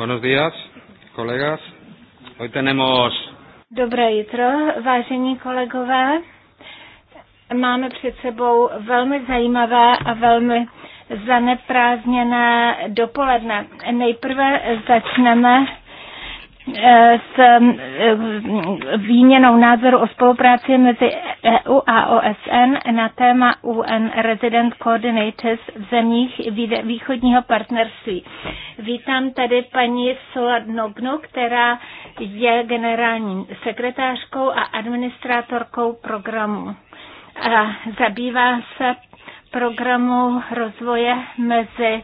Buenos días, colegas. Hoy tenemos... Dobré jutro, vážení kolegové. Máme před sebou velmi zajímavé a velmi zaneprázdněné dopoledne. Nejprve začneme Eh, s mm, eh, výměnou názoru o spolupráci mezi EU a OSN na téma UN Resident Coordinators v zemích východního partnerství. Vítám tady paní Sola Nognu, která je generální sekretářkou a administrátorkou programu. A zabývá se programu rozvoje mezi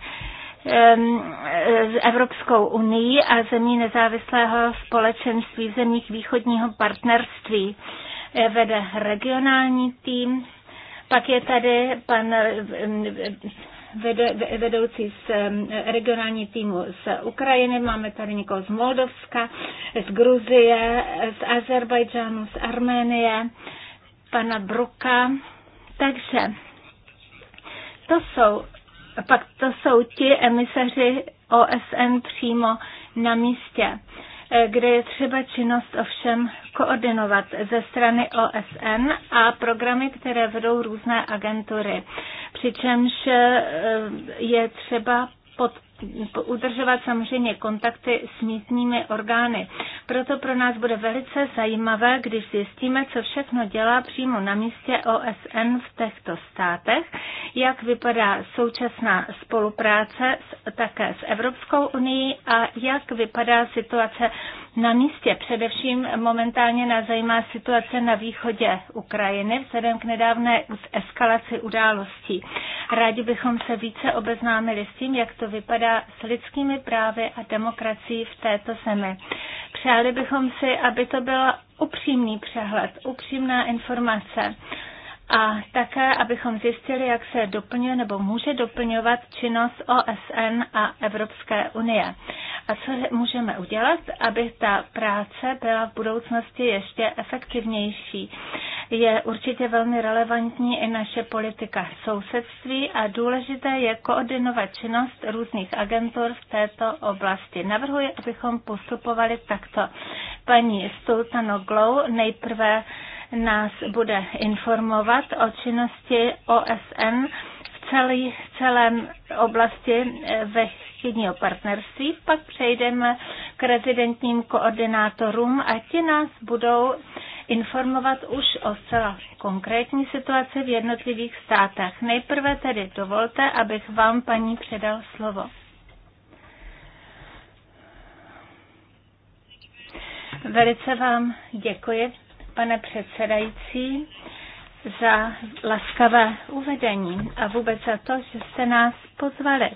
Evropskou unii a zemí nezávislého společenství, zemích východního partnerství. Eh, vede regionální tým, pak je tady pan vedoucí z regionální týmu z Ukrajiny, máme tady někoho z Moldovska, z Gruzie, z Azerbajdžánu, z Arménie, pana Bruka. Takže to jsou pak to jsou ti emisaři OSN přímo na místě, eh, kde je třeba činnost ovšem koordinovat ze strany OSN a programy, které vedou různé agentury. Přičemž eh, je třeba pod udržovat samozřejmě kontakty s místními orgány. Proto pro nás bude velice zajímavé, když zjistíme, co všechno dělá přímo na místě OSN v těchto státech, jak vypadá současná spolupráce také s Evropskou unii a jak vypadá situace na místě. Především momentálně nás zajímá situace na východě Ukrajiny vzhledem k nedávné eskalaci událostí. Rádi bychom se více obeznámili s tím, jak to vypadá s lidskými právy a demokracií v této zemi. Přáli bychom si, aby to byl upřímný přehled, upřímná informace a také, abychom zjistili, jak se doplňuje nebo může doplňovat činnost OSN a Evropské unie. A co můžeme udělat, aby ta práce byla v budoucnosti ještě efektivnější. Je určitě velmi relevantní i naše politika sousedství a důležité je koordinovat činnost různých agentur v této oblasti. Navrhuji, abychom postupovali takto. Paní Stultano Glow nejprve nás bude informovat o činnosti OSN v celý, celém oblasti eh, ve východního partnerství. Pak přejdeme k rezidentním koordinátorům a ti nás budou informovat už o zcela konkrétní situaci v jednotlivých státech. Nejprve tedy dovolte, abych vám, paní, předal slovo. Velice vám děkuji, pane předsedající, za laskavé uvedení a vůbec za to, že jste nás pozvali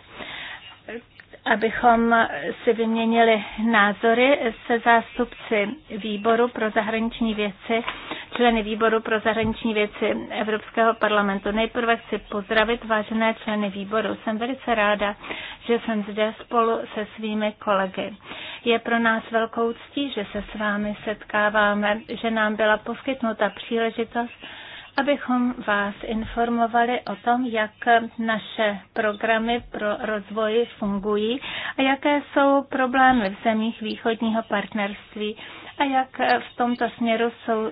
abychom si vyměnili názory se zástupci výboru pro zahraniční věci, členy výboru pro zahraniční věci Evropského parlamentu. Nejprve chci pozdravit vážené členy výboru. Jsem velice ráda, že jsem zde spolu se svými kolegy. Je pro nás velkou ctí, že se s vámi setkáváme, že nám byla poskytnuta příležitost abychom vás informovali o tom, jak naše programy pro rozvoj fungují a jaké jsou problémy v zemích východního partnerství a jak v tomto směru jsou,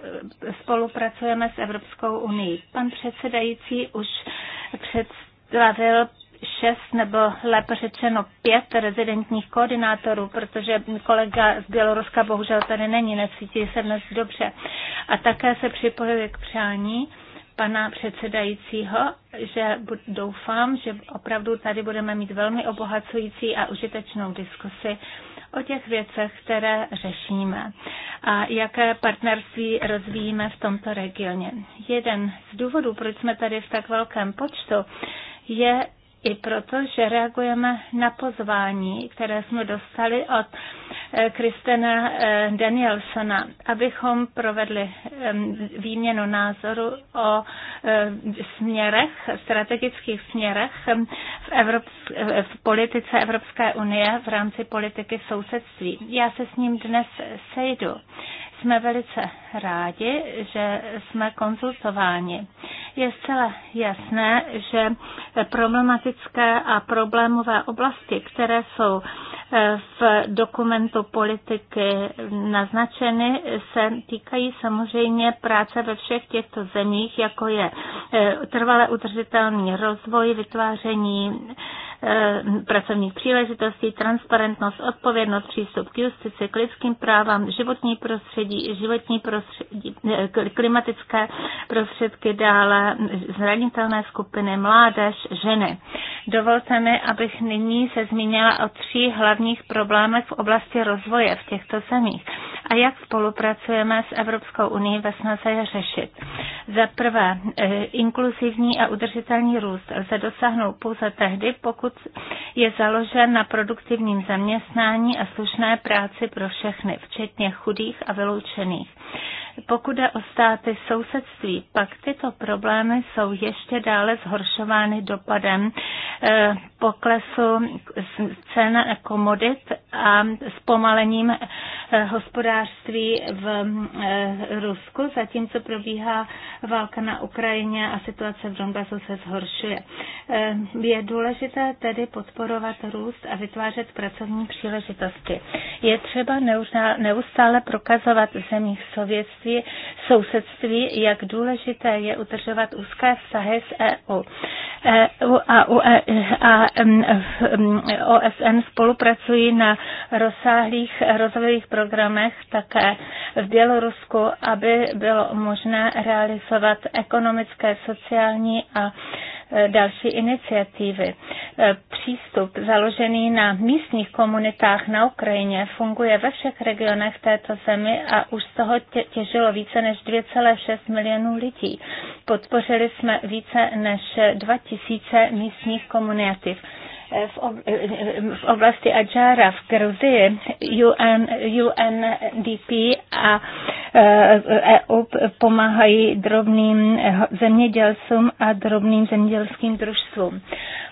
spolupracujeme s Evropskou unii. Pan předsedající už představil šest nebo lépe řečeno pět rezidentních koordinátorů, protože kolega z Běloruska bohužel tady není, necítí se dnes dobře. A také se připojuje k přání pana předsedajícího, že doufám, že opravdu tady budeme mít velmi obohacující a užitečnou diskusi o těch věcech, které řešíme a jaké partnerství rozvíjíme v tomto regioně. Jeden z důvodů, proč jsme tady v tak velkém počtu, je, i proto, že reagujeme na pozvání, které jsme dostali od eh, Kristena eh, Danielsona, abychom provedli výměnu názoru o eh, směrech, strategických směrech v, Evrop, v politice Evropské unie v rámci politiky sousedství. Já se s ním dnes sejdu jsme velice rádi, že jsme konzultováni. Je zcela jasné, že problematické a problémové oblasti, které jsou eh, v dokumentu politiky naznačeny, se týkají samozřejmě práce ve všech těchto zemích, jako je eh, trvale udržitelný rozvoj, vytváření Eh, pracovních příležitostí, transparentnost, odpovědnost, přístup k justici, k lidským právám, životní prostředí, životní prostředí, eh, klimatické prostředky dále, zranitelné skupiny, mládež, ženy. Dovolte mi, abych nyní se zmínila o tří hlavních problémech v oblasti rozvoje v těchto zemích a jak spolupracujeme s Evropskou unii ve snaze je řešit. Za prvé, eh, inkluzivní a udržitelný růst lze dosáhnout pouze tehdy, pokud pokud je založen na produktivním zaměstnání a slušné práci pro všechny, včetně chudých a vyloučených. Pokud jde o státy sousedství, pak tyto problémy jsou ještě dále zhoršovány dopadem eh, poklesu cen komodit a zpomalením Eh, hospodářství v eh, Rusku, zatímco probíhá válka na Ukrajině a situace v Donbasu se zhoršuje. Eh, je důležité tedy podporovat růst a vytvářet pracovní příležitosti. Je třeba neustále prokazovat v zemích sovětství, sousedství, jak důležité je udržovat úzké vztahy s EU. EU a, e, a OSN spolupracují na rozsáhlých rozvojových programech také v Bělorusku, aby bylo možné realizovat ekonomické, sociální a e, další iniciativy. E, přístup založený na místních komunitách na Ukrajině funguje ve všech regionech této zemi a už z toho těžilo více než 2,6 milionů lidí. Podpořili jsme více než 2000 místních komunitiv. Eh, eh, eh, v oblasti Adžára v Gruzii UN, UNDP a EU e pomáhají drobným zemědělcům a drobným zemědělským družstvům.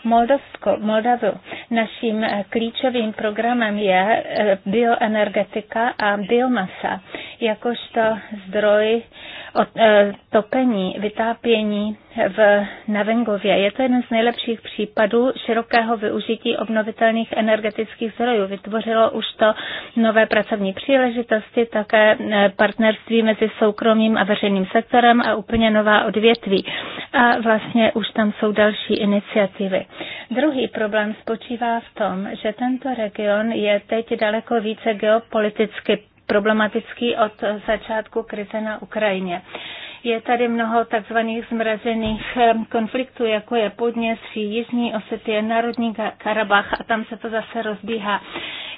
Moldavsko, Moldavu. Naším eh, klíčovým programem je eh, bioenergetika a biomasa jakožto zdroj eh, topení, vytápění v, na Je to jeden z nejlepších případů širokého využití obnovitelných energetických zdrojů. Vytvořilo už to nové pracovní příležitosti, také partnerství mezi soukromým a veřejným sektorem a úplně nová odvětví. A vlastně už tam jsou další iniciativy. Druhý problém spočívá v tom, že tento region je teď daleko více geopoliticky problematický od začátku krize na Ukrajině. Je tady mnoho takzvaných zmrazených eh, konfliktů, jako je Podněstří, Jižní Osetie, Národní Karabach a tam se to zase rozbíhá.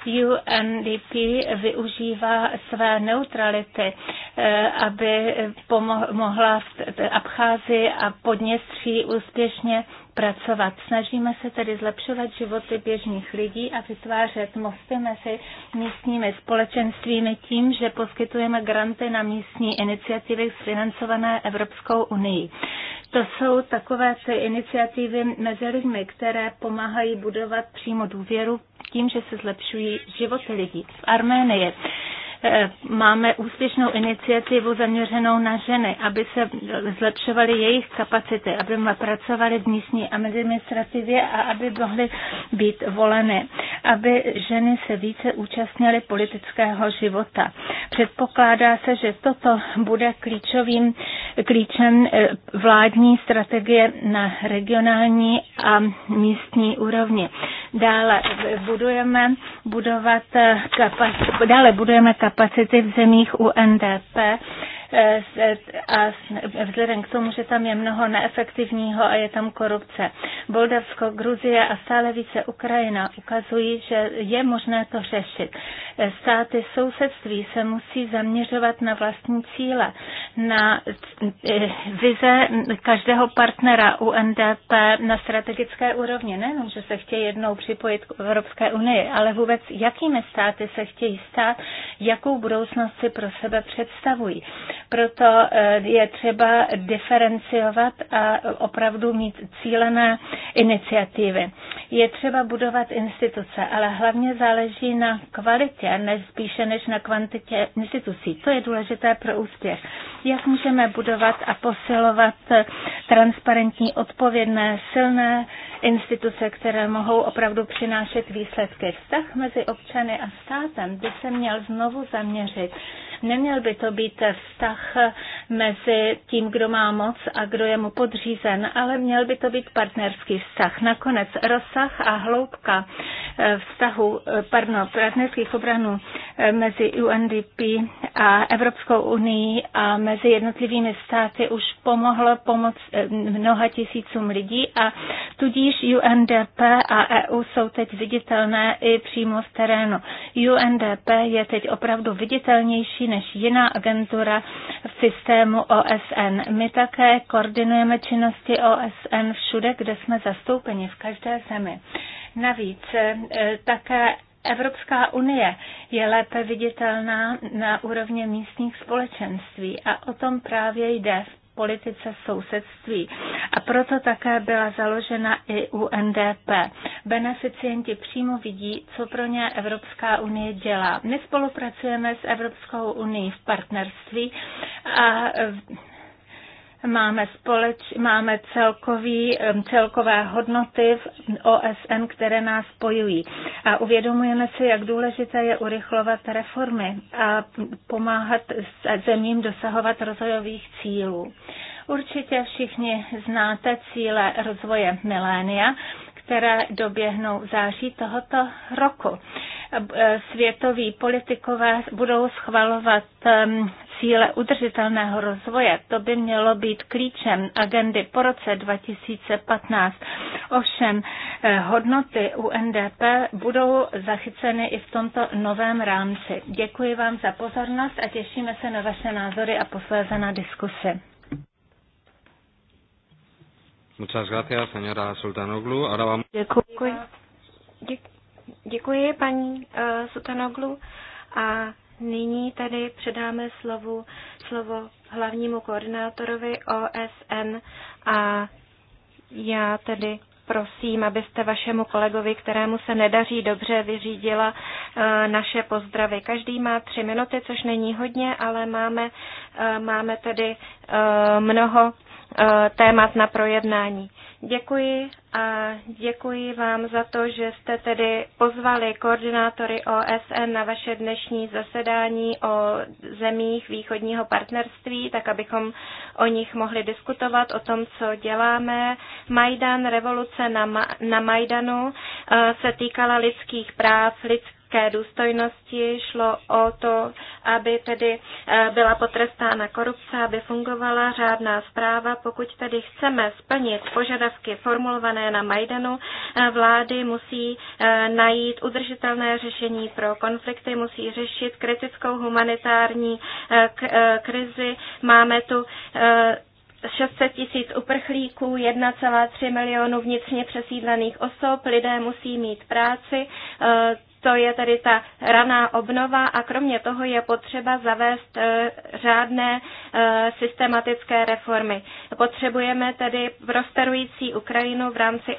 UNDP využívá své neutrality, eh, aby pomohla Abcházi a Podněstří úspěšně pracovat. Snažíme se tedy zlepšovat životy běžných lidí a vytvářet mosty mezi místními společenstvími tím, že poskytujeme granty na místní iniciativy financované Evropskou unii. To jsou takové ty iniciativy mezi lidmi, které pomáhají budovat přímo důvěru tím, že se zlepšují životy lidí. V Arménii Eh, máme úspěšnou iniciativu zaměřenou na ženy, aby se zlepšovaly jejich kapacity, aby pracovali v místní administrativě a aby mohly být voleny, aby ženy se více účastnily politického života. Předpokládá se, že toto bude klíčovým klíčem eh, vládní strategie na regionální a místní úrovni. Dále budujeme budovat eh, kapacity, dále budujeme kapacity kapacity v zemích UNDP Eh, a vzhledem k tomu, že tam je mnoho neefektivního a je tam korupce. Moldavsko, Gruzie a stále více Ukrajina ukazují, že je možné to řešit. Eh, státy sousedství se musí zaměřovat na vlastní cíle, na eh, vize každého partnera UNDP na strategické úrovni. Nejenom, že se chtějí jednou připojit k Evropské unii, ale vůbec jakými státy se chtějí stát, jakou budoucnost si pro sebe představují. Proto eh, je třeba diferenciovat a opravdu mít cílené iniciativy. Je třeba budovat instituce, ale hlavně záleží na kvalitě, než spíše než na kvantitě institucí. To je důležité pro úspěch. Jak můžeme budovat a posilovat eh, transparentní, odpovědné, silné instituce, které mohou opravdu přinášet výsledky. Vztah mezi občany a státem by se měl znovu zaměřit. Neměl by to být vztah mezi tím, kdo má moc a kdo je mu podřízen, ale měl by to být partnerský vztah. Nakonec rozsah a hloubka eh, vztahu, eh, pardon, partnerských obranů eh, mezi UNDP a Evropskou unii a mezi jednotlivými státy už pomohlo pomoct mnoha tisícům lidí a tudíž Tudíž UNDP a EU jsou teď viditelné i přímo z terénu. UNDP je teď opravdu viditelnější než jiná agentura v systému OSN. My také koordinujeme činnosti OSN všude, kde jsme zastoupeni, v každé zemi. Navíc e, také Evropská unie je lépe viditelná na úrovni místních společenství a o tom právě jde v politice sousedství. A proto také byla založena i UNDP. Beneficienti přímo vidí, co pro ně Evropská unie dělá. My spolupracujeme s Evropskou unii v partnerství a máme, společ, máme celkový, celkové hodnoty v OSN, které nás spojují. A uvědomujeme si, jak důležité je urychlovat reformy a pomáhat zemím dosahovat rozvojových cílů. Určitě všichni znáte cíle rozvoje milénia, které doběhnou v září tohoto roku. Světoví politikové budou schvalovat cíle udržitelného rozvoje. To by mělo být klíčem agendy po roce 2015. Ovšem eh, hodnoty UNDP budou zachyceny i v tomto novém rámci. Děkuji vám za pozornost a těšíme se na vaše názory a posléze na diskusi. Děkuji. Děkuji, paní uh, eh, Sutanoglu. A Nyní tedy předáme slovu, slovo hlavnímu koordinátorovi OSN a já tedy prosím, abyste vašemu kolegovi, kterému se nedaří dobře, vyřídila eh, naše pozdravy. Každý má tři minuty, což není hodně, ale máme, eh, máme tedy eh, mnoho Eh, témat na projednání. Děkuji a děkuji vám za to, že jste tedy pozvali koordinátory OSN na vaše dnešní zasedání o zemích východního partnerství, tak abychom o nich mohli diskutovat, o tom, co děláme. Majdan, revoluce na, Ma- na Majdanu eh, se týkala lidských práv, lidských lidské důstojnosti, šlo o to, aby tedy eh, byla potrestána korupce, aby fungovala řádná zpráva. Pokud tedy chceme splnit požadavky formulované na Majdanu, eh, vlády musí eh, najít udržitelné řešení pro konflikty, musí řešit kritickou humanitární krizi. Máme tu 600 tisíc uprchlíků, 1,3 milionu vnitřně přesídlených osob, lidé musí mít práci, to je tedy ta raná obnova a kromě toho je potřeba zavést eh, řádné eh, systematické reformy. Potřebujeme tedy prosperující Ukrajinu v rámci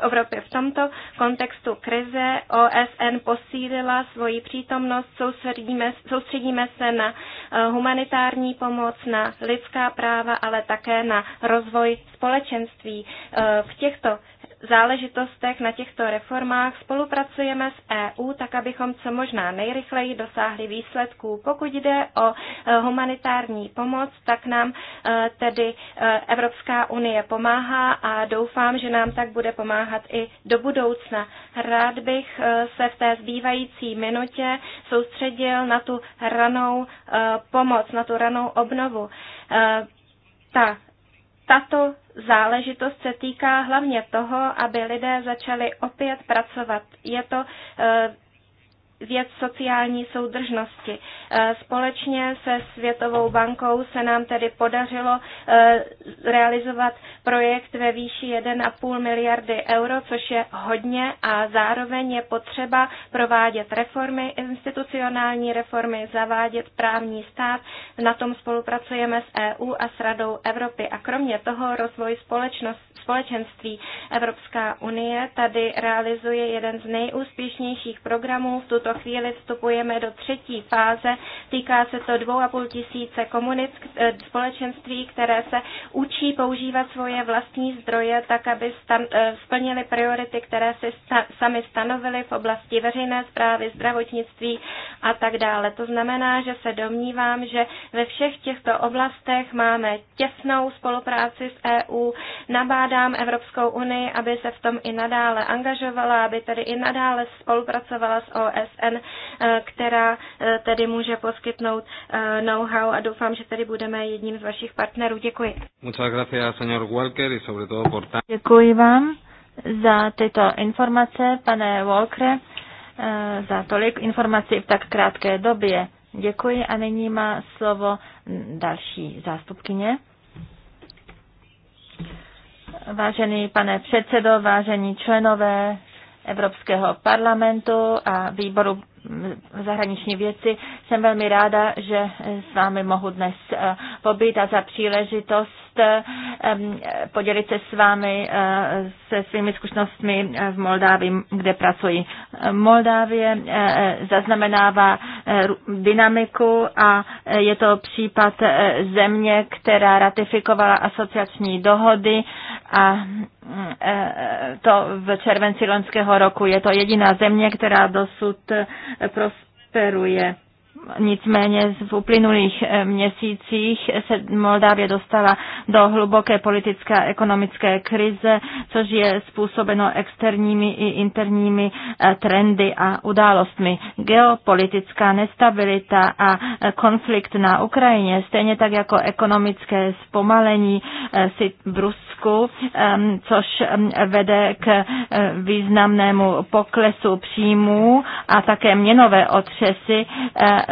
Evropy. V tomto kontextu krize OSN posílila svoji přítomnost, soustředíme, soustředíme se na eh, humanitární pomoc, na lidská práva, ale také na rozvoj společenství. V těchto záležitostech, na těchto reformách spolupracujeme s EU, tak abychom co možná nejrychleji dosáhli výsledků. Pokud jde o e, humanitární pomoc, tak nám e, tedy e, Evropská unie pomáhá a doufám, že nám tak bude pomáhat i do budoucna. Rád bych se v té zbývající minutě soustředil na tu ranou pomoc, na tu ranou obnovu. Ta tato záležitost se týká hlavně toho, aby lidé začali opět pracovat. Je to eh, věc sociální soudržnosti. E, společně se Světovou bankou se nám tedy podařilo e, realizovat projekt ve výši 1,5 miliardy euro, což je hodně a zároveň je potřeba provádět reformy, institucionální reformy, zavádět právní stát. Na tom spolupracujeme s EU a s Radou Evropy. A kromě toho rozvoj společenství Evropská unie tady realizuje jeden z nejúspěšnějších programů v tuto tuto chvíli vstupujeme do třetí fáze. Týká se to dvou a půl tisíce komunic, eh, společenství, které se učí používat svoje vlastní zdroje tak, aby stan, eh, splnili priority, které si sta, sami stanovili v oblasti veřejné zprávy, zdravotnictví a tak dále. To znamená, že se domnívám, že ve všech těchto oblastech máme těsnou spolupráci s EU. Nabádám Evropskou unii, aby se v tom i nadále angažovala, aby tedy i nadále spolupracovala s OSN OSN, eh, která eh, tedy může poskytnout eh, know-how a doufám, že tady budeme jedním z vašich partnerů. Děkuji. Děkuji vám za tyto informace, pane Walker, za tolik informací v tak krátké době. Děkuji a nyní má slovo další zástupkyně. Vážený pane předsedo, vážení členové Evropského parlamentu a výboru zahraniční věci. Jsem velmi ráda, že s vámi mohu dnes eh, pobít a za příležitost možnost eh, podělit se s vámi eh, se svými zkušenostmi eh, v Moldávii, kde pracuji. Moldávie zaznamenává dynamiku a je to případ země, která ratifikovala asociační dohody a to v červenci loňského roku. Je to jediná země, která dosud prosperuje Nicméně v uplynulých eh, měsících se Moldávie dostala do hluboké politické a ekonomické krize, což je způsobeno externími i interními eh, trendy a událostmi. Geopolitická nestabilita a eh, konflikt na Ukrajině, stejně tak jako ekonomické zpomalení si v Rusku, ehm, což ehm, vede k významnému poklesu příjmů a také měnové otřesy,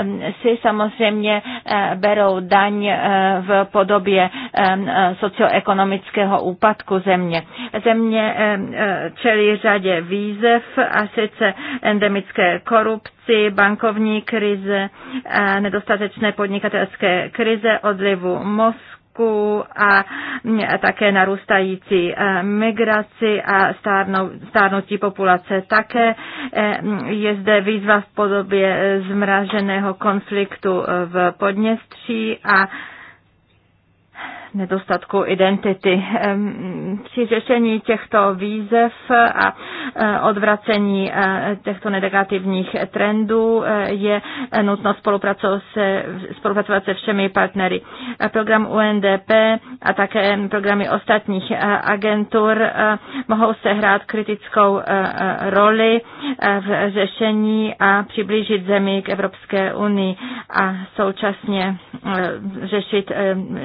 Ehm, si samozřejmě eh, berou daň eh, v podobě ehm, eh, socioekonomického úpadku země. Země ehm, čelí řadě výzev a sice endemické korupci, bankovní krize, nedostatečné podnikatelské krize, odlivu mozku, Rusku a také narůstající eh, migraci a stárnutí populace. Také eh, je zde výzva v podobě eh, zmraženého konfliktu v Podněstří a nedostatku identity. Při řešení těchto výzev a e, odvracení e, těchto negativních trendů e, je nutno spolupracovat se, spolupracovat se všemi partnery. Program UNDP a také programy ostatních agentur mohou se hrát kritickou roli v řešení a přiblížit zemi k Evropské unii a současně řešit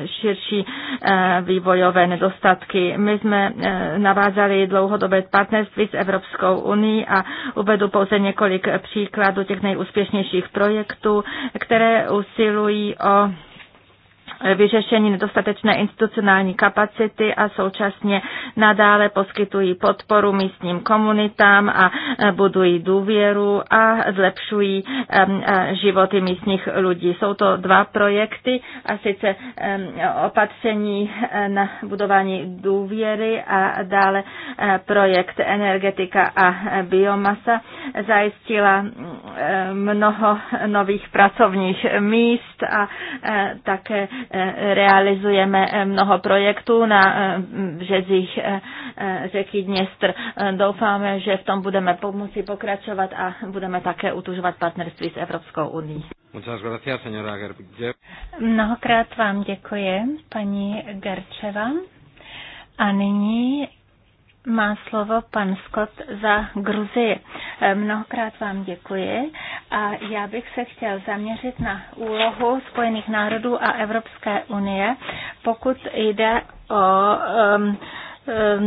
širší Eh, vývojové nedostatky. My jsme eh, navázali dlouhodobé partnerství s Evropskou unii a uvedu pouze několik příkladů těch nejúspěšnějších projektů, které usilují o vyřešení nedostatečné institucionální kapacity a současně nadále poskytují podporu místním komunitám a e, budují důvěru a zlepšují e, životy místních lidí. Jsou to dva projekty a sice opatření e, na budování důvěry a dále projekt energetika a biomasa zajistila mnoho nových pracovních míst a také realizujeme eh, mnoho projektů na březích eh, eh, řeky Dněstr. Doufáme, že v tom budeme pomoci pokračovat a budeme také utužovat partnerství s Evropskou unii. Mnohokrát vám děkuji, paní Gerčeva. A nyní má slovo pan Scott za Gruzii. Eh, mnohokrát vám děkuji a já bych se chtěl zaměřit na úlohu Spojených národů a Evropské unie, pokud jde o um, Eh,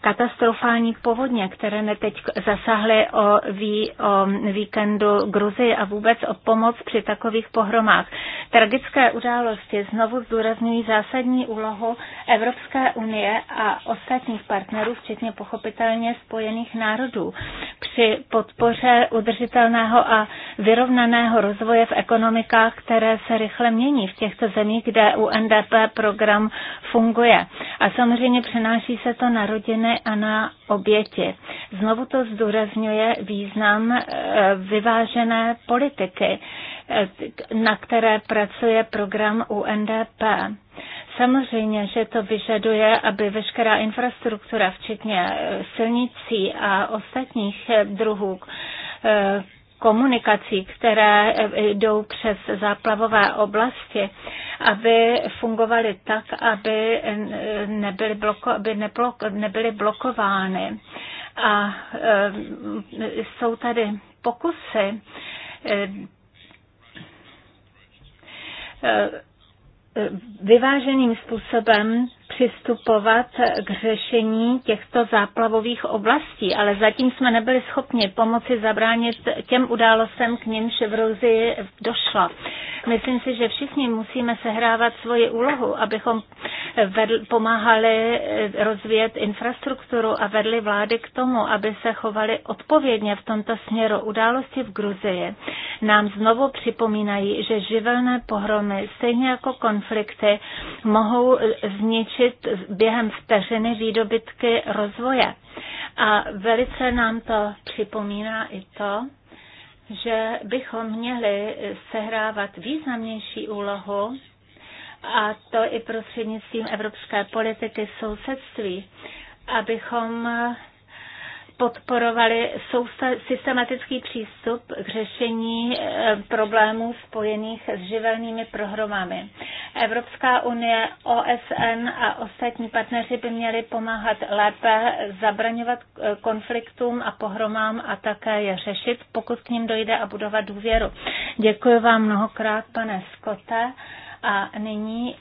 katastrofální povodně, které mě teď zasahly o, ví, o víkendu Gruzi a vůbec o pomoc při takových pohromách. Tragické události znovu zdůrazňují zásadní úlohu Evropské unie a ostatních partnerů, včetně pochopitelně Spojených národů, při podpoře udržitelného a vyrovnaného rozvoje v ekonomikách, které se rychle mění v těchto zemích, kde UNDP program funguje. A samozřejmě vlastně přenáší se to na rodiny a na oběti. Znovu to zdůrazňuje význam e, vyvážené politiky, e, na které pracuje program UNDP. Samozřejmě, že to vyžaduje, aby veškerá infrastruktura, včetně e, silnicí a ostatních druhů, komunikací, které eh, jdou přes záplavové oblasti, aby fungovaly tak, aby nebyly, bloko, aby neblok, nebyly blokovány. A eh, jsou tady pokusy eh, vyváženým způsobem přistupovat k řešení těchto záplavových oblastí, ale zatím jsme nebyli schopni pomoci zabránit těm událostem, k nímž v Ruzi došlo. Myslím si, že všichni musíme sehrávat svoji úlohu, abychom vedl, pomáhali rozvíjet infrastrukturu a vedli vlády k tomu, aby se chovali odpovědně v tomto směru. Události v Gruzii nám znovu připomínají, že živelné pohromy, stejně jako konflikty, mohou zničit vytvořit během vteřiny výdobytky rozvoje. A velice nám to připomíná i to, že bychom měli sehrávat významnější úlohu a to i prostřednictvím evropské politiky sousedství, abychom podporovali systematický přístup k řešení eh, problémů spojených s živelnými prohromami. Evropská unie, OSN a ostatní partneři by měli pomáhat lépe zabraňovat eh, konfliktům a pohromám a také je řešit, pokud k ním dojde a budovat důvěru. Děkuji vám mnohokrát, pane Skote. A nyní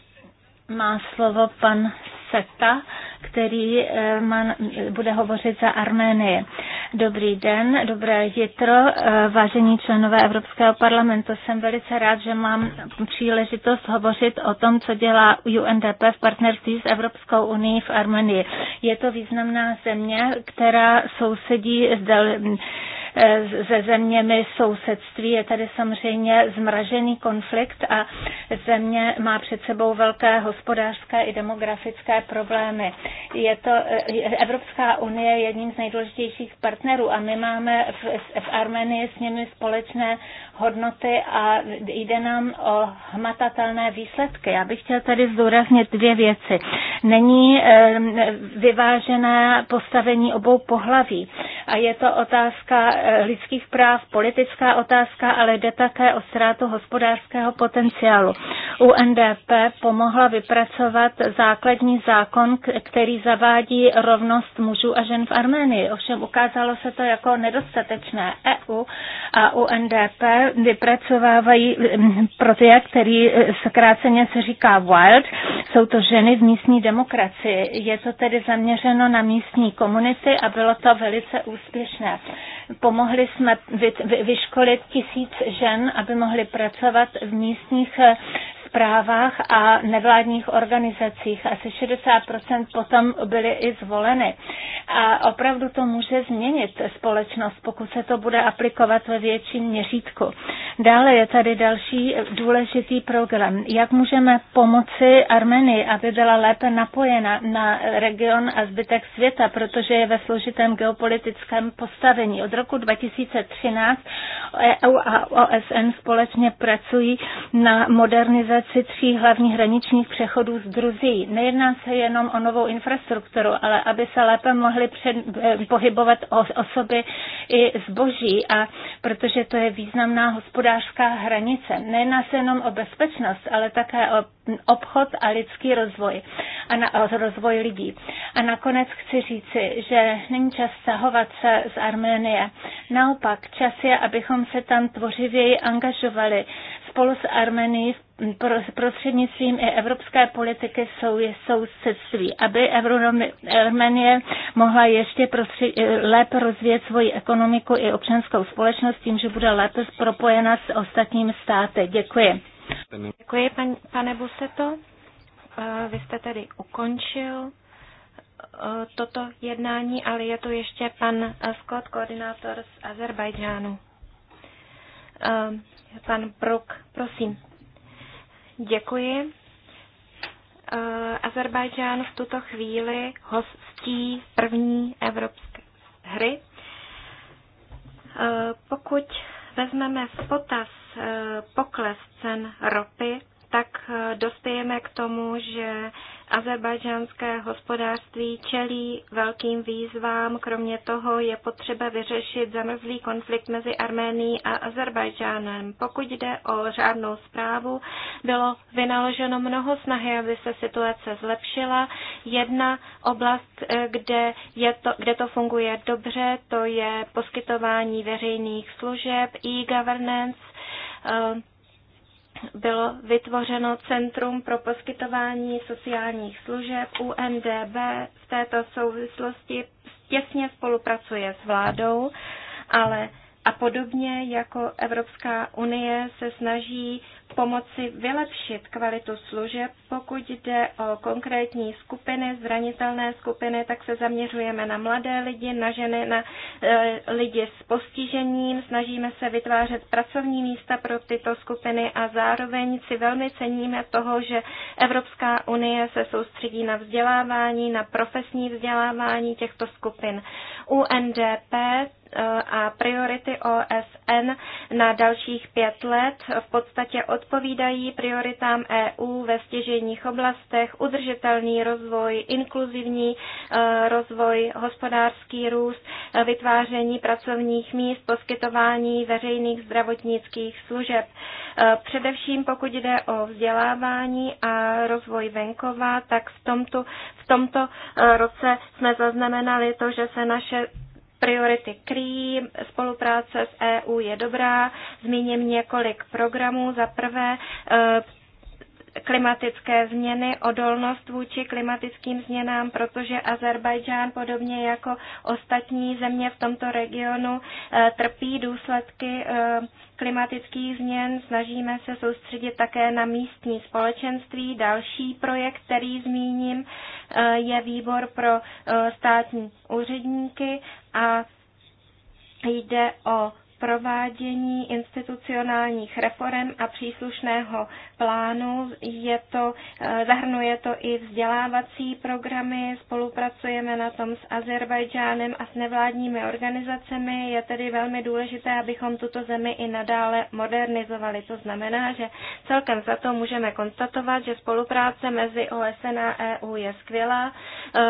má slovo pan Seta, který eh, má, bude hovořit za Arménii. Dobrý den, dobré jitro, eh, vážení členové Evropského parlamentu. Jsem velice rád, že mám příležitost hovořit o tom, co dělá UNDP v partnerství s Evropskou unii v Armenii. Je to významná země, která sousedí s se eh, zeměmi sousedství. Je tady samozřejmě zmražený konflikt a země má před sebou velké hospodářské i demografické problémy. Je to, eh, Evropská unie je jedním z nejdůležitějších partnerů a my máme v, v Armenii s nimi společné hodnoty a jde nám o hmatatelné výsledky. Já bych chtěl tady zdůraznit dvě věci. Není eh, vyvážené postavení obou pohlaví a je to otázka Eh, lidských práv, politická otázka, ale jde také o ztrátu hospodářského potenciálu. UNDP pomohla vypracovat základní zákon, který zavádí rovnost mužů a žen v Arménii. Ovšem ukázalo se to jako nedostatečné. EU a UNDP vypracovávají mm, projekt, který zkráceně eh, se říká WILD. Jsou to ženy v místní demokracii. Je to tedy zaměřeno na místní komunity a bylo to velice úspěšné. Po Pomohli jsme vyškolit tisíc žen, aby mohly pracovat v místních eh, samozprávách a nevládních organizacích. Asi 60% potom byly i zvoleny. A opravdu to může změnit společnost, pokud se to bude aplikovat ve větším měřítku. Dále je tady další důležitý program. Jak můžeme pomoci Armenii, aby byla lépe napojena na region a zbytek světa, protože je ve složitém geopolitickém postavení. Od roku 2013 EU a OSN společně pracují na modernizaci realizaci tří hlavních hraničních přechodů z Gruzií. Nejedná se jenom o novou infrastrukturu, ale aby se lépe mohly před, eh, pohybovat osoby i zboží, a protože to je významná hospodářská hranice. Nejedná se jenom o bezpečnost, ale také o obchod a lidský rozvoj a na, o rozvoj lidí. A nakonec chci říci, že není čas stahovat se z Arménie. Naopak, čas je, abychom se tam tvořivěji angažovali, spolu s Armenií prostřednictvím i evropské politiky sou, sousedství, aby Armenie mohla ještě eh, lépe rozvíjet svoji ekonomiku i občanskou společnost tím, že bude lépe propojena s ostatními státy. Děkuji. Děkuji, pan, pane Buseto. Eh, vy jste tedy ukončil eh, toto jednání, ale je tu ještě pan Scott, koordinátor z Azerbajdžánu. Ehm, pan Brok, prosím. Děkuji. Eh, Azerbajdžán v tuto chvíli hostí první evropské hry. Eh, pokud vezmeme v potaz eh, pokles cen ropy, tak eh, dospějeme k tomu, že azerbajdžánské hospodářství čelí velkým výzvám. Kromě toho je potřeba vyřešit zamrzlý konflikt mezi Arménií a Azerbajdžánem. Pokud jde o řádnou zprávu, bylo vynaloženo mnoho snahy, aby se situace zlepšila. Jedna oblast, eh, kde, je to, kde to funguje dobře, to je poskytování veřejných služeb, e-governance, eh, bylo vytvořeno Centrum pro poskytování sociálních služeb UNDB. V této souvislosti těsně spolupracuje s vládou, ale a podobně jako Evropská unie se snaží pomoci vylepšit kvalitu služeb. Pokud jde o konkrétní skupiny, zranitelné skupiny, tak se zaměřujeme na mladé lidi, na ženy, na e, lidi s postižením. Snažíme se vytvářet pracovní místa pro tyto skupiny a zároveň si velmi ceníme toho, že Evropská unie se soustředí na vzdělávání, na profesní vzdělávání těchto skupin. UNDP a priority OSN na dalších pět let v podstatě odpovídají prioritám EU ve stěžejních oblastech udržitelný rozvoj, inkluzivní eh, rozvoj, hospodářský růst, eh, vytváření pracovních míst, poskytování veřejných zdravotnických služeb. Eh, především pokud jde o vzdělávání a rozvoj venkova, tak v tomto, v tomto roce jsme zaznamenali to, že se naše priority CREAM, spolupráce s EU je dobrá. Zmíním několik programů. Za prvé eh, klimatické změny, odolnost vůči klimatickým změnám, protože Azerbajdžán podobně jako ostatní země v tomto regionu eh, trpí důsledky eh, klimatických změn. Snažíme se soustředit také na místní společenství. Další projekt, který zmíním, eh, je výbor pro státní úředníky a jde o provádění institucionálních reform a příslušného plánu. Je to, eh, zahrnuje to i vzdělávací programy, spolupracujeme na tom s Azerbajdžánem a s nevládními organizacemi. Je tedy velmi důležité, abychom tuto zemi i nadále modernizovali. To znamená, že celkem za to můžeme konstatovat, že spolupráce mezi OSN a EU je skvělá, eh,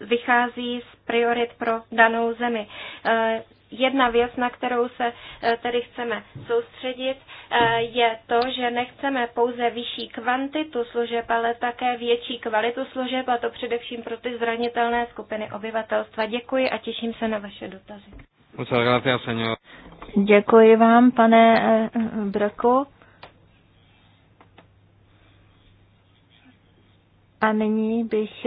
vychází z priorit pro danou zemi. Eh, jedna věc, na kterou se eh, tedy chceme soustředit, eh, je to, že nechceme pouze vyšší kvantitu služeb, ale také větší kvalitu služeb, a to především pro ty zranitelné skupiny obyvatelstva. Děkuji a těším se na vaše dotazy. Děkuji vám, pane eh, Brko. A nyní bych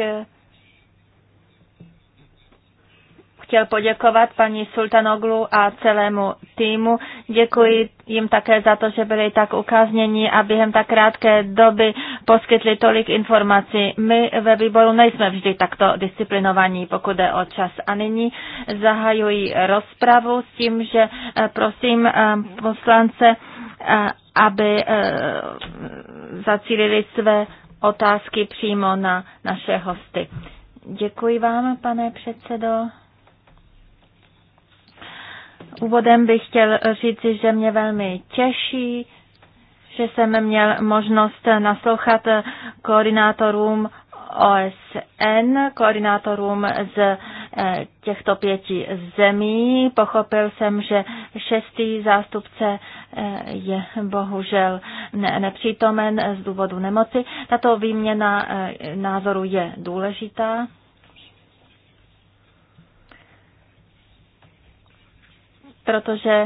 chtěl poděkovat paní Sultanoglu a celému týmu. Děkuji jim také za to, že byli tak ukázněni a během tak krátké doby poskytli tolik informací. My ve výboru nejsme vždy takto disciplinovaní, pokud jde o čas. A nyní zahajuji rozpravu s tím, že eh, prosím eh, poslance, eh, aby zacílili své otázky přímo na naše hosty. Děkuji vám, pane předsedo. Úvodem bych chtěl říci, že mě velmi těší, že jsem měl možnost naslouchat koordinátorům OSN, koordinátorům z eh, těchto pěti zemí. Pochopil jsem, že šestý zástupce eh, je bohužel nepřítomen z důvodu nemoci. Tato výměna eh, názoru je důležitá. protože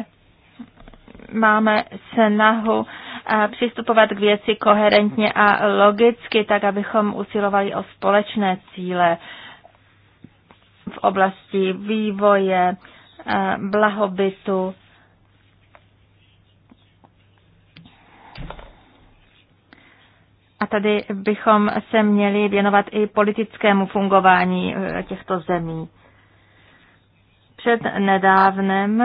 máme snahu eh, přistupovat k věci koherentně a logicky, tak abychom usilovali o společné cíle v oblasti vývoje, eh, blahobytu. A tady bychom se měli věnovat i politickému fungování eh, těchto zemí. Před nedávnem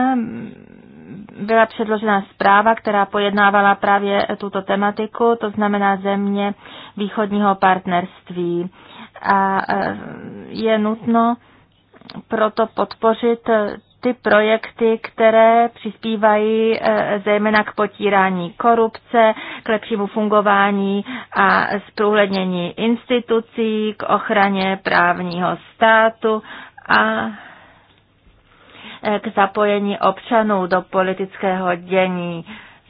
byla předložena zpráva, která pojednávala právě tuto tematiku, to znamená země východního partnerství. A e, je nutno proto podpořit ty projekty, které přispívají e, zejména k potírání korupce, k lepšímu fungování a zprůhlednění institucí, k ochraně právního státu a k zapojení občanů do politického dění.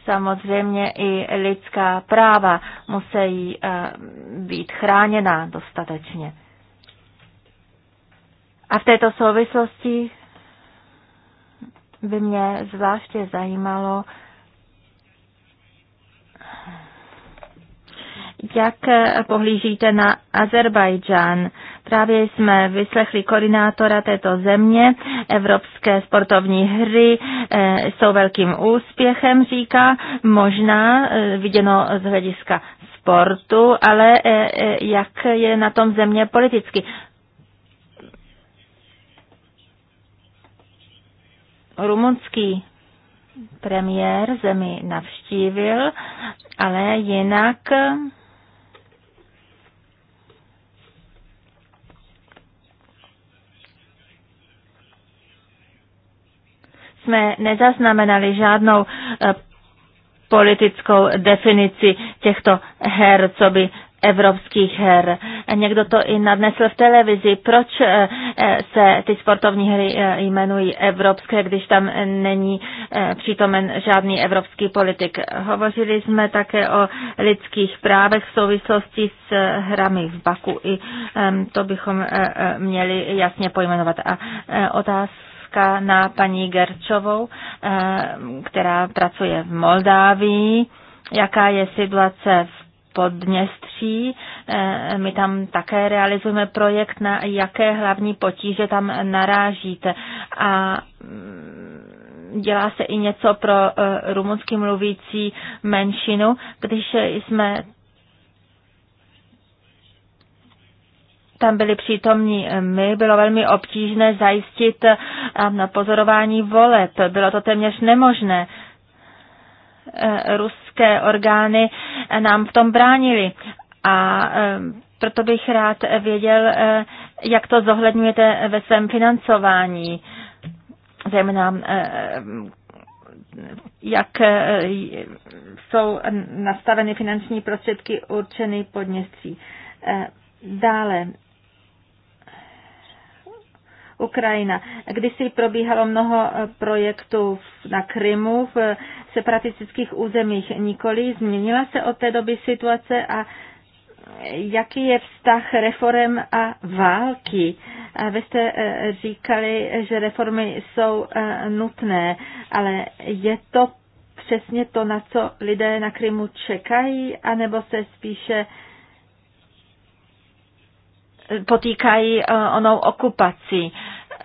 Samozřejmě i lidská práva musí eh, být chráněna dostatečně. A v této souvislosti by mě zvláště zajímalo, jak eh, pohlížíte na Azerbajdžán? Právě jsme vyslechli koordinátora této země. Evropské sportovní hry eh, jsou velkým úspěchem, říká, možná eh, viděno z hlediska sportu, ale jak je na tom země politicky? Rumunský premiér zemi navštívil, ale jinak jsme nezaznamenali žádnou eh, politickou definici těchto her, co by evropských her. Někdo to i nadnesl v televizi, proč eh, eh, se ty sportovní hry jmenují evropské, když tam není přítomen žádný evropský politik. Hovořili jsme také o lidských právech v souvislosti s hrami v Baku. I ehm, to bychom měli jasně pojmenovat. A otázka otázka na paní Gerčovou, eh, která pracuje v Moldávii. Jaká je situace v Podněstří. Eh, my tam také realizujeme projekt, na jaké hlavní potíže tam narážíte. A mm, dělá se i něco pro eh, rumunsky mluvící menšinu. Když jsme tam byli přítomní my, bylo velmi obtížné zajistit eh, pozorování voleb. Bylo to téměř nemožné. Eh, ruské orgány eh, nám v tom bránili a proto bych rád věděl, jak to zohledňujete ve svém financování, Zajména jak jsou nastaveny finanční prostředky určeny podněství. Dále Ukrajina. Když si probíhalo mnoho eh, projektů na Krymu v eh, separatistických územích nikoli. Změnila se od té doby situace a eh, jaký je vztah reform a války. Vy jste říkali, že reformy jsou nutné, ale je to přesně to, na co lidé na Krymu čekají, anebo se spíše potýkají eh, onou okupací.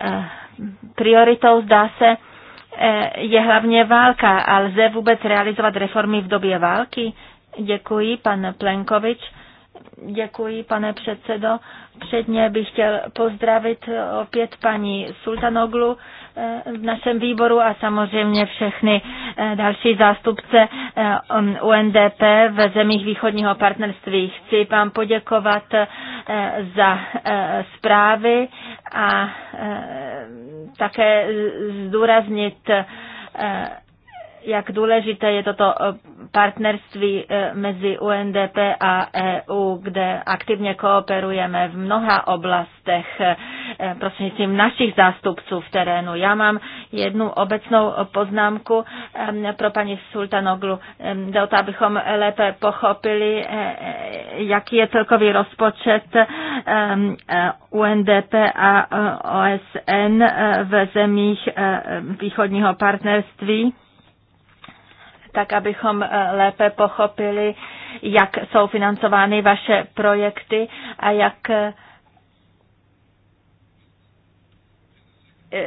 Eh, prioritou zdá se eh, je hlavně válka a lze vůbec realizovat reformy v době války? Děkuji, pan Plenkovič. Děkuji, pane předsedo. Předně bych chtěl pozdravit opět paní Sultanoglu Eh, v našem výboru a samozřejmě všechny eh, další zástupce eh, UNDP um, v zemích východního partnerství. Chci vám poděkovat za zprávy a také zdůraznit jak důležité je toto eh, partnerství eh, mezi UNDP a EU, kde aktivně kooperujeme v mnoha oblastech eh, prostřednictvím našich zástupců v terénu. Já mám jednu obecnou poznámku pro paní Sultanoglu. Jde o to, abychom lépe pochopili, jaký je celkový rozpočet UNDP a OSN v zemích východního partnerství tak abychom eh, lépe pochopili, jak jsou financovány vaše projekty a jak eh,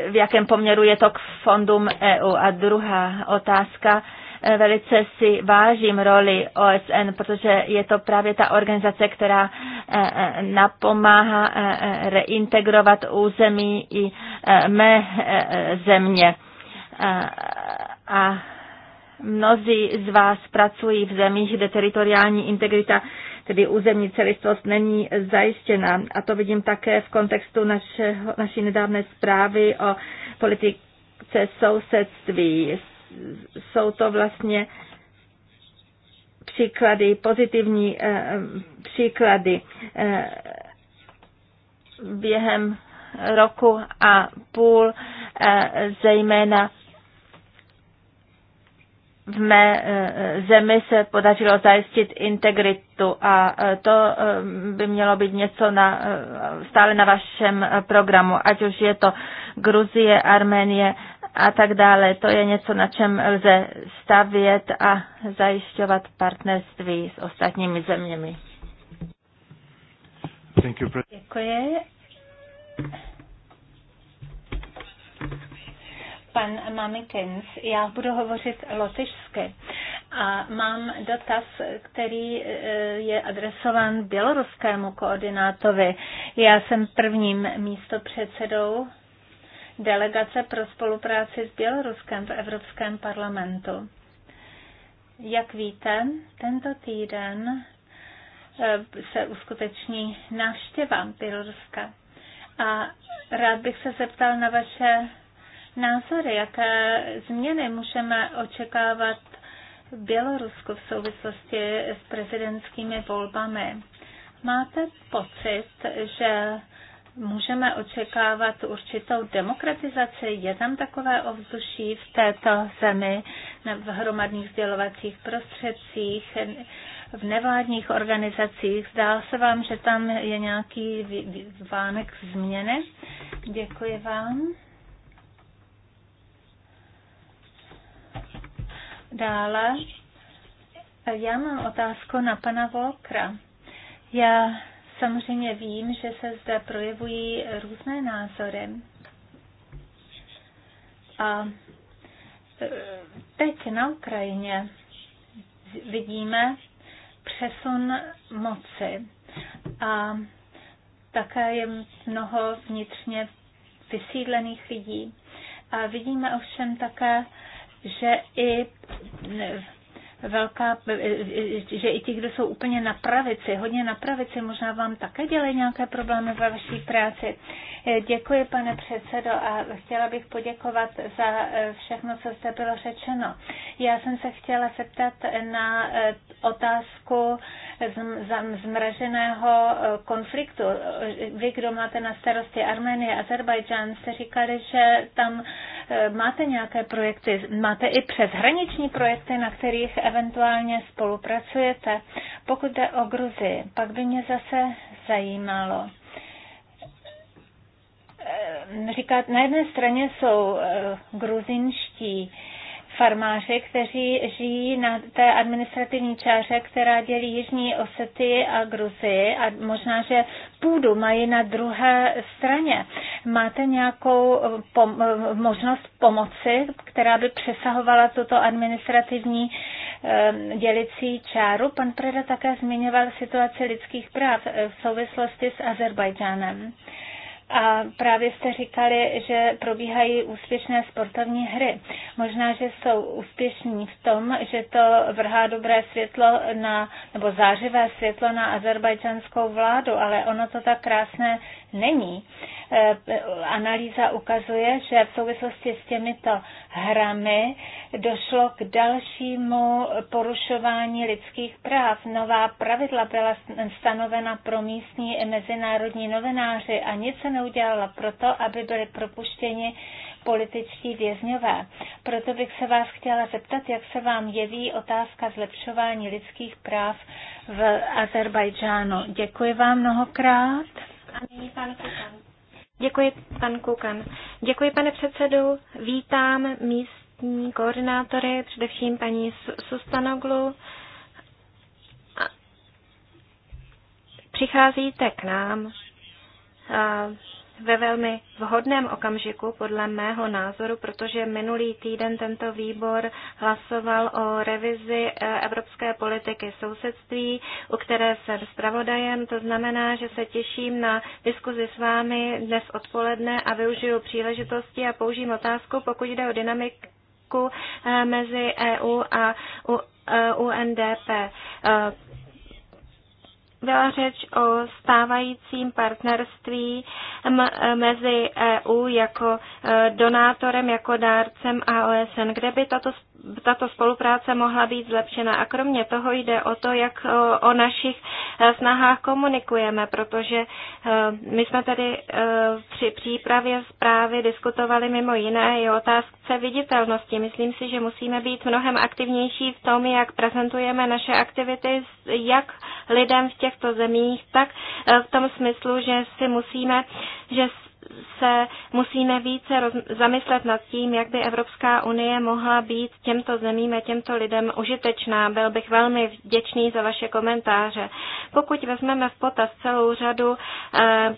v jakém poměru je to k fondům EU. A druhá otázka, eh, velice si vážím roli OSN, protože je to právě ta organizace, která napomáhá reintegrovat území i mé země. A Mnozí z vás pracují v zemích, kde teritoriální integrita, tedy územní celistvost, není zajištěna. A to vidím také v kontextu našeho, naší nedávné zprávy o politice sousedství. Jsou to vlastně příklady, pozitivní eh, příklady eh, během roku a půl, eh, zejména v mé eh, zemi se podařilo zajistit integritu a eh, to eh, by mělo být něco na, stále na vašem programu, ať už je to Gruzie, Arménie a tak dále. To je něco, na čem lze stavět a zajišťovat partnerství s ostatními zeměmi. Děkuji. pan Mamikins. Já budu hovořit lotyšsky a mám dotaz, který e, je adresován běloruskému koordinátovi. Já jsem prvním místopředsedou delegace pro spolupráci s Běloruskem v Evropském parlamentu. Jak víte, tento týden e, se uskuteční návštěva Běloruska. A rád bych se zeptal na vaše názory, jaké změny můžeme očekávat v Bělorusku v souvislosti s prezidentskými volbami. Máte pocit, že můžeme očekávat určitou demokratizaci? Je tam takové ovzduší v této zemi, v hromadných sdělovacích prostředcích, v nevládních organizacích? Zdá se vám, že tam je nějaký vánek změny? Děkuji vám. Dále já mám otázku na pana Volkra. Já samozřejmě vím, že se zde projevují různé názory. A e, teď na Ukrajině vidíme přesun moci a také je mnoho vnitřně vysídlených lidí. A vidíme ovšem také že i v velká, že i ti, kdo jsou úplně na pravici, hodně na pravici, možná vám také dělají nějaké problémy ve vaší práci. Děkuji, pane předsedo, a chtěla bych poděkovat za eh, všechno, co zde bylo řečeno. Já jsem se chtěla zeptat na eh, otázku zmraženého eh, konfliktu. Vy, kdo máte na starosti Arménie, Azerbajdžán, jste říkali, že tam máte nějaké projekty, máte i přeshraniční projekty, na kterých eventuálně spolupracujete. Pokud jde o Gruzi, pak by mě zase zajímalo. Eh, Říkat, na jedné straně jsou eh, gruzinští farmáři, kteří žijí na té administrativní čáře, která dělí Jižní Osety a Gruzi a možná, že půdu mají na druhé straně. Máte nějakou eh, pom- možnost pomoci, která by přesahovala tuto administrativní Ehm, dělicí čáru. Pan Preda také zmiňoval situaci lidských práv eh, v souvislosti s Azerbajdžánem. A právě jste říkali, že probíhají úspěšné sportovní hry. Možná, že jsou úspěšní v tom, že to vrhá dobré světlo na, nebo zářivé světlo na azerbajdžanskou vládu, ale ono to tak krásné není. E, analýza ukazuje, že v souvislosti s těmito hrami došlo k dalšímu porušování lidských práv. Nová pravidla byla stanovena pro místní i mezinárodní novináři a nic se neudělalo proto, aby byly propuštěni političtí vězňové. Proto bych se vás chtěla zeptat, jak se vám jeví otázka zlepšování lidských práv v Azerbajdžánu. Děkuji vám mnohokrát a nyní pan Kukan. Děkuji, pan Kukan. Děkuji, pane předsedu. Vítám místní koordinátory, především paní Sustanoglu. Přicházíte k nám ve velmi vhodném okamžiku, podle mého názoru, protože minulý týden tento výbor hlasoval o revizi e, evropské politiky sousedství, u které jsem zpravodajem. To znamená, že se těším na diskuzi s vámi dnes odpoledne a využiju příležitosti a použím otázku, pokud jde o dynamiku e, mezi EU a UNDP e, byla řeč o stávajícím partnerství mezi EU jako e, donátorem, jako dárcem a OSN, kde by tato, tato spolupráce mohla být zlepšena. A kromě toho jde o to, jak e, o našich e, snahách komunikujeme, protože my jsme tady při přípravě zprávy diskutovali mimo jiné i otázce viditelnosti. Myslím si, že musíme být mnohem aktivnější v tom, jak prezentujeme naše aktivity, jak lidem v těch těchto zemích, tak eh, v tom smyslu, že si musíme, že se musíme více roz, zamyslet nad tím, jak by Evropská unie mohla být těmto zemím a těmto lidem užitečná. Byl bych velmi vděčný za vaše komentáře. Pokud vezmeme v potaz celou řadu eh,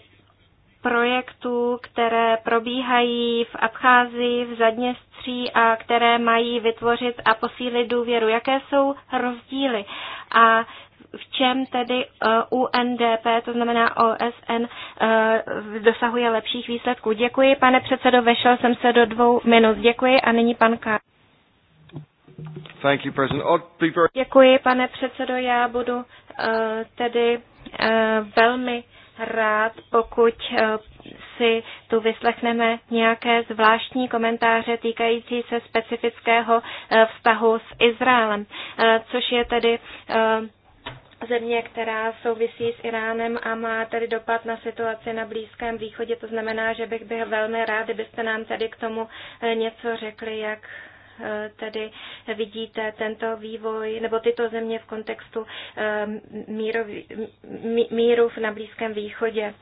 projektů, které probíhají v Abcházii, v Zadněstří a které mají vytvořit a posílit důvěru. Jaké jsou rozdíly a v čem tedy eh, UNDP, to znamená OSN, eh, dosahuje lepších výsledků. Děkuji, pane předsedo, vešel jsem se do dvou minut. Děkuji a nyní pan K. Děkuji, pane předsedo, já budu uh, tedy uh, velmi rád, pokud si tu vyslechneme nějaké zvláštní komentáře týkající se specifického vztahu s Izraelem, což je tedy země, která souvisí s Iránem a má tedy dopad na situaci na Blízkém východě. To znamená, že bych byl velmi rád, kdybyste nám tedy k tomu eh, něco řekli, jak eh, tedy vidíte tento vývoj nebo tyto země v kontextu eh, míru na Blízkém východě.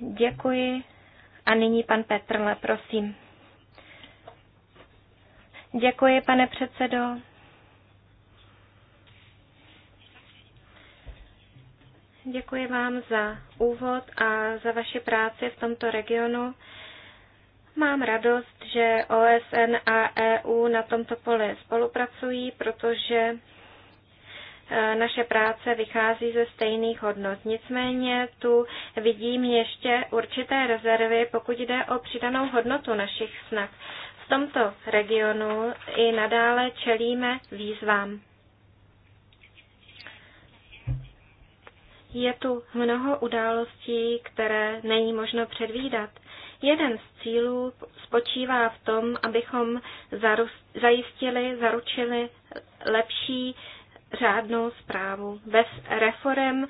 Děkuji. A nyní pan Petrle, prosím. Děkuji, pane předsedo. Děkuji vám za úvod a za vaši práci v tomto regionu. Mám radost, že OSN a EU na tomto poli spolupracují, protože e, naše práce vychází ze stejných hodnot. Nicméně tu vidím ještě určité rezervy, pokud jde o přidanou hodnotu našich snah. V tomto regionu i nadále čelíme výzvám. Je tu mnoho událostí, které není možno předvídat. Jeden z cílů spočívá v tom, abychom zajistili, zaručili lepší řádnou zprávu. Bez reform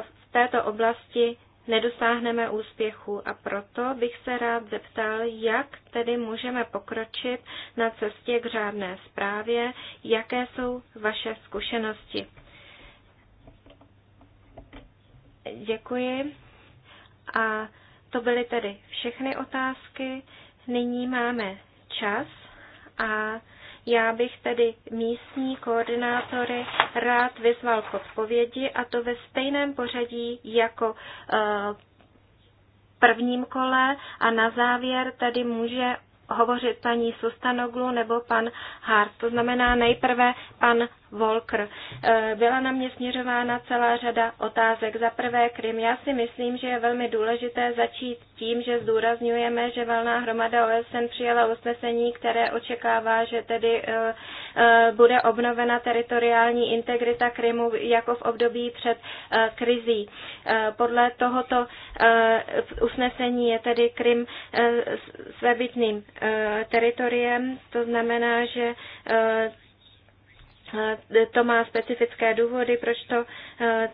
v této oblasti nedosáhneme úspěchu a proto bych se rád zeptal, jak tedy můžeme pokročit na cestě k řádné zprávě, jaké jsou vaše zkušenosti. Děkuji. A to byly tedy všechny otázky. Nyní máme čas a já bych tedy místní koordinátory rád vyzval k odpovědi a to ve stejném pořadí jako eh, prvním kole a na závěr tedy může hovořit paní Sustanoglu nebo pan Hart. To znamená nejprve pan Volker. Eh, byla na mě směřována celá řada otázek. Za prvé Krym. Já si myslím, že je velmi důležité začít tím, že zdůrazňujeme, že valná hromada OSN přijala usnesení, které očekává, že tedy eh, eh, bude obnovena teritoriální integrita Krymu jako v období před krizí. Podle tohoto usnesení je tedy Krym svébytným teritoriem, to znamená, že Eh, to má specifické důvody, proč to eh,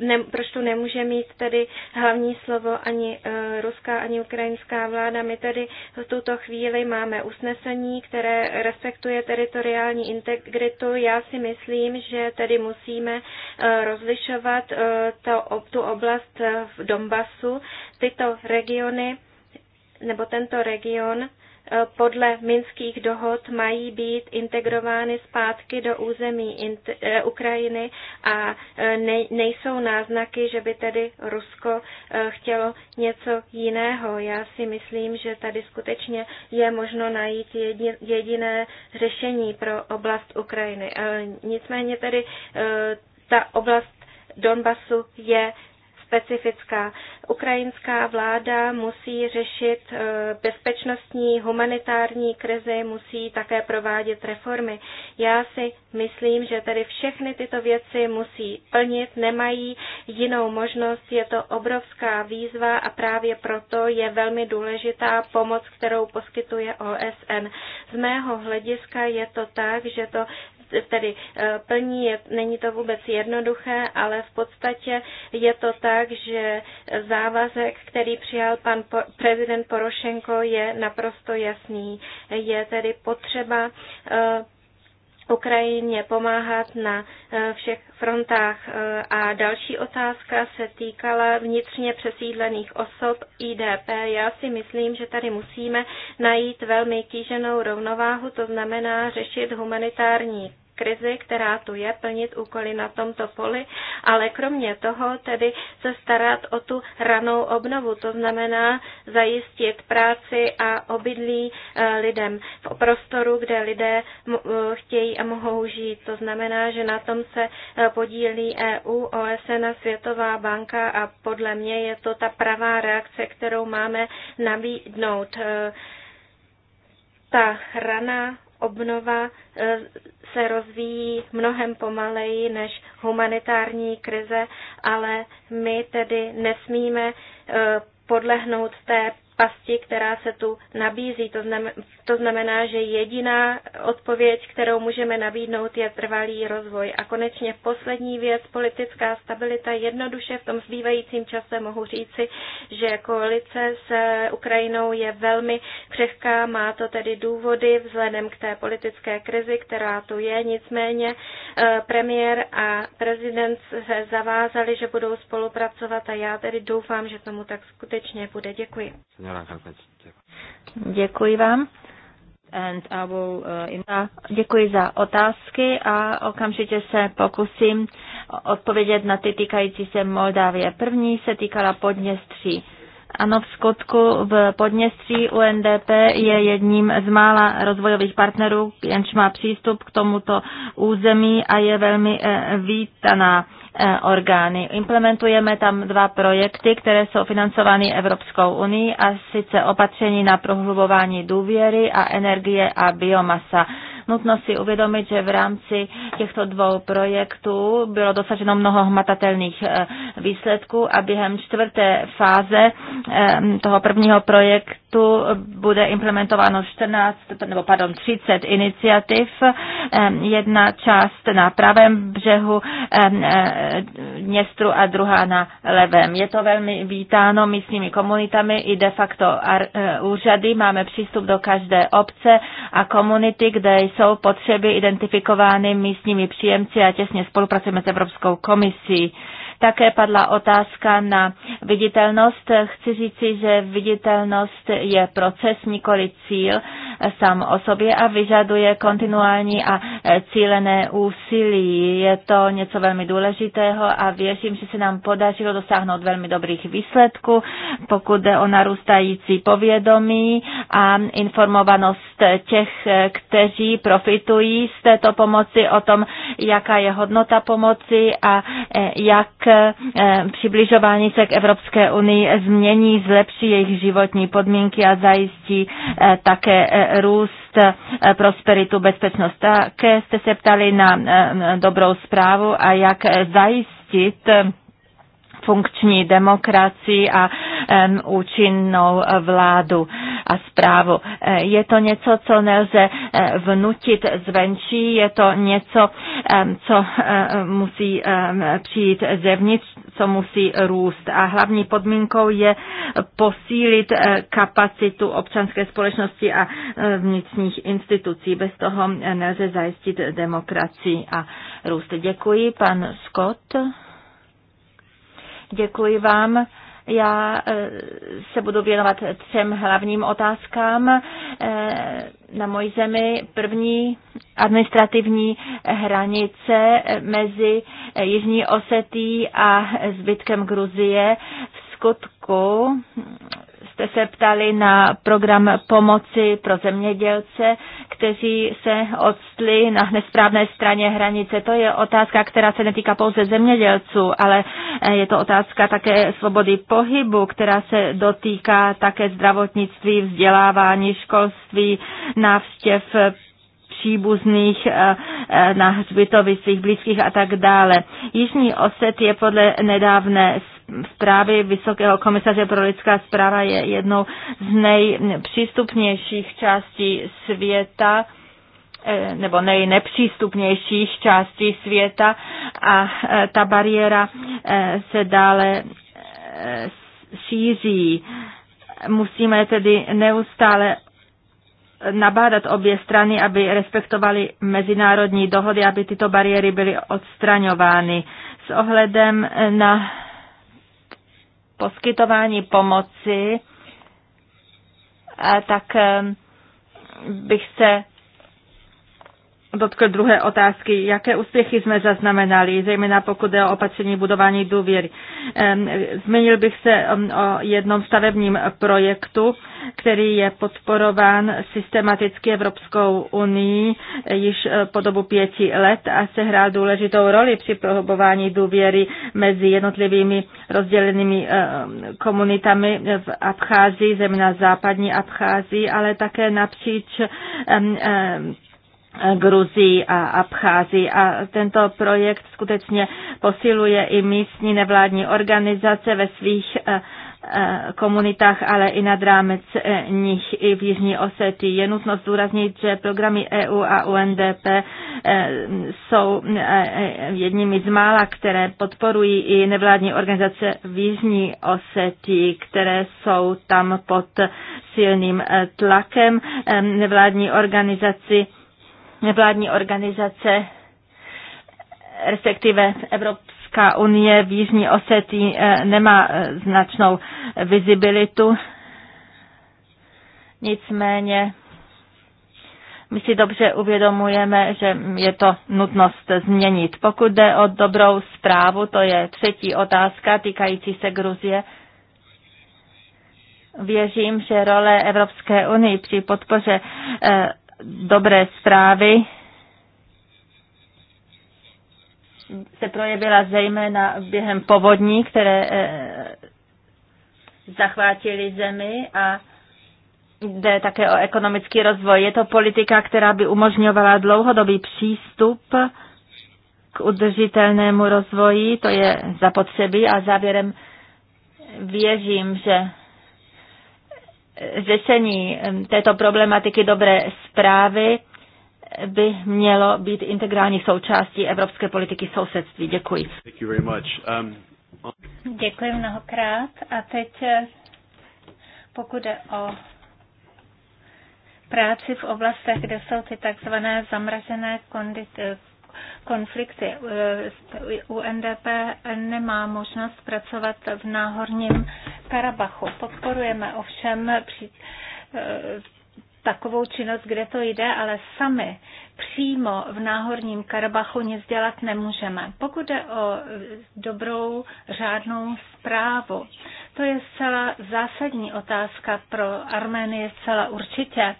ne, proč tu nemůže mít tedy hlavní slovo ani eh, ruská, ani ukrajinská vláda. My tedy v tuto chvíli máme usnesení, které respektuje teritoriální integritu. Já si myslím, že tedy musíme rozlišovat to, tu oblast v Donbasu, tyto regiony nebo tento region podle minských dohod mají být integrovány zpátky do území eh, Ukrajiny a eh, nejsou náznaky, že by tedy Rusko eh, chtělo něco jiného. Já si myslím, že tady skutečně je možno najít jediné řešení pro oblast Ukrajiny. Nicméně tedy ta oblast Donbasu je specifická. Ukrajinská vláda musí řešit eh, bezpečnostní, humanitární krizi, musí také provádět reformy. Já si myslím, že tady všechny tyto věci musí plnit, nemají jinou možnost. Je to obrovská výzva a právě proto je velmi důležitá pomoc, kterou poskytuje OSN. Z mého hlediska je to tak, že to tedy eh, plní, je není to vůbec jednoduché, ale v podstatě je to tak, že závazek, který přijal pan prezident Porošenko, je naprosto jasný. Je tedy potřeba eh, Ukrajině pomáhat na eh, všech frontách. Eh, a další otázka se týkala vnitřně přesídlených osob IDP. Já si myslím, že tady musíme najít velmi kýženou rovnováhu, to znamená řešit humanitární krizi, která tu je, plnit úkoly na tomto poli, ale kromě toho tedy se starat o tu ranou obnovu, to znamená zajistit práci a obydlí eh, lidem v prostoru, kde lidé eh, chtějí a mohou žít. To znamená, že na tom se eh, podílí EU, OSN a Světová banka a podle mě je to ta pravá reakce, kterou máme nabídnout ta rana obnova eh, se rozvíjí mnohem pomaleji než humanitární krize, ale my tedy nesmíme eh, podlehnout té pasti, která se tu nabízí. To znamená, to znamená, že jediná odpověď, kterou můžeme nabídnout, je trvalý rozvoj. A konečně poslední věc, politická stabilita. Jednoduše v tom zbývajícím čase mohu říci, že koalice s Ukrajinou je velmi křehká, má to tedy důvody vzhledem k té politické krizi, která tu je. Nicméně eh, premiér a prezident se zavázali, že budou spolupracovat a já tedy doufám, že tomu tak skutečně bude. Děkuji. Děkuji vám. And I will, uh, děkuji za otázky a okamžitě se pokusím odpovědět na ty týkající se Moldávie. První se týkala Podněstří. Ano, v skutku v Podněstří UNDP je jedním z mála rozvojových partnerů, jenž má přístup k tomuto území a je velmi eh, vítaná E, orgány. Implementujeme tam dva projekty, které jsou financovány Evropskou unii a sice opatření na prohlubování důvěry a energie a biomasa. Nutno si uvědomit, že v rámci těchto dvou projektů bylo dosaženo mnoho hmatatelných e, výsledků a během čtvrté fáze e, toho prvního projektu tu bude implementováno 14, nebo pardon, 30 iniciativ. Jedna část na pravém břehu Městru e, a druhá na levém. Je to velmi vítáno místními komunitami i de facto e, úřady. Máme přístup do každé obce a komunity, kde jsou potřeby identifikovány místními příjemci a těsně spolupracujeme s Evropskou komisí. Také padla otázka na viditelnost. Chci říci, že viditelnost je proces, nikoli cíl sám o sobě a vyžaduje kontinuální a cílené úsilí. Je to něco velmi důležitého a věřím, že se nám podařilo dosáhnout velmi dobrých výsledků, pokud jde o narůstající povědomí a informovanost těch, kteří profitují z této pomoci o tom, jaká je hodnota pomoci a jak Eh, přibližování se k Evropské unii změní, zlepší jejich životní podmínky a zajistí eh, také eh, růst, prosperitu, bezpečnost. Také jste se ptali na dobrou zprávu a jak zajistit funkční demokracii a účinnou vládu a zprávu. E, je to něco, co nelze e, vnutit zvenčí, je to něco, co e, musí přijít zevnitř, co musí růst. A hlavní podmínkou je posílit kapacitu občanské společnosti a vnitřních institucí. Bez toho nelze zajistit demokracii a růst. Děkuji, pan Scott. Děkuji vám. Já eh, se budu věnovat třem hlavním otázkám eh, na moji zemi. První administrativní hranice eh, mezi Jižní Osetí a zbytkem Gruzie v skutku jste se ptali na program pomoci pro zemědělce, kteří se odstli na nesprávné straně hranice. To je otázka, která se netýká pouze zemědělců, ale eh, je to otázka také svobody pohybu, která se dotýká také zdravotnictví, vzdělávání, školství, návštěv příbuzných eh, eh, na hřbitovi svých blízkých a tak dále. Jižní Oset je podle nedávné zprávy Vysokého komisaře pro lidská zpráva je jednou z nejpřístupnějších částí světa eh, nebo nejnepřístupnějších částí světa a eh, ta bariéra eh, se dále šíří. Musíme tedy neustále nabádat obě strany, aby respektovali mezinárodní dohody, aby tyto bariéry byly odstraňovány. S ohledem na poskytování pomoci, eh, tak eh, bych se dotkl druhé otázky, jaké úspěchy jsme zaznamenali, zejména pokud je o opatření budování důvěry. Zmínil bych se o jednom stavebním projektu, který je podporován systematicky Evropskou unii eh, již eh, po dobu pěti let a se hrál důležitou roli při prohobování důvěry mezi jednotlivými rozdělenými eh, komunitami v Abcházii, zejména západní Abcházii, ale také napříč Gruzii a Abcházii. A tento projekt skutečně posiluje i místní nevládní organizace ve svých eh, eh, komunitách, ale i nad rámec eh, nich i v Jižní Osety. Je nutno zdůraznit, že programy EU a UNDP jsou jedními z mála, které podporují i nevládní organizace v Jižní Osety, které jsou tam pod silným tlakem nevládní organizaci nevládní organizace, respektive Evropská unie v Jižní Osetí eh, nemá eh, značnou vizibilitu. Nicméně my si dobře uvědomujeme, že je to nutnost změnit. Pokud jde o dobrou zprávu, to je třetí otázka týkající se Gruzie. Věřím, že role Evropské unie při podpoře eh, dobré zprávy se projevila zejména během povodní, které eh, zachvátily zemi a jde také o ekonomický rozvoj. Je to politika, která by umožňovala dlouhodobý přístup k udržitelnému rozvoji, to je zapotřebí a závěrem věřím, že řešení této problematiky dobré zprávy by mělo být integrální součástí evropské politiky sousedství. Děkuji. Um, Děkuji mnohokrát. A teď, eh, pokud jde o práci v oblastech, kde jsou ty takzvané zamražené konflikty. Eh, UNDP nemá možnost pracovat v náhorním Karabachu. Podporujeme ovšem při, eh, takovou činnost, kde to jde, ale sami přímo v Náhorním Karabachu nic dělat nemůžeme. Pokud jde o eh, dobrou řádnou zprávu, to je zcela zásadní otázka pro Arménii zcela určitě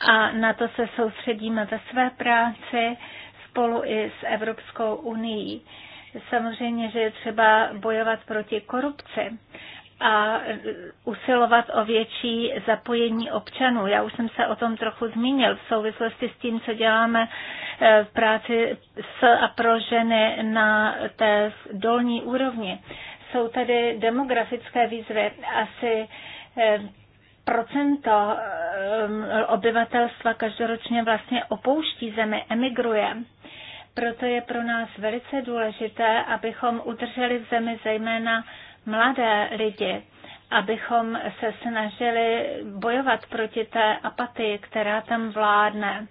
a na to se soustředíme ve své práci spolu i s Evropskou unii. Samozřejmě, že je třeba bojovat proti korupci a usilovat o větší zapojení občanů. Já už jsem se o tom trochu zmínil v souvislosti s tím, co děláme eh, v práci s a pro ženy na té dolní úrovni. Jsou tady demografické výzvy. Asi eh, procento eh, obyvatelstva každoročně vlastně opouští zemi, emigruje. Proto je pro nás velice důležité, abychom udrželi v zemi zejména mladé lidi, abychom se snažili bojovat proti té apatii, která tam vládne.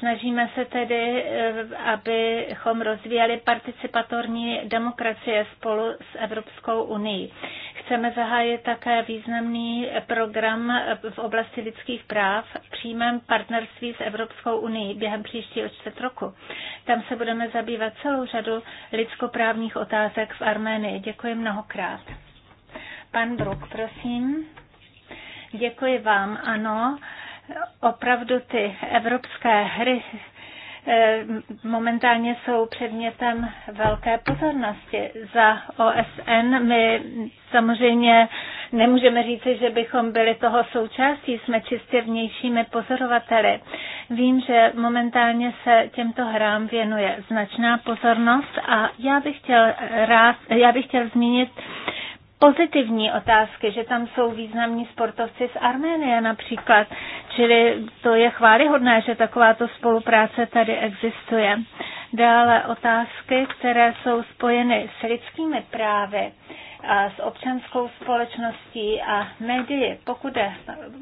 Snažíme se tedy, eh, abychom rozvíjeli participatorní demokracie spolu s Evropskou unii. Chceme zahájit také významný program v oblasti lidských práv v přímém partnerství s Evropskou unii během příštího čtvrt roku. Tam se budeme zabývat celou řadu lidskoprávních otázek v Arménii. Děkuji mnohokrát. Pan Bruk, prosím. Děkuji vám, ano opravdu ty evropské hry eh, momentálně jsou předmětem velké pozornosti. Za OSN my samozřejmě nemůžeme říci, že bychom byli toho součástí, jsme čistě vnějšími pozorovateli. Vím, že momentálně se těmto hrám věnuje značná pozornost a já bych chtěl, rád, já bych chtěl zmínit pozitivní otázky, že tam jsou významní sportovci z Arménie například. Čili to je chválihodné, že takováto spolupráce tady existuje. Dále otázky, které jsou spojeny s lidskými právy. Uh, a s občanskou společností a médii. Pokud je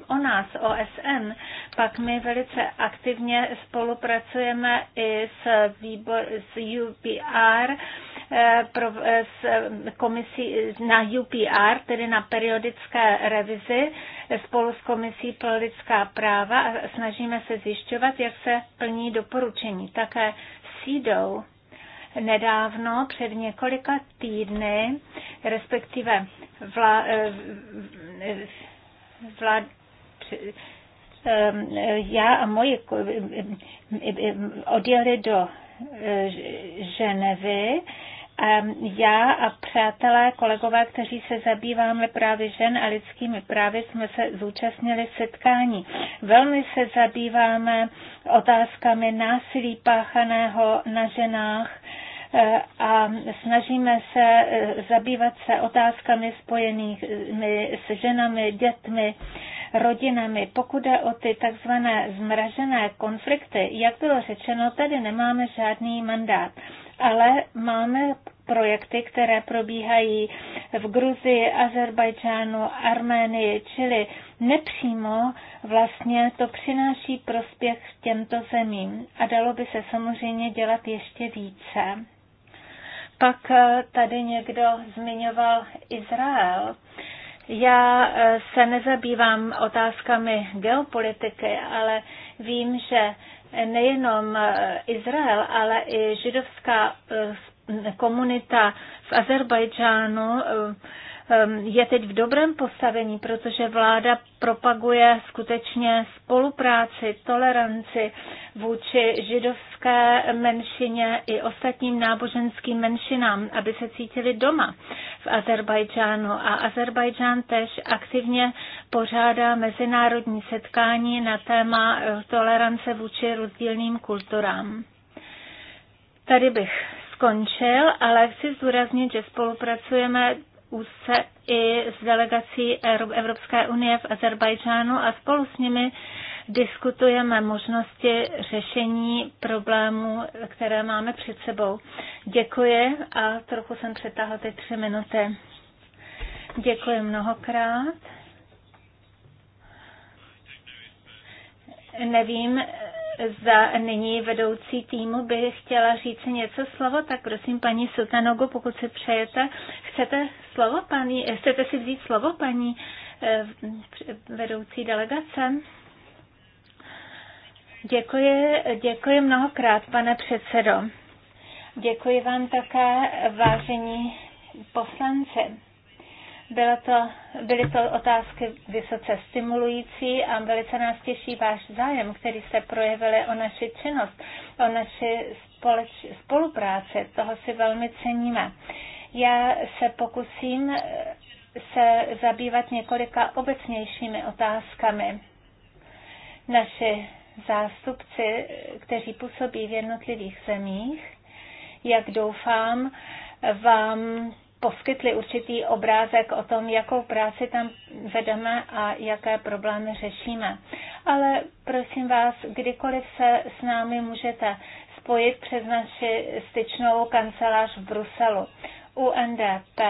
o nás, OSN, pak my velice aktivně spolupracujeme i s, výbor, s UPR, e, pro, e, s komisí na UPR, tedy na periodické revizi spolu s Komisí pro lidská práva a snažíme se zjišťovat, jak se plní doporučení. Také sídou nedávno, před několika týdny, respektive vla, eh, vla, eh, já a moji eh, odjeli do Ženevy. Já a přátelé, kolegové, kteří se zabýváme právě žen a lidskými právy, jsme se zúčastnili setkání. Velmi se zabýváme otázkami násilí páchaného na ženách Eh, a snažíme se eh, zabývat se otázkami spojenými s ženami, dětmi, rodinami. Pokud jde o ty takzvané zmražené konflikty, jak bylo řečeno, tady nemáme žádný mandát, ale máme projekty, které probíhají v Gruzii, Azerbajdžánu, Arménii, čili nepřímo vlastně to přináší prospěch těmto zemím. A dalo by se samozřejmě dělat ještě více. Pak eh, tady někdo zmiňoval Izrael. Já eh, se nezabývám otázkami geopolitiky, ale vím, že nejenom eh, Izrael, ale i židovská komunita v Azerbajdžánu Ehm, je teď v dobrém postavení, protože vláda propaguje skutečně spolupráci, toleranci vůči židovské menšině i ostatním náboženským menšinám, aby se cítili doma v Azerbajdžánu. A Azerbajdžán tež aktivně pořádá mezinárodní setkání na téma eh, tolerance vůči rozdílným kulturám. Tady bych skončil, ale chci zdůraznit, že spolupracujeme úzce i s delegací Evropské unie v Azerbajdžánu a spolu s nimi diskutujeme možnosti řešení problémů, které máme před sebou. Děkuji a trochu jsem přetáhla ty tři minuty. Děkuji mnohokrát. Nevím, za nyní vedoucí týmu by chtěla říct něco slovo, tak prosím paní Sutanogo, pokud si přejete, chcete slovo, paní, chcete si vzít slovo, paní eh, vedoucí delegace? Děkuji, děkuji mnohokrát, pane předsedo. Děkuji vám také, vážení poslanci. Bylo to, byly to otázky vysoce stimulující a velice nás těší váš zájem, který se projevil o naši činnost, o naši společ, spolupráci. Toho si velmi ceníme. Já se pokusím se zabývat několika obecnějšími otázkami. Naši zástupci, kteří působí v jednotlivých zemích, jak doufám, vám poskytli určitý obrázek o tom, jakou práci tam vedeme a jaké problémy řešíme. Ale prosím vás, kdykoliv se s námi můžete spojit přes naši styčnou kancelář v Bruselu. UNDP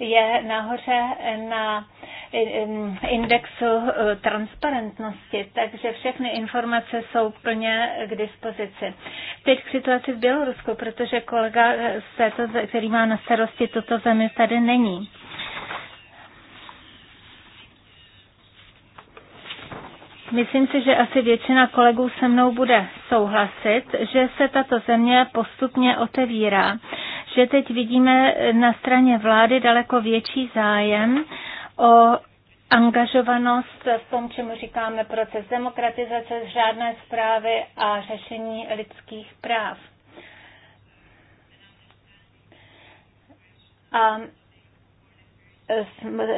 je nahoře na eh, indexu eh, transparentnosti, takže všechny informace jsou plně k dispozici. Teď k situaci v Bělorusku, protože kolega, se této, který má na starosti tuto zemi, tady není. Myslím si, že asi většina kolegů se mnou bude souhlasit, že se tato země postupně otevírá že teď vidíme na straně vlády daleko větší zájem o angažovanost v tom, čemu říkáme proces demokratizace, řádné zprávy a řešení lidských práv. A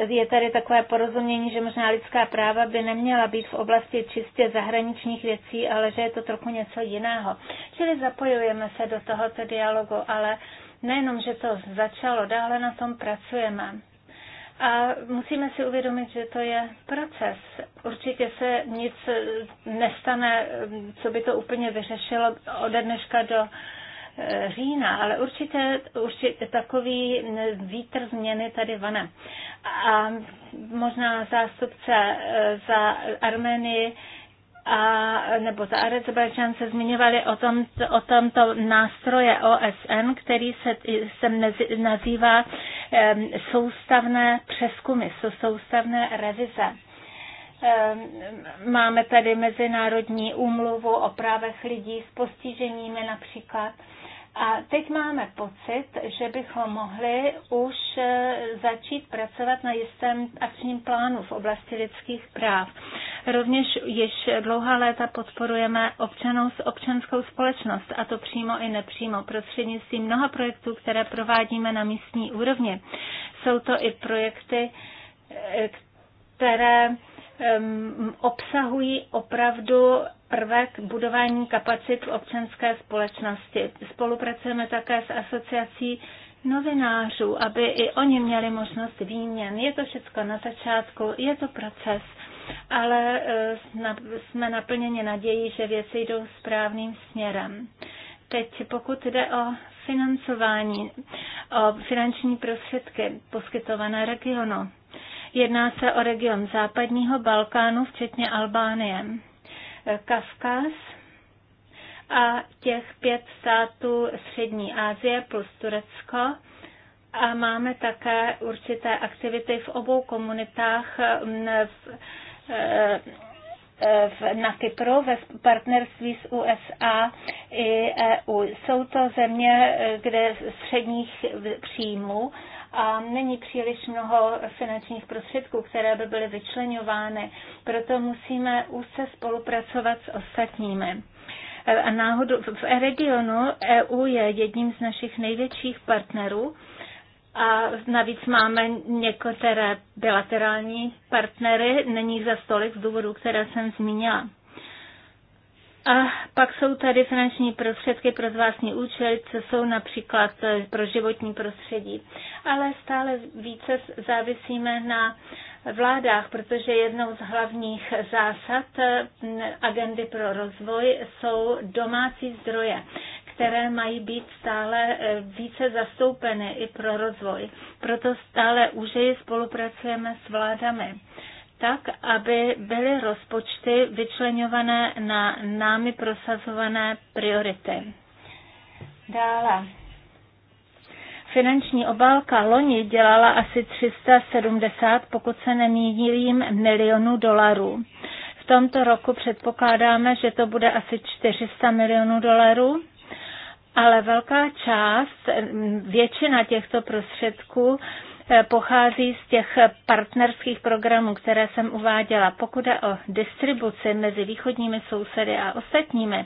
je tady takové porozumění, že možná lidská práva by neměla být v oblasti čistě zahraničních věcí, ale že je to trochu něco jiného. Čili zapojujeme se do tohoto dialogu, ale Nejenom, že to začalo, dále na tom pracujeme. A musíme si uvědomit, že to je proces. Určitě se nic nestane, co by to úplně vyřešilo ode dneška do e, října, ale určitě, určitě takový vítr změny tady vane. A možná zástupce e, za Armenii a, nebo ta Azerbajdžán se zmiňovali o, tom, o tomto nástroje OSN, který se, se nazývá um, soustavné přeskumy, soustavné revize. Máme tady Mezinárodní úmluvu o právech lidí s postiženími například. A teď máme pocit, že bychom mohli už eh, začít pracovat na jistém akčním plánu v oblasti lidských práv. Rovněž již dlouhá léta podporujeme občanou s občanskou společnost, a to přímo i nepřímo, prostřednictvím mnoha projektů, které provádíme na místní úrovni. Jsou to i projekty, eh, které obsahují opravdu prvek budování kapacit v občanské společnosti. Spolupracujeme také s asociací novinářů, aby i oni měli možnost výměn. Je to všechno na začátku, je to proces, ale e, jsme naplněni nadějí, že věci jdou správným směrem. Teď pokud jde o financování, o finanční prostředky poskytované regionu, Jedná se o region západního Balkánu, včetně Albánie. Kavkaz a těch pět států Střední Asie plus Turecko. A máme také určité aktivity v obou komunitách mm, v, eh, eh, v, na Kypru ve partnerství s USA i EU. Jsou to země, eh, kde středních příjmů a není příliš mnoho finančních prostředků, které by byly vyčlenovány. Proto musíme úzce spolupracovat s ostatními. A náhodou v regionu EU je jedním z našich největších partnerů a navíc máme některé bilaterální partnery, není za stolik z důvodů, které jsem zmínila. A pak jsou tady finanční prostředky pro zvláštní účely, co jsou například eh, pro životní prostředí. Ale stále více závisíme na vládách, protože jednou z hlavních zásad eh, agendy pro rozvoj jsou domácí zdroje, které mají být stále eh, více zastoupeny i pro rozvoj. Proto stále užeji spolupracujeme s vládami tak, aby byly rozpočty vyčlenované na námi prosazované priority. Dále. Finanční obálka loni dělala asi 370, pokud se nemýlím, milionů dolarů. V tomto roku předpokládáme, že to bude asi 400 milionů dolarů, ale velká část, většina těchto prostředků Eh, pochází z těch partnerských programů, které jsem uváděla. Pokud je o distribuci mezi východními sousedy a ostatními,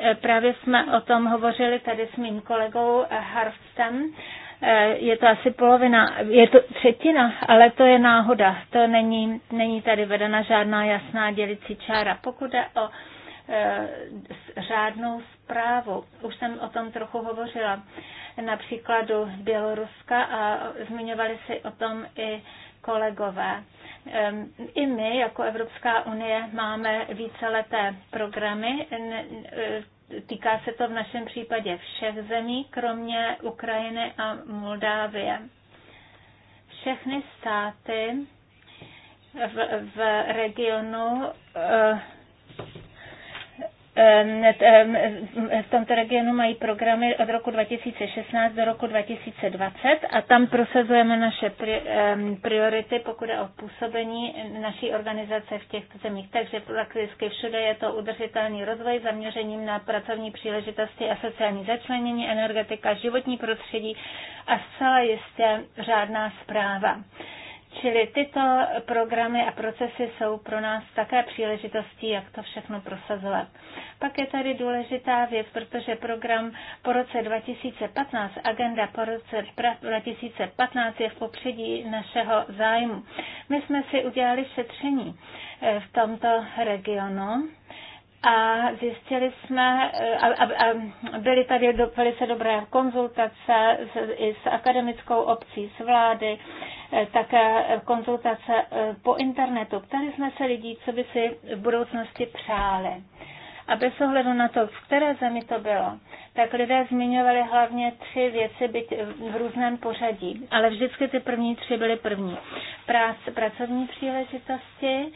eh, právě jsme o tom hovořili tady s mým kolegou Harvstem. Eh, je to asi polovina, je to třetina, ale to je náhoda. To není, není tady vedena žádná jasná dělicí čára. Pokud je o řádnou zprávu. Už jsem o tom trochu hovořila například do Běloruska a zmiňovali se o tom i kolegové. Ehm, I my jako Evropská unie máme víceleté programy. E, týká se to v našem případě všech zemí, kromě Ukrajiny a Moldávie. Všechny státy v, v regionu e, Ehm, ehm, v tomto regionu mají programy od roku 2016 do roku 2020 a tam prosazujeme naše ehm, priority, pokud je o působení naší organizace v těchto zemích. Takže prakticky všude je to udržitelný rozvoj zaměřením na pracovní příležitosti a sociální začlenění, energetika, životní prostředí a zcela jistě řádná zpráva. Čili tyto programy a procesy jsou pro nás také příležitostí, jak to všechno prosazovat. Pak je tady důležitá věc, protože program po roce 2015, agenda po roce 2015 je v popředí našeho zájmu. My jsme si udělali šetření eh, v tomto regionu a zjistili jsme, a, a, a byly tady do, velice dobré konzultace s, i s akademickou obcí, s vlády, eh, také konzultace eh, po internetu. Ptali jsme se lidí, co by si v budoucnosti přáli. A bez ohledu na to, v které zemi to bylo, tak lidé zmiňovali hlavně tři věci byť v různém pořadí. Ale vždycky ty první tři byly první. Prác, pracovní příležitosti,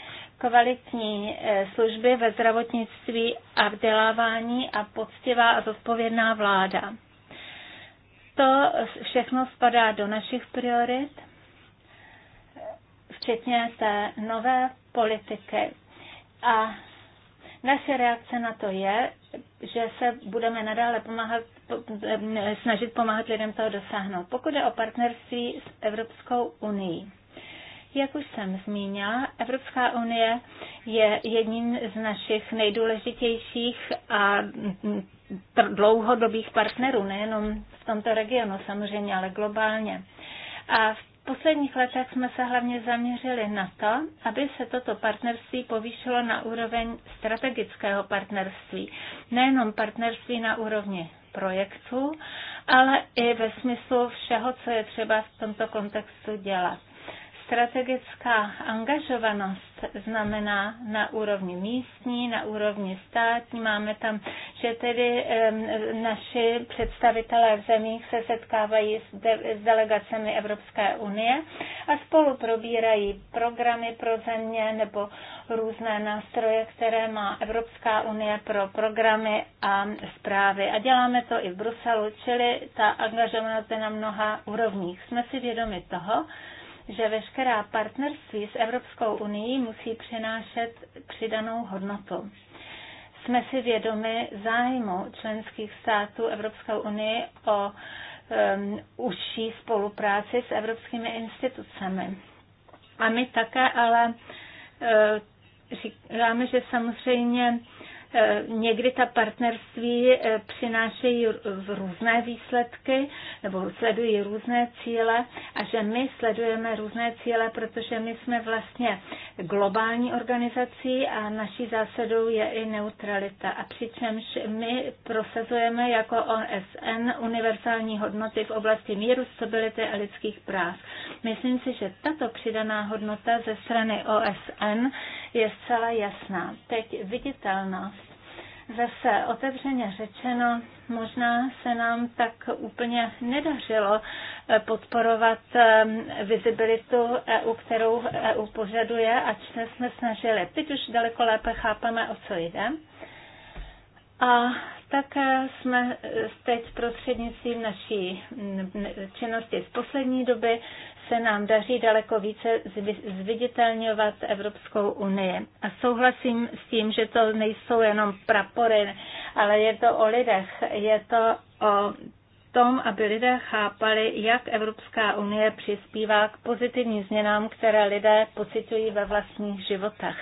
kvalitní eh, služby ve zdravotnictví a vzdělávání a poctivá a zodpovědná vláda. To všechno spadá do našich priorit, včetně té nové politiky. A naše reakce na to je, že se budeme nadále pomáhat, eh, snažit pomáhat lidem toho dosáhnout. Pokud je o partnerství s Evropskou unii, jak už jsem zmínila, Evropská unie je jedním z našich nejdůležitějších a dlouhodobých partnerů, nejenom v tomto regionu samozřejmě, ale globálně. A v posledních letech jsme se hlavně zaměřili na to, aby se toto partnerství povýšilo na úroveň strategického partnerství. Nejenom partnerství na úrovni projektů, ale i ve smyslu všeho, co je třeba v tomto kontextu dělat. Strategická angažovanost znamená na úrovni místní, na úrovni státní. Máme tam, že tedy naši představitelé v zemích se setkávají s, de, s delegacemi Evropské unie a spolu probírají programy pro země nebo různé nástroje, které má Evropská unie pro programy a zprávy. A děláme to i v Bruselu, čili ta angažovanost je na mnoha úrovních. Jsme si vědomi toho, že veškerá partnerství s Evropskou unii musí přinášet přidanou hodnotu. Jsme si vědomi zájmu členských států Evropské unie o um, užší spolupráci s evropskými institucemi. A my také ale uh, říkáme, že samozřejmě Eh, někdy ta partnerství eh, přinášejí různé výsledky nebo sledují různé cíle a že my sledujeme různé cíle, protože my jsme vlastně globální organizací a naší zásadou je i neutralita. A přičemž my prosazujeme jako OSN univerzální hodnoty v oblasti míru, stability a lidských práv. Myslím si, že tato přidaná hodnota ze strany OSN je zcela jasná. Teď viditelnost zase otevřeně řečeno, možná se nám tak úplně nedařilo eh, podporovat eh, vizibilitu EU, kterou EU požaduje, ač se jsme snažili. Teď už daleko lépe chápeme, o co jde. A také jsme eh, teď prostřednictvím naší mm, činnosti z poslední doby se nám daří daleko více zviditelňovat Evropskou unii. A souhlasím s tím, že to nejsou jenom prapory, ale je to o lidech, je to o tom, aby lidé chápali, jak Evropská unie přispívá k pozitivním změnám, které lidé pocitují ve vlastních životech.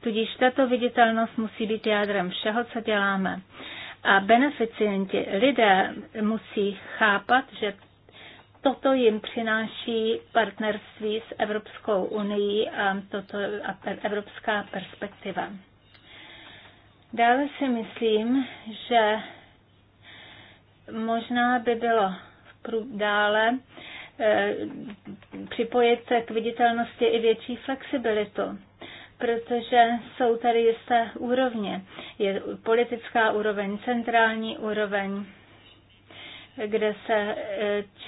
Tudíž tato viditelnost musí být jádrem všeho, co děláme. A beneficienti lidé musí chápat, že toto jim přináší partnerství s Evropskou unii a, toto, a evropská perspektiva. Dále si myslím, že možná by bylo dále eh, připojit k viditelnosti i větší flexibilitu, protože jsou tady jisté úrovně. Je politická úroveň, centrální úroveň, kde se e,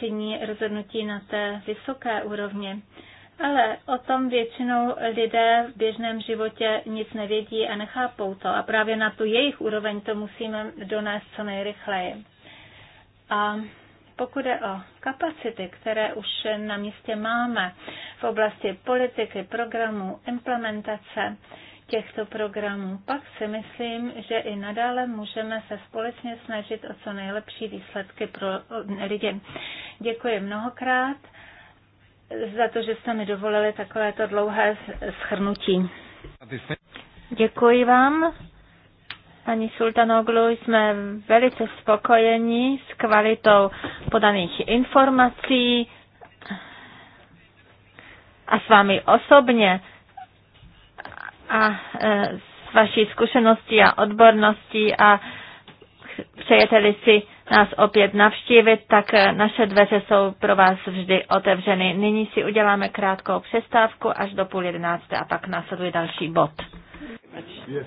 činí rozhodnutí na té vysoké úrovni. Ale o tom většinou lidé v běžném životě nic nevědí a nechápou to. A právě na tu jejich úroveň to musíme donést co nejrychleji. A pokud je o kapacity, které už na místě máme v oblasti politiky, programů, implementace, těchto programů, pak si myslím, že i nadále můžeme se společně snažit o co nejlepší výsledky pro lidi. Děkuji mnohokrát za to, že jste mi dovolili takovéto dlouhé schrnutí. Děkuji vám. Pani Sultanoglu, jsme velice spokojeni s kvalitou podaných informací a s vámi osobně a e, s vaší zkušenosti a odborností a přejete-li si nás opět navštívit, tak e, naše dveře jsou pro vás vždy otevřeny. Nyní si uděláme krátkou přestávku až do půl jedenácté a pak následuje další bod. Yes.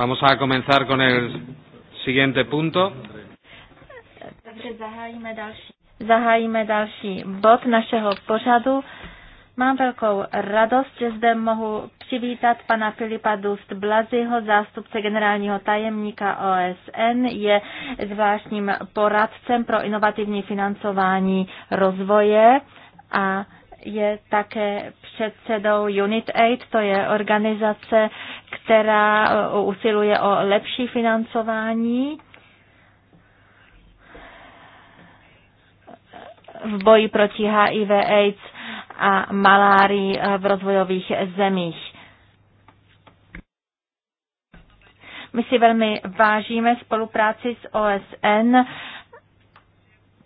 Vamos a comenzar con el siguiente punto. Takže zahájíme další, zahájíme další bod našeho pořadu. Mám velkou radost, že zde mohu přivítat pana Filipa Dust Blaziho, zástupce generálního tajemníka OSN, je zvláštním poradcem pro inovativní financování rozvoje a je také předsedou Unit Aid, to je organizace která eh, usiluje o lepší financování v boji proti HIV AIDS a malárii eh, v rozvojových zemích. My si velmi vážíme spolupráci s OSN.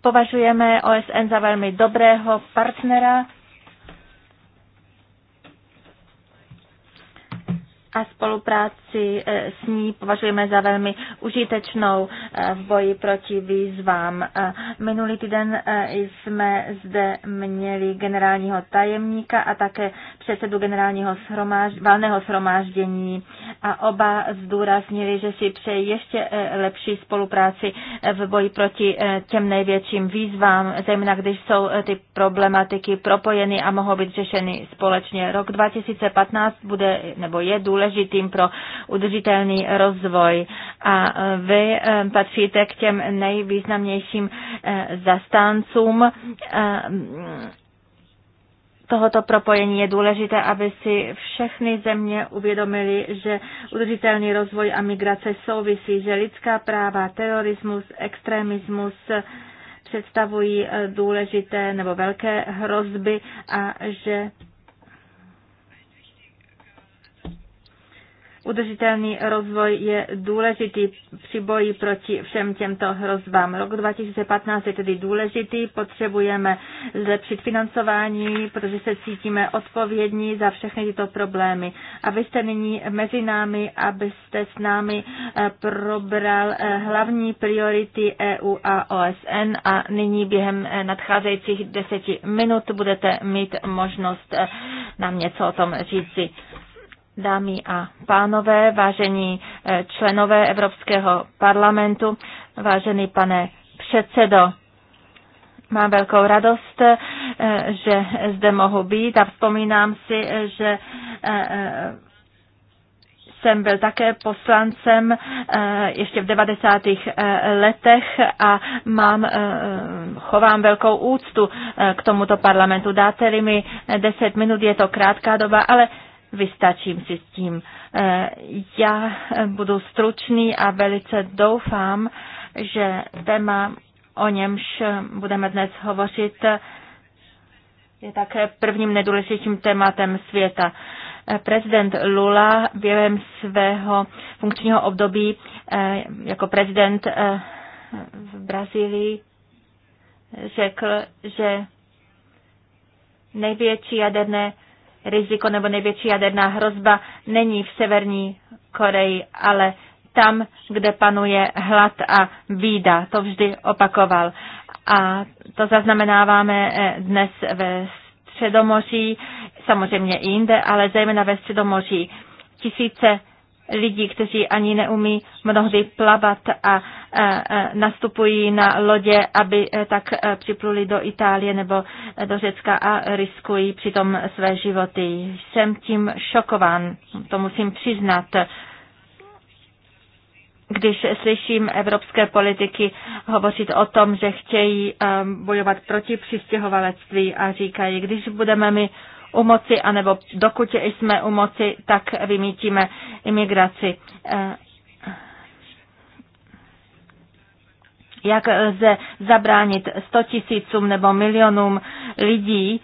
Považujeme OSN za velmi dobrého partnera a spolupráci eh, s ní považujeme za velmi užitečnou eh, v boji proti výzvám. Eh, minulý týden jsme zde měli generálního tajemníka a také předsedu generálního shromáž, valného shromáždění a oba zdůraznili, že si přejí ještě eh, lepší spolupráci eh, v boji proti eh, těm největším výzvám, zejména když jsou ty problematiky propojeny a mohou být řešeny společně. Rok 2015 bude nebo je důležitým pro udržitelný rozvoj a vy patříte k těm nejvýznamnějším zastáncům tohoto propojení je důležité, aby si všechny země uvědomili, že udržitelný rozvoj a migrace souvisí, že lidská práva, terorismus, extremismus představují eh, důležité nebo velké hrozby a že Udržitelný rozvoj je důležitý při boji proti všem těmto hrozbám. Rok 2015 je tedy důležitý, potřebujeme zlepšit financování, protože se cítíme odpovědní za všechny tyto problémy. A vy jste nyní mezi námi, abyste s námi eh, probral eh, hlavní priority EU a OSN a nyní během eh, nadcházejících deseti minut budete mít možnost nám něco o tom říci. Dámy a pánové, vážení eh, členové Evropského parlamentu, vážený pane předsedo, Mám velkou radost, eh, že zde mohu být a vzpomínám si, že eh, jsem byl také poslancem ještě v 90. letech a mám, chovám velkou úctu k tomuto parlamentu. Dáte-li mi 10 minut, je to krátká doba, ale vystačím si s tím. Eh, já eh, budu stručný a velice doufám, že téma, o němž eh, budeme dnes hovořit, je také prvním nejdůležitějším tématem světa. Prezident Lula během svého funkčního období jako prezident v Brazílii řekl, že největší jaderné riziko nebo největší jaderná hrozba není v Severní Koreji, ale tam, kde panuje hlad a bída. To vždy opakoval. A to zaznamenáváme eh, dnes ve Středomoří, samozřejmě i jinde, ale zejména ve Středomoří. Tisíce lidí, kteří ani neumí mnohdy plavat a e, e, nastupují na lodě, aby e, tak připluli do Itálie nebo do Řecka a riskují přitom své životy. Jsem tím šokován, to musím přiznat když slyším evropské politiky hovořit o tom, že chtějí bojovat proti přistěhovalectví a říkají, když budeme my u moci, anebo dokud jsme u moci, tak vymítíme imigraci. Jak lze zabránit 100 tisícům nebo milionům lidí,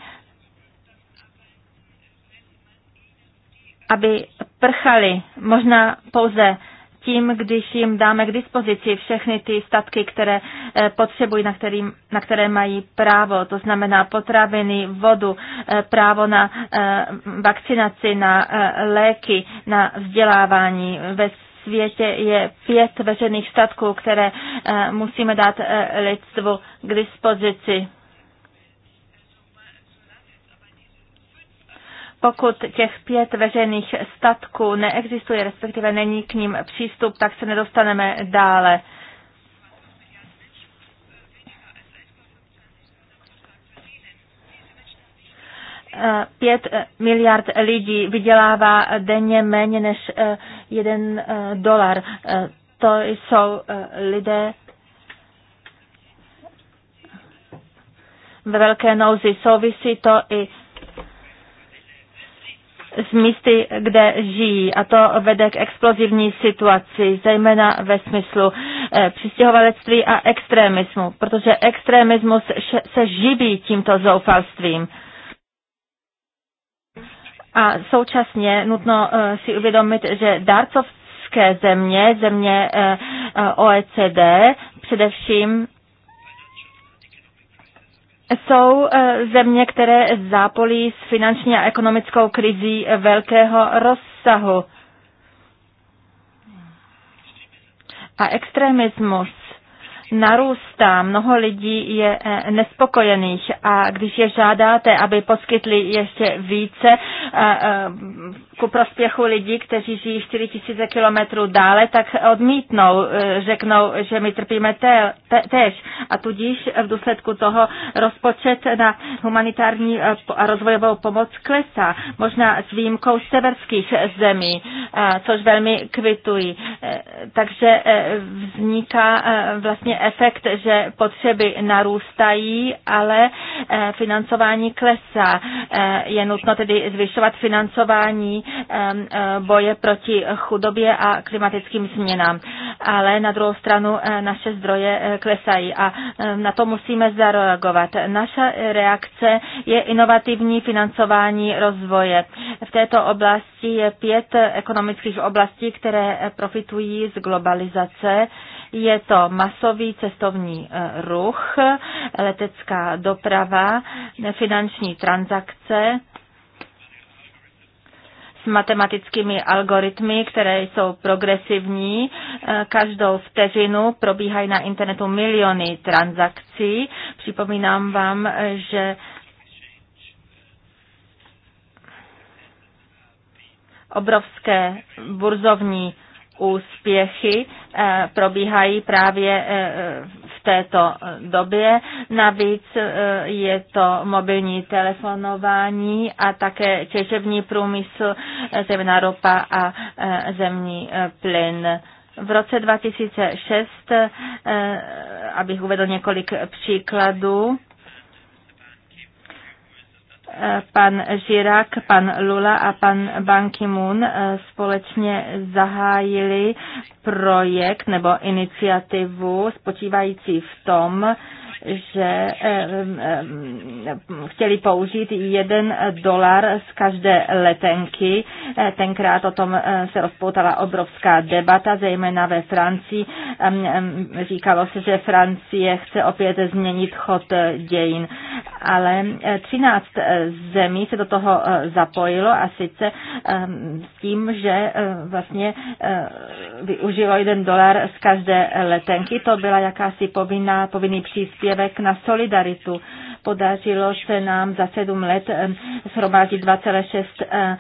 aby prchali možná pouze tím, když jim dáme k dispozici všechny ty statky, které eh, potřebují, na, kterým, na které mají právo, to znamená potraviny, vodu, eh, právo na eh, vakcinaci, na léky, na vzdělávání ve světě je pět veřejných statků, které musíme dát lidstvu k dispozici. pokud těch pět veřejných statků neexistuje, respektive není k ním přístup, tak se nedostaneme dále. Pět miliard lidí vydělává denně méně než eh, jeden eh, dolar. Eh, to jsou lidé, ve velké nouzi. Souvisí to i z místy, kde žijí. A to vede k explozivní situaci, zejména ve smyslu eh, přistěhovalectví a extremismu, protože extremismus se živí tímto zoufalstvím. A současně nutno eh, si uvědomit, že dárcovské země, země eh, OECD, především jsou eh, země, které zápolí s finanční a ekonomickou krizí velkého rozsahu. A extremismus narůstá. Mnoho lidí je eh, nespokojených a když je žádáte, aby poskytli ještě více eh, eh, ku prospěchu lidí, kteří žijí 4 000 kilometrů dále, tak odmítnou, řeknou, že my trpíme te, te, tež. A tudíž v důsledku toho rozpočet na humanitární a rozvojovou pomoc klesá. Možná s výjimkou severských zemí, což velmi kvitují. Takže vzniká vlastně efekt, že potřeby narůstají, ale eh, financování klesá. Eh, je nutno tedy zvyšovat financování eh, boje proti chudobě a klimatickým změnám. Ale na druhou stranu naše zdroje klesají a na to musíme zareagovat. Naša reakce je inovativní financování rozvoje. V této oblasti je pět ekonomických oblastí, které profitují z globalizace je to masový cestovní eh, ruch, letecká doprava, finanční transakce, s matematickými algoritmy, které jsou progresivní. Eh, každou vteřinu probíhají na internetu miliony transakcí. Připomínám vám, že obrovské burzovní úspěchy Eh, probíhají právě eh, v této eh, době. Navíc je to mobilní telefonování a také těžební průmysl, zejména ropa a zemní plyn. V roce 2006, abych uvedl několik příkladů, pan Žirák, pan Lula a pan Ban Ki-moon eh, společně zahájili projekt nebo iniciativu spočívající v tom, že eh, eh, chtěli použít jeden dolar z každé letenky. Eh, tenkrát o tom se rozpoutala obrovská debata, zejména ve Francii. Ehm, ehm, říkalo se, že Francie chce opět změnit chod dějin. Ale 13 zemí se do toho zapojilo a sice ehm, s tím, že vlastně využilo jeden dolar z každé letenky. To byla jakási povinná, povinný příspěvek příspěvek na solidaritu. Podařilo se nám za sedm let eh, shromáždit 2,6 eh,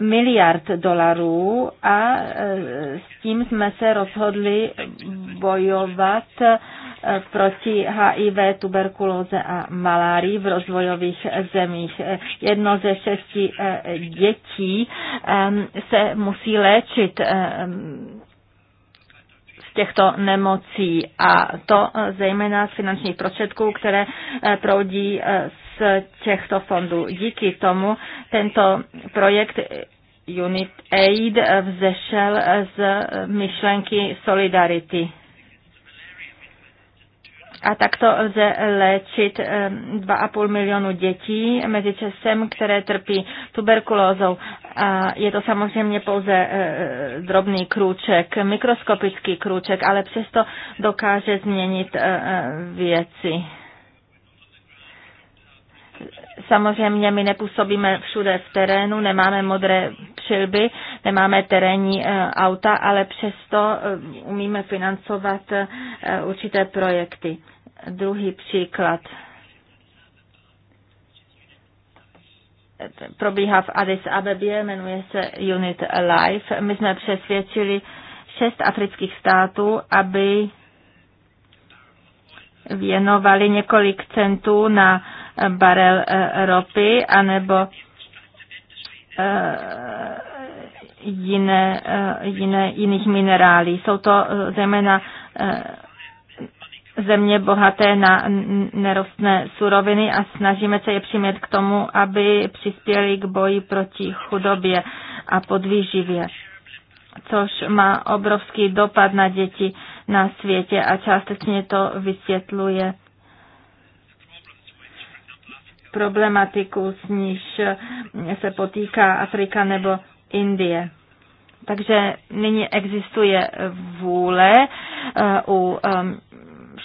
miliard dolarů a eh, s tím jsme se rozhodli bojovat proti HIV, tuberkulóze a malárii v rozvojových zemích. Jedno ze šesti dětí se musí léčit těchto nemocí a to eh, zejména z finančních prostředků, které eh, proudí eh, z těchto fondů. Díky tomu tento projekt Unit Aid vzešel z myšlenky solidarity a takto lze léčit 2,5 eh, milionu dětí mezi časem, které trpí tuberkulózou. A je to samozřejmě pouze eh, drobný krůček, mikroskopický krůček, ale přesto dokáže změnit eh, věci. Samozřejmě my nepůsobíme všude v terénu, nemáme modré přilby, nemáme terénní auta, ale přesto umíme financovat určité projekty. Druhý příklad probíhá v Addis Abebě, jmenuje se Unit Life. My jsme přesvědčili šest afrických států, aby věnovali několik centů na eh, barel eh, ropy anebo eh, jiné, jiné, jiných minerálí. Jsou to zejména země bohaté na nerostné suroviny a snažíme se je přimět k tomu, aby přispěli k boji proti chudobě a podvýživě, což má obrovský dopad na děti na světě a částečně to vysvětluje problematiku, s níž se potýká Afrika nebo Indie. Takže nyní existuje vůle eh, u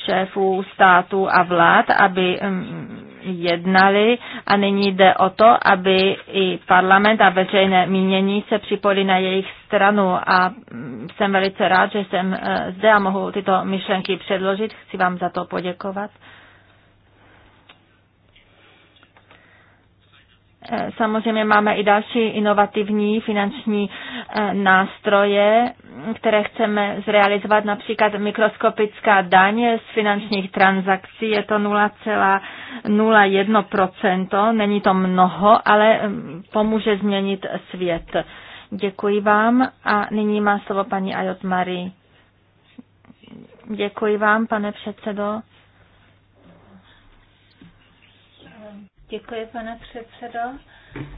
šéfů států a vlád, aby mm, jednali a nyní jde o to, aby i parlament a veřejné mínění se připojili na jejich stranu a mm, jsem velice rád, že jsem eh, zde a mohu tyto myšlenky předložit. Chci vám za to poděkovat. Samozřejmě máme i další inovativní finanční eh, nástroje, které chceme zrealizovat, například mikroskopická daň z finančních transakcí, je to 0,01%, není to mnoho, ale eh, pomůže změnit svět. Děkuji vám a nyní má slovo paní Ajot Marie. Děkuji vám, pane předsedo. Děkuji, pane předsedo.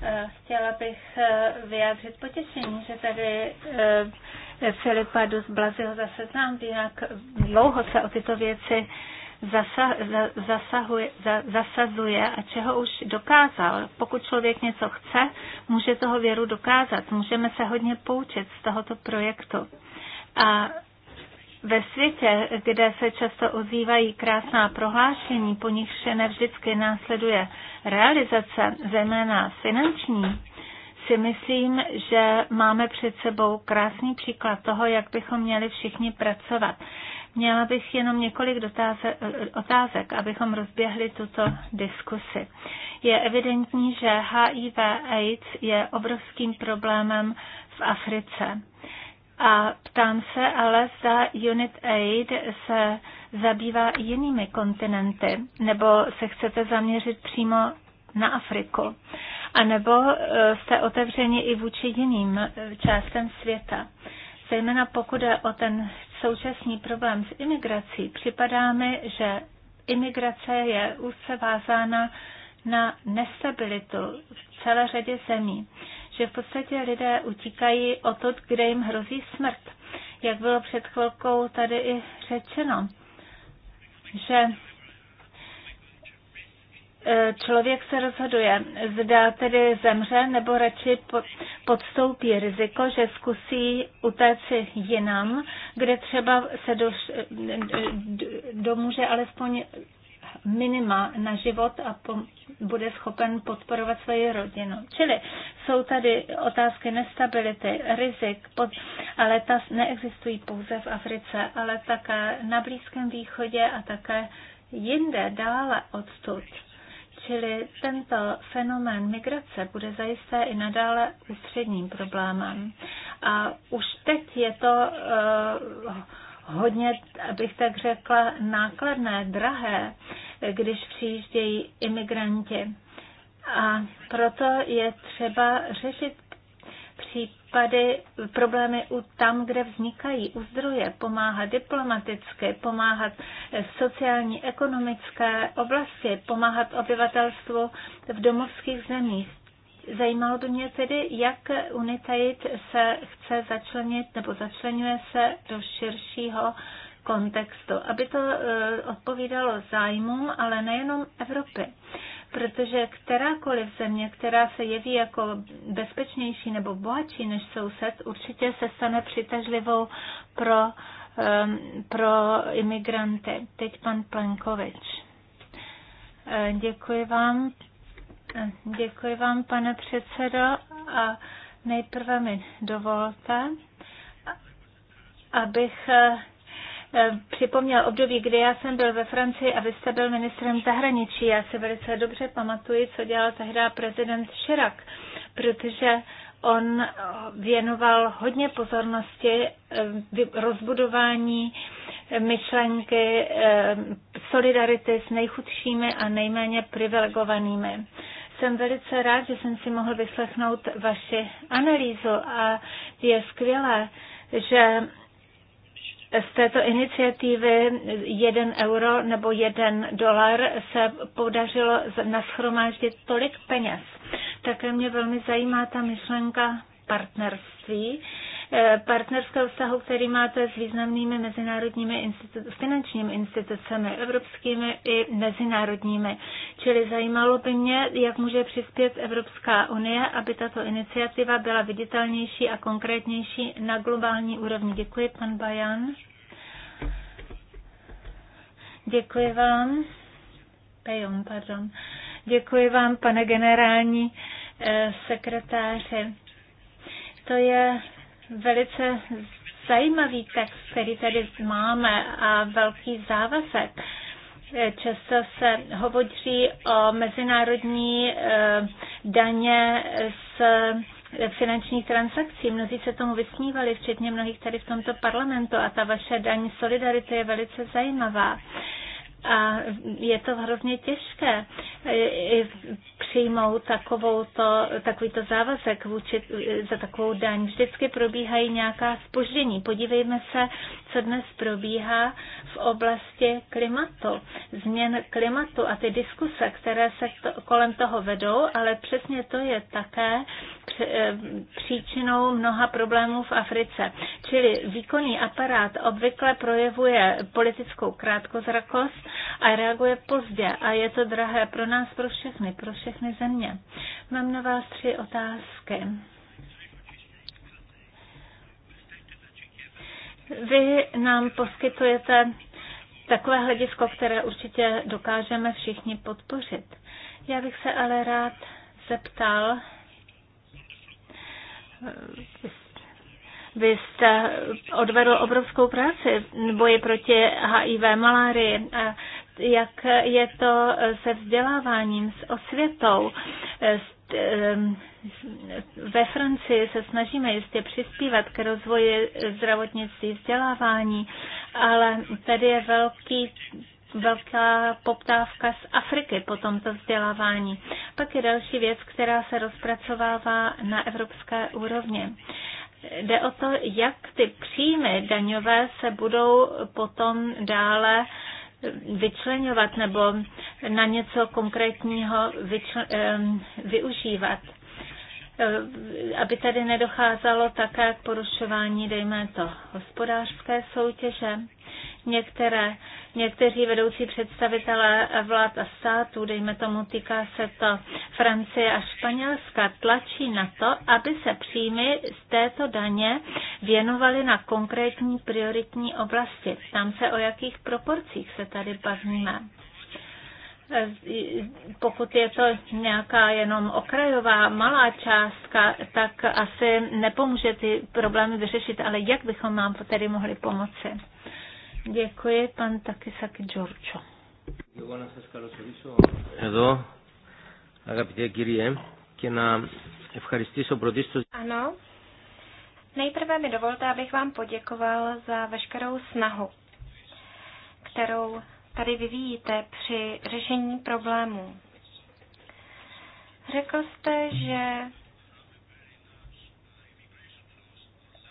Eh, chtěla bych eh, vyjádřit potěšení, že tady eh, Filipa Dus Blaziho zase znám, jinak dlouho se o tyto věci zasahuje, zasazuje a čeho už dokázal. Pokud člověk něco chce, může toho věru dokázat. Můžeme se hodně poučit z tohoto projektu. A ve světě, kde se často ozývají krásná prohlášení, po nichž nevždycky následuje realizace, zejména finanční, si myslím, že máme před sebou krásný příklad toho, jak bychom měli všichni pracovat. Měla bych jenom několik dotáze, otázek, abychom rozběhli tuto diskusi. Je evidentní, že HIV AIDS je obrovským problémem v Africe. A ptám se ale, zda Unit Aid se zabývá jinými kontinenty, nebo se chcete zaměřit přímo na Afriku, anebo e, jste otevřeni i vůči jiným e, částem světa. Zejména pokud je o ten současný problém s imigrací, připadá mi, že imigrace je úzce vázána na nestabilitu v celé řadě zemí že v podstatě lidé utíkají o to, kde jim hrozí smrt. Jak bylo před chvilkou tady i řečeno, že e, člověk se rozhoduje, zda tedy zemře nebo radši podstoupí riziko, že zkusí utéci jinam, kde třeba se e, e, do, domůže alespoň minima na život a bude schopen podporovat svoji rodinu. Čili jsou tady otázky nestability, rizik, pod, ale ta neexistují pouze v Africe, ale také na Blízkém východě a také jinde, dále odtud. Čili tento fenomén migrace bude zajisté i nadále ústředním problémem. A už teď je to uh, hodně, abych tak řekla, nákladné, drahé, když přijíždějí imigranti. A proto je třeba řešit případy, problémy u tam, kde vznikají, u zdroje, pomáhat diplomaticky, pomáhat v sociální, ekonomické oblasti, pomáhat obyvatelstvu v domovských zemích. Zajímalo by mě tedy, jak Unitaid se chce začlenit nebo začlenuje se do širšího kontextu, aby to eh, odpovídalo zájmům, ale nejenom Evropy. Protože kterákoliv země, která se jeví jako bezpečnější nebo bohatší než soused, určitě se stane přitažlivou pro, pro imigranty. Teď pan Plankovič. Eh, děkuji vám, Děkuji vám, pane předsedo, a nejprve mi dovolte, abych eh, připomněl období, kdy já jsem byl ve Francii a vy jste byl ministrem zahraničí. Já se velice dobře pamatuji, co dělal tehdy prezident Širak, protože on věnoval hodně pozornosti eh, rozbudování myšlenky eh, solidarity s nejchudšími a nejméně privilegovanými. Jsem velice rád, že jsem si mohl vyslechnout vaši analýzu a je skvělé, že z této iniciativy jeden euro nebo jeden dolar se podařilo naschromáždit tolik peněz. Také mě velmi zajímá ta myšlenka partnerství, Eh, partnerského vztahu, který máte s významnými mezinárodními institu- finančními institucemi, evropskými i mezinárodními. Čili zajímalo by mě, jak může přispět Evropská unie, aby tato iniciativa byla viditelnější a konkrétnější na globální úrovni. Děkuji, pan Bajan. Děkuji vám. Pejon, pardon. Děkuji vám, pane generální eh, sekretáři. To je velice zajímavý text, který tady máme a velký závazek. Eh, často se hovoří o mezinárodní eh, daně s eh, finančních transakcí. Mnozí se tomu vysmívali, včetně mnohých tady v tomto parlamentu a ta vaše daň solidarity je velice zajímavá a je to hrozně těžké e, přijmout takovouto, takovýto závazek vůči, za takovou daň. Vždycky probíhají nějaká spoždění. Podívejme se, co dnes probíhá v oblasti klimatu, změn klimatu a ty diskuse, které se to, kolem toho vedou, ale přesně to je také Eh, příčinou mnoha problémů v Africe. Čili výkonný aparát obvykle projevuje politickou krátkozrakost a reaguje pozdě a je to drahé pro nás, pro všechny, pro všechny země. Mám na vás tři otázky. Vy nám poskytujete takové hledisko, které určitě dokážeme všichni podpořit. Já bych se ale rád zeptal, vy jste odvedl obrovskou práci v boji proti HIV, malárii. jak je to se vzděláváním, s osvětou? Ve Francii se snažíme jistě přispívat k rozvoji zdravotnictví, vzdělávání, ale tady je velký velká poptávka z Afriky po tomto vzdělávání. Pak je další věc, která se rozpracovává na evropské úrovni. Jde o to, jak ty příjmy daňové se budou potom dále vyčlenovat nebo na něco konkrétního vyčl- využívat. Eh, aby tady nedocházelo také k porušování, dejme to, hospodářské soutěže. Některé, někteří vedoucí představitelé vlád a států, dejme tomu, týká se to Francie a Španělska, tlačí na to, aby se příjmy z této daně věnovaly na konkrétní prioritní oblasti. Tam se o jakých proporcích se tady bavíme pokud je to nějaká jenom okrajová malá částka, tak asi nepomůže ty problémy vyřešit, ale jak bychom nám tedy mohli pomoci? Děkuji, pan Takisaki Giorgio. Εγώ Ano, nejprve mi dovolte, abych vám poděkoval za veškerou snahu, kterou tady vyvíjíte při řešení problémů. Řekl jste, že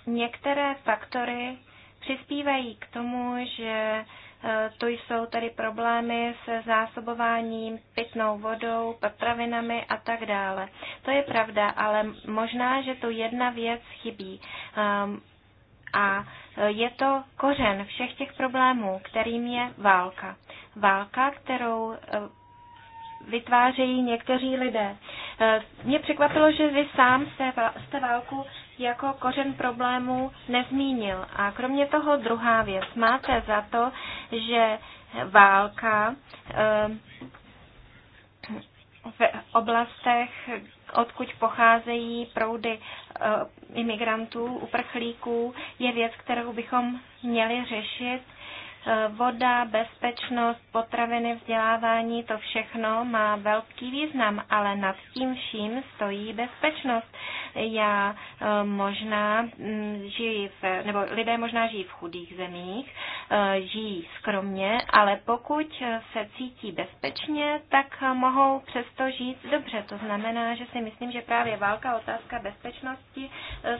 některé faktory přispívají k tomu, že e, to jsou tady problémy se zásobováním pitnou vodou, potravinami a tak dále. To je pravda, ale možná, že tu jedna věc chybí. Ehm, a e, je to kořen všech těch problémů, kterým je válka. Válka, kterou e, vytvářejí někteří lidé. E, mě překvapilo, že vy sám jste válku jako kořen problémů nezmínil. A kromě toho druhá věc. Máte za to, že válka v oblastech, odkud pocházejí proudy eh, imigrantů, uprchlíků, je věc, kterou bychom měli řešit Eh, voda, bezpečnost, potraviny, vzdělávání, to všechno má velký význam, ale nad tím vším stojí bezpečnost. Já eh, možná mm, žiji v, nebo lidé možná žijí v chudých zemích, eh, žijí skromně, ale pokud se cítí bezpečně, tak mohou přesto žít dobře. To znamená, že si myslím, že právě válka otázka bezpečnosti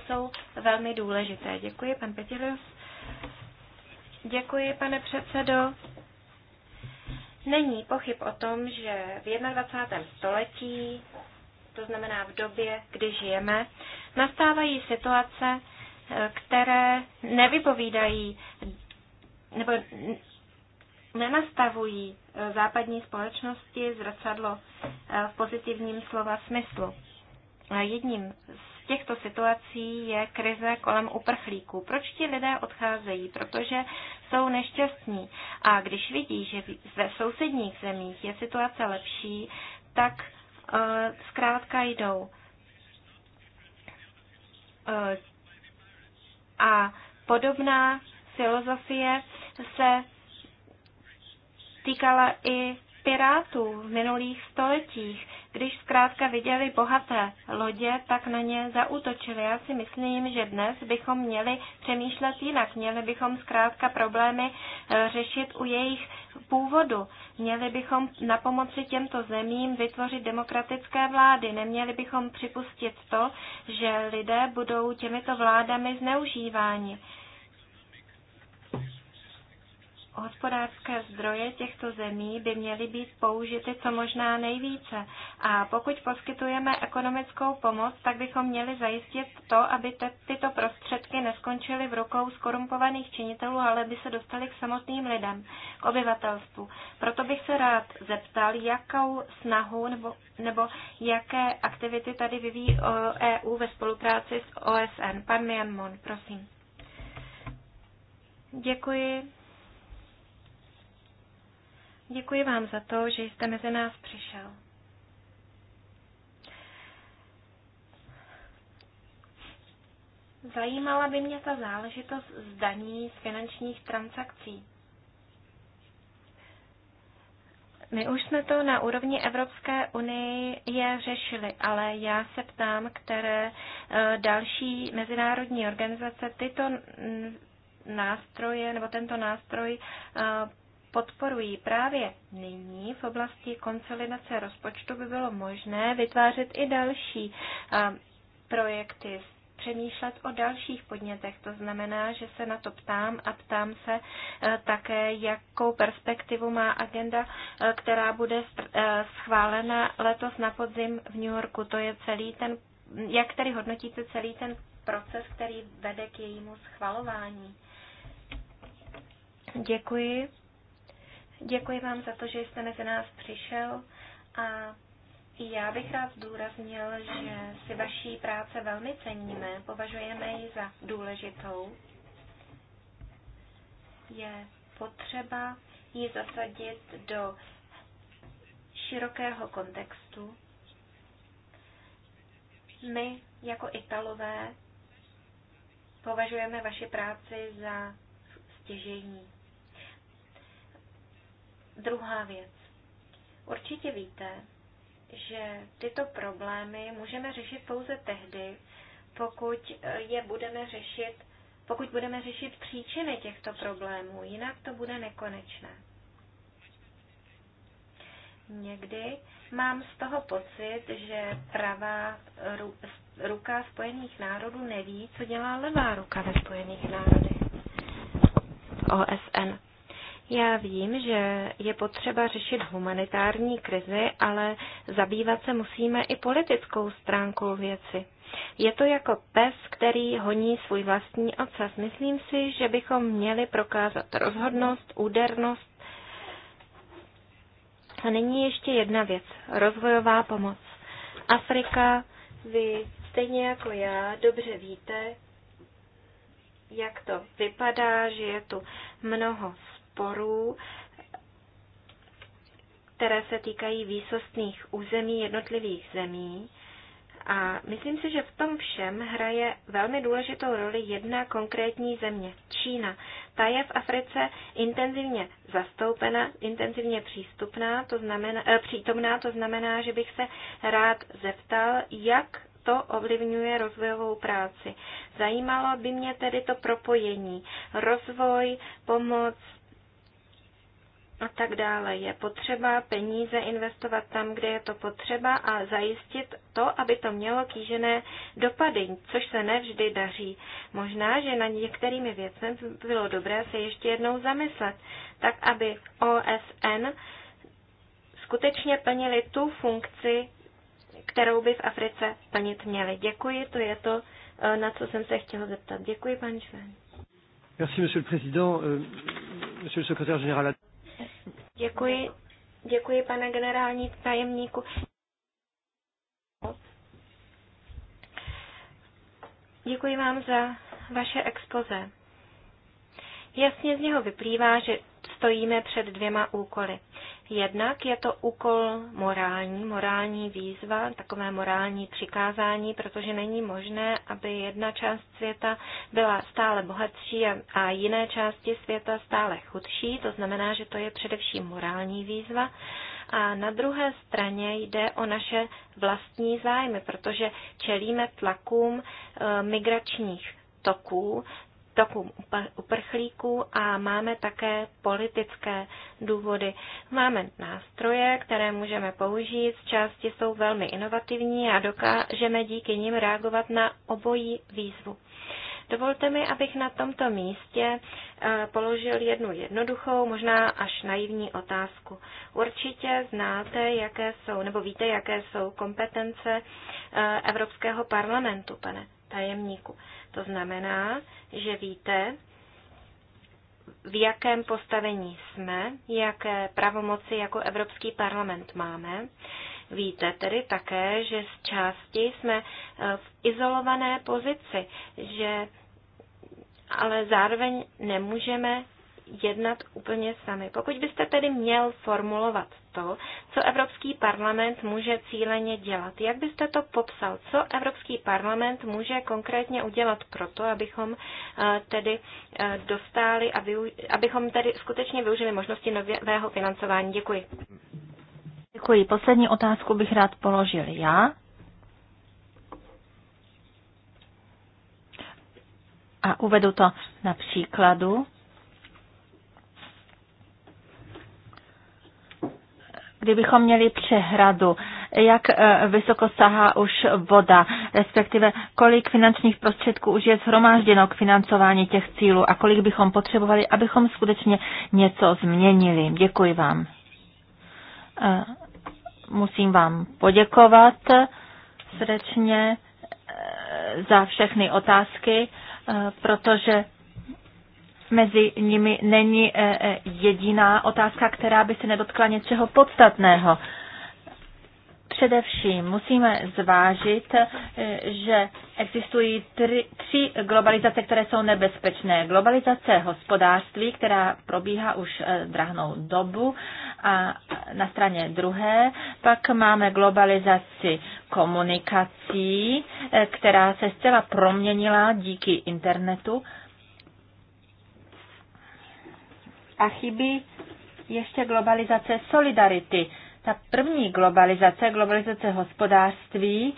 jsou velmi důležité. Děkuji, pan Petilis. Děkuji, pane předsedo. Není pochyb o tom, že v 21. století, to znamená v době, kdy žijeme, nastávají situace, které nevypovídají nebo nenastavují západní společnosti zrcadlo v pozitivním slova smyslu. Jedním z těchto situací je krize kolem uprchlíků. Proč ti lidé odcházejí? Protože jsou nešťastní. A když vidí, že ve sousedních zemích je situace lepší, tak uh, zkrátka jdou. Uh, a podobná filozofie se týkala i pirátů v minulých stoletích. Když zkrátka viděli bohaté lodě, tak na ně zautočili. Já si myslím, že dnes bychom měli přemýšlet jinak. Měli bychom zkrátka problémy e, řešit u jejich původu. Měli bychom na pomoci těmto zemím vytvořit demokratické vlády. Neměli bychom připustit to, že lidé budou těmito vládami zneužíváni hospodářské zdroje těchto zemí by měly být použity co možná nejvíce. A pokud poskytujeme ekonomickou pomoc, tak bychom měli zajistit to, aby te, tyto prostředky neskončily v rukou skorumpovaných činitelů, ale by se dostaly k samotným lidem, k obyvatelstvu. Proto bych se rád zeptal, jakou snahu nebo, nebo jaké aktivity tady vyvíjí EU ve spolupráci s OSN. Pan Mianmon, prosím. Děkuji Děkuji vám za to, že jste mezi nás přišel. Zajímala by mě ta záležitost zdaní z finančních transakcí. My už jsme to na úrovni Evropské unie je řešili, ale já se ptám, které e, další mezinárodní organizace tyto nástroje nebo tento nástroj e, podporují právě nyní v oblasti konsolidace rozpočtu, by bylo možné vytvářet i další projekty, přemýšlet o dalších podnětech. To znamená, že se na to ptám a ptám se e, také, jakou perspektivu má agenda, e, která bude e, schválena letos na podzim v New Yorku. To je celý ten, jak tedy hodnotíte celý ten proces, který vede k jejímu schvalování. Děkuji. Děkuji vám za to, že jste mezi nás přišel a já bych rád zdůraznil, že si vaší práce velmi ceníme, považujeme ji za důležitou. Je potřeba ji zasadit do širokého kontextu. My jako Italové považujeme vaši práci za stěžení. Druhá věc. Určitě víte, že tyto problémy můžeme řešit pouze tehdy, pokud eh, je budeme řešit, pokud budeme řešit příčiny těchto problémů, jinak to bude nekonečné. Někdy mám z toho pocit, že pravá ruka Spojených národů neví, co dělá levá ruka ve Spojených národech. OSN. Já vím, že je potřeba řešit humanitární krizi, ale zabývat se musíme i politickou stránkou věci. Je to jako pes, který honí svůj vlastní ocas. Myslím si, že bychom měli prokázat rozhodnost, údernost. A není ještě jedna věc. Rozvojová pomoc. Afrika, vy stejně jako já dobře víte, jak to vypadá, že je tu mnoho sporů, které se týkají výsostných území jednotlivých zemí. A myslím si, že v tom všem hraje velmi důležitou roli jedna konkrétní země, Čína. Ta je v Africe intenzivně zastoupena, intenzivně přístupná, to znamená, eh, přítomná, to znamená, že bych se rád zeptal, jak to ovlivňuje rozvojovou práci. Zajímalo by mě tedy to propojení, rozvoj, pomoc, a tak dále. Je potřeba peníze investovat tam, kde je to potřeba a zajistit to, aby to mělo kýžené dopady, což se nevždy daří. Možná, že na některými věcmi bylo dobré se ještě jednou zamyslet, tak aby OSN skutečně plnili tu funkci, kterou by v Africe plnit měli. Děkuji, to je to, eh, na co jsem se chtěla zeptat. Děkuji, pan Šven. Merci, monsieur le président. Euh, monsieur le secrétaire général. Děkuji, děkuji pane generální tajemníku. Děkuji vám za vaše expoze. Jasně z něho vyplývá, že stojíme před dvěma úkoly. Jednak je to úkol morální, morální výzva, takové morální přikázání, protože není možné, aby jedna část světa byla stále bohatší a jiné části světa stále chudší. To znamená, že to je především morální výzva. A na druhé straně jde o naše vlastní zájmy, protože čelíme tlakům eh, migračních toků, tokům uprchlíků a máme také politické důvody. Máme nástroje, které můžeme použít, z části jsou velmi inovativní a dokážeme díky nim reagovat na obojí výzvu. Dovolte mi, abych na tomto místě eh, položil jednu jednoduchou, možná až naivní otázku. Určitě znáte, jaké jsou, nebo víte, jaké jsou kompetence eh, Evropského parlamentu, pane tajemníku. To znamená, že víte, v jakém postavení jsme, jaké pravomoci jako Evropský parlament máme. Víte tedy také, že z části jsme e, v izolované pozici, že ale zároveň nemůžeme jednat úplně sami. Pokud byste tedy měl formulovat to, co Evropský parlament může cíleně dělat, jak byste to popsal? Co Evropský parlament může konkrétně udělat proto, abychom eh, tedy eh, dostali a abychom tedy skutečně využili možnosti nového financování? Děkuji. Děkuji. Poslední otázku bych rád položil já. A uvedu to na příkladu kdybychom měli přehradu, jak eh, vysoko sahá už voda, respektive kolik finančních prostředků už je zhromážděno k financování těch cílů a kolik bychom potřebovali, abychom skutečně něco změnili. Děkuji vám. Eh, musím vám poděkovat srdečně eh, za všechny otázky, protože mezi nimi není eh, eh, jediná otázka, která by se nedotkla něčeho podstatného. Především musíme zvážit, eh, že existují tři, tři globalizace, které jsou nebezpečné. Globalizace hospodářství, která probíhá už drahnou dobu a na straně druhé pak máme globalizaci komunikací, která se zcela proměnila díky internetu A chybí ještě globalizace solidarity. Ta první globalizace, globalizace hospodářství,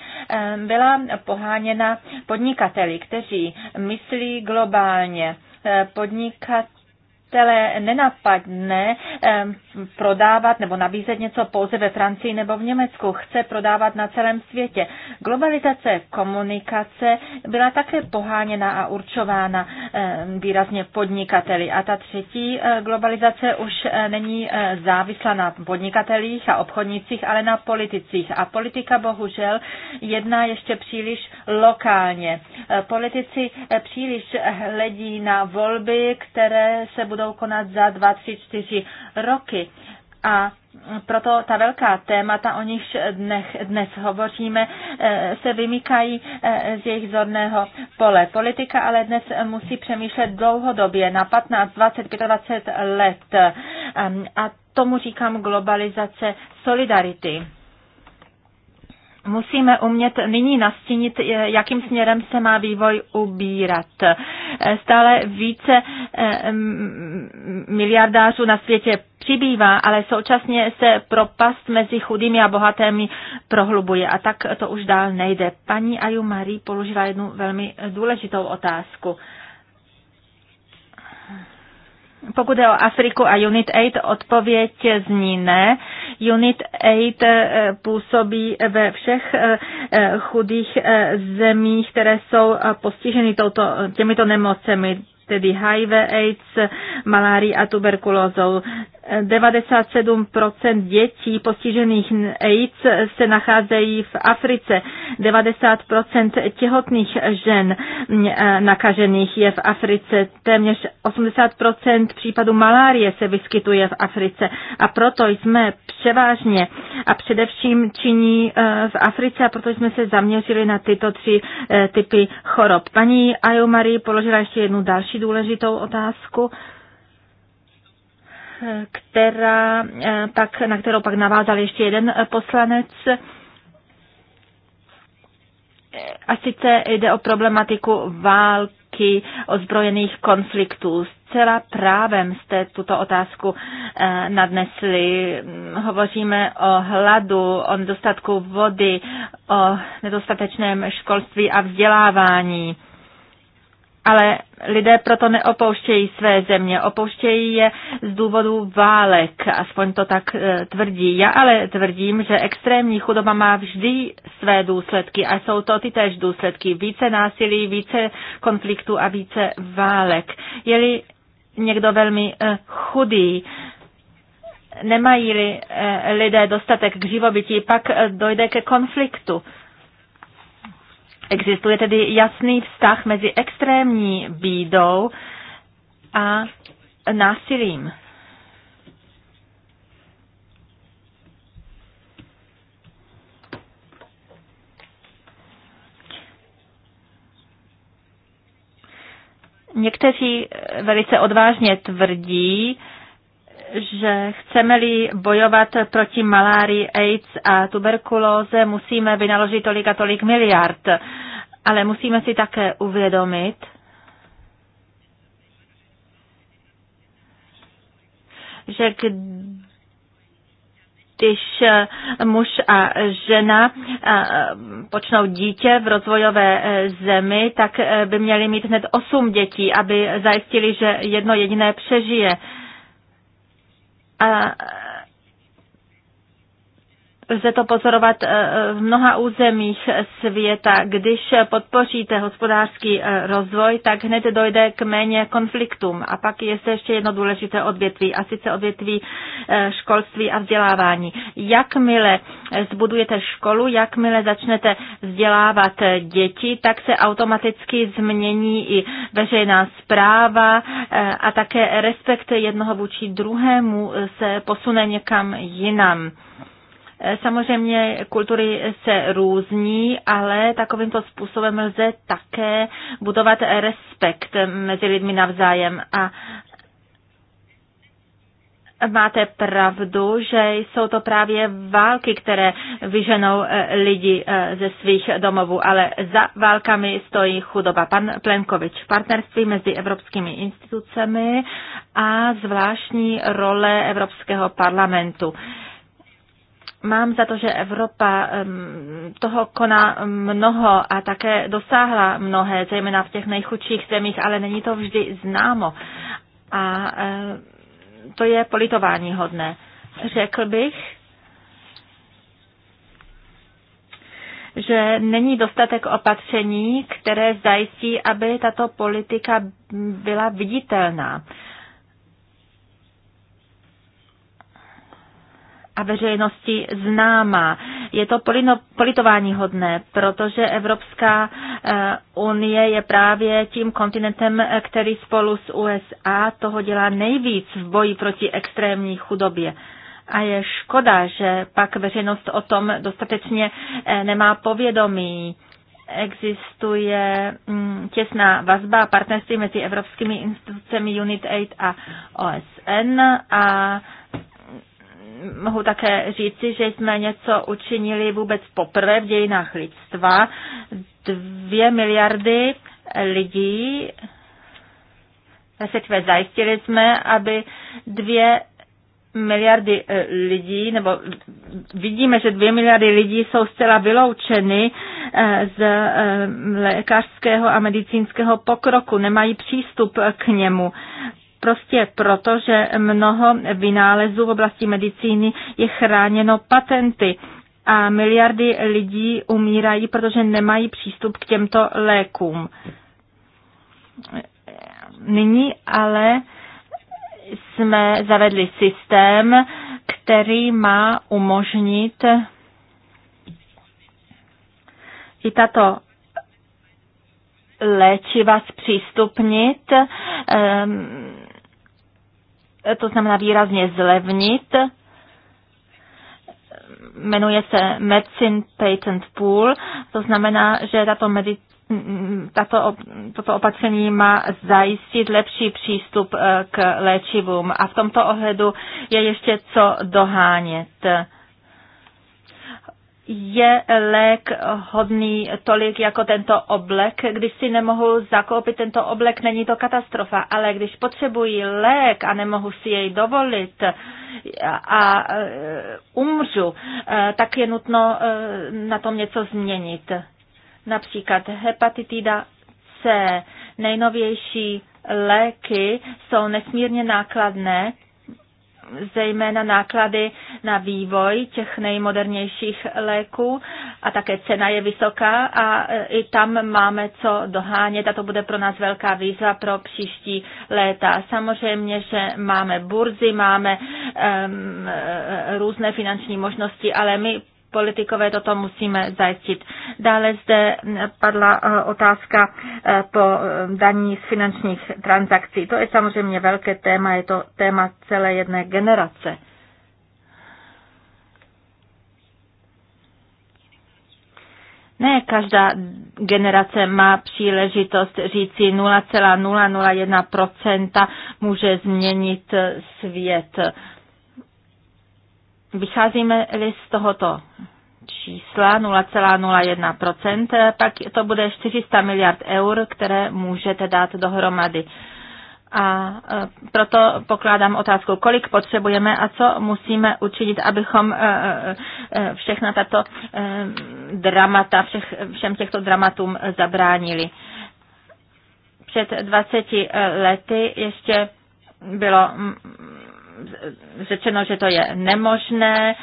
byla poháněna podnikateli, kteří myslí globálně. Podnikat podnikatele nenapadne prodávat nebo nabízet něco pouze ve Francii nebo v Německu. Chce prodávat na celém světě. Globalizace komunikace byla také poháněna a určována výrazně podnikateli. A ta třetí eh, globalizace už eh, není eh, závislá na podnikatelích a obchodnicích, ale na politicích. A politika bohužel jedná ještě příliš lokálně. Politici příliš hledí na volby, které se budou budou konat za 2-3-4 roky. A proto ta velká témata, o nichž dnes hovoříme, eh, se vymykají eh, z jejich zorného pole. Politika ale dnes musí přemýšlet dlouhodobě, na 15, 20, 25 let. Ehm, a tomu říkám globalizace solidarity musíme umět nyní nastínit, jakým směrem se má vývoj ubírat. Eh, stále více eh, miliardářů na světě přibývá, ale současně se propast mezi chudými a bohatými prohlubuje a tak to už dál nejde. Paní Aju Marie položila jednu velmi důležitou otázku. Pokud je o Afriku a Unit 8, odpověď zní ne. Unit 8 eh, působí ve všech eh, eh, chudých zemích, které jsou postiženy touto, těmito nemocemi, tedy HIV, AIDS, malárií a tuberkulózou. 97% dětí postižených AIDS se nacházejí v Africe. 90% těhotných žen e, nakažených je v Africe. Téměř 80% případů malárie se vyskytuje v Africe. A proto jsme převážně a především činí e, v Africe a proto jsme se zaměřili na tyto tři e, typy chorob. Paní Ayo Marie položila ještě jednu další důležitou otázku která eh, pak, na kterou pak navázal ještě jeden eh, poslanec. Eh, a sice jde o problematiku války ozbrojených konfliktů. Zcela právem jste tuto otázku nadnesli. Hovoříme o hladu, o nedostatku vody, o nedostatečném školství a vzdělávání ale lidé proto neopouštějí své země, opouštějí je z důvodu válek, aspoň to tak eh, tvrdí. Já ale tvrdím, že extrémní chudoba má vždy své důsledky a jsou to ty též důsledky. Více násilí, více konfliktů a více válek. Je-li někdo velmi eh, chudý, nemají-li eh, lidé dostatek k živobytí, pak dojde ke konfliktu. Existuje tedy jasný vztah mezi extrémní bídou a násilím. Někteří velice odvážně tvrdí, že chceme-li bojovat proti malárii, AIDS a tuberkulóze, musíme vynaložit tolik a tolik miliard. Ale musíme si také uvědomit, že když muž a žena počnou dítě v rozvojové e, zemi, tak e, by měli mít hned osm dětí, aby zajistili, že jedno jediné přežije a Lze to pozorovat eh, v mnoha územích světa. Když podpoříte hospodářský eh, rozvoj, tak hned dojde k méně konfliktům. A pak je zde ještě jedno důležité odvětví, a sice odvětví eh, školství a vzdělávání. Jakmile zbudujete školu, jakmile začnete vzdělávat děti, tak se automaticky změní i veřejná zpráva a také respekt jednoho vůči druhému se posune někam jinam. Samozřejmě kultury se různí, ale takovýmto způsobem lze také budovat respekt mezi lidmi navzájem. A máte pravdu, že jsou to právě války, které vyženou eh, lidi eh, ze svých domovů, ale za válkami stojí chudoba. Pan Plenkovič, partnerství mezi evropskými institucemi a zvláštní role Evropského parlamentu. Mám za to, že Evropa toho koná mnoho a také dosáhla mnohé, zejména v těch nejchudších zemích, ale není to vždy známo. A to je politování hodné. Řekl bych, že není dostatek opatření, které zajistí, aby tato politika byla viditelná. a veřejnosti známá. Je to polino, politování hodné, protože Evropská eh, unie je právě tím kontinentem, eh, který spolu s USA toho dělá nejvíc v boji proti extrémní chudobě. A je škoda, že pak veřejnost o tom dostatečně eh, nemá povědomí existuje mm, těsná vazba a partnerství mezi evropskými institucemi UNIT 8 a OSN a mohu také říci, že jsme něco učinili vůbec poprvé v dějinách lidstva. Dvě miliardy lidí, respektive zajistili jsme, aby dvě miliardy eh, lidí, nebo vidíme, že dvě miliardy lidí jsou zcela vyloučeny eh, z eh, lékařského a medicínského pokroku, nemají přístup k němu prostě proto, že mnoho vynálezů v oblasti medicíny je chráněno patenty a miliardy lidí umírají, protože nemají přístup k těmto lékům. Nyní ale jsme zavedli systém, který má umožnit i tato léčiva zpřístupnit ehm, to znamená výrazně zlevnit. Jmenuje se Medicine Patent Pool, to znamená, že tato medicína tato, toto opatření má zajistit lepší přístup eh, k léčivům a v tomto ohledu je ještě co dohánět je lék hodný tolik jako tento oblek. Když si nemohu zakoupit tento oblek, není to katastrofa, ale když potřebuji lék a nemohu si jej dovolit a e, umřu, e, tak je nutno e, na tom něco změnit. Například hepatitida C. Nejnovější léky jsou nesmírně nákladné zejména náklady na vývoj těch nejmodernějších léků a také cena je vysoká a e, i tam máme co dohánět a to bude pro nás velká výzva pro příští léta. Samozřejmě, že máme burzy, máme um, různé finanční možnosti, ale my politikové toto musíme zajistit. Dále zde padla eh, otázka eh, po eh, daní z finančních transakcí. To je samozřejmě velké téma, je to téma celé jedné generace. Ne každá generace má příležitost říci 0,001% může změnit svět. Vycházíme-li z tohoto čísla 0,01%, pak to bude 400 miliard eur, které můžete dát dohromady. A e, proto pokládám otázku, kolik potřebujeme a co musíme učinit, abychom e, e, všechna tato dramata, všem těchto dramatům zabránili. Před 20 lety ještě bylo řečeno, že to je nemožné.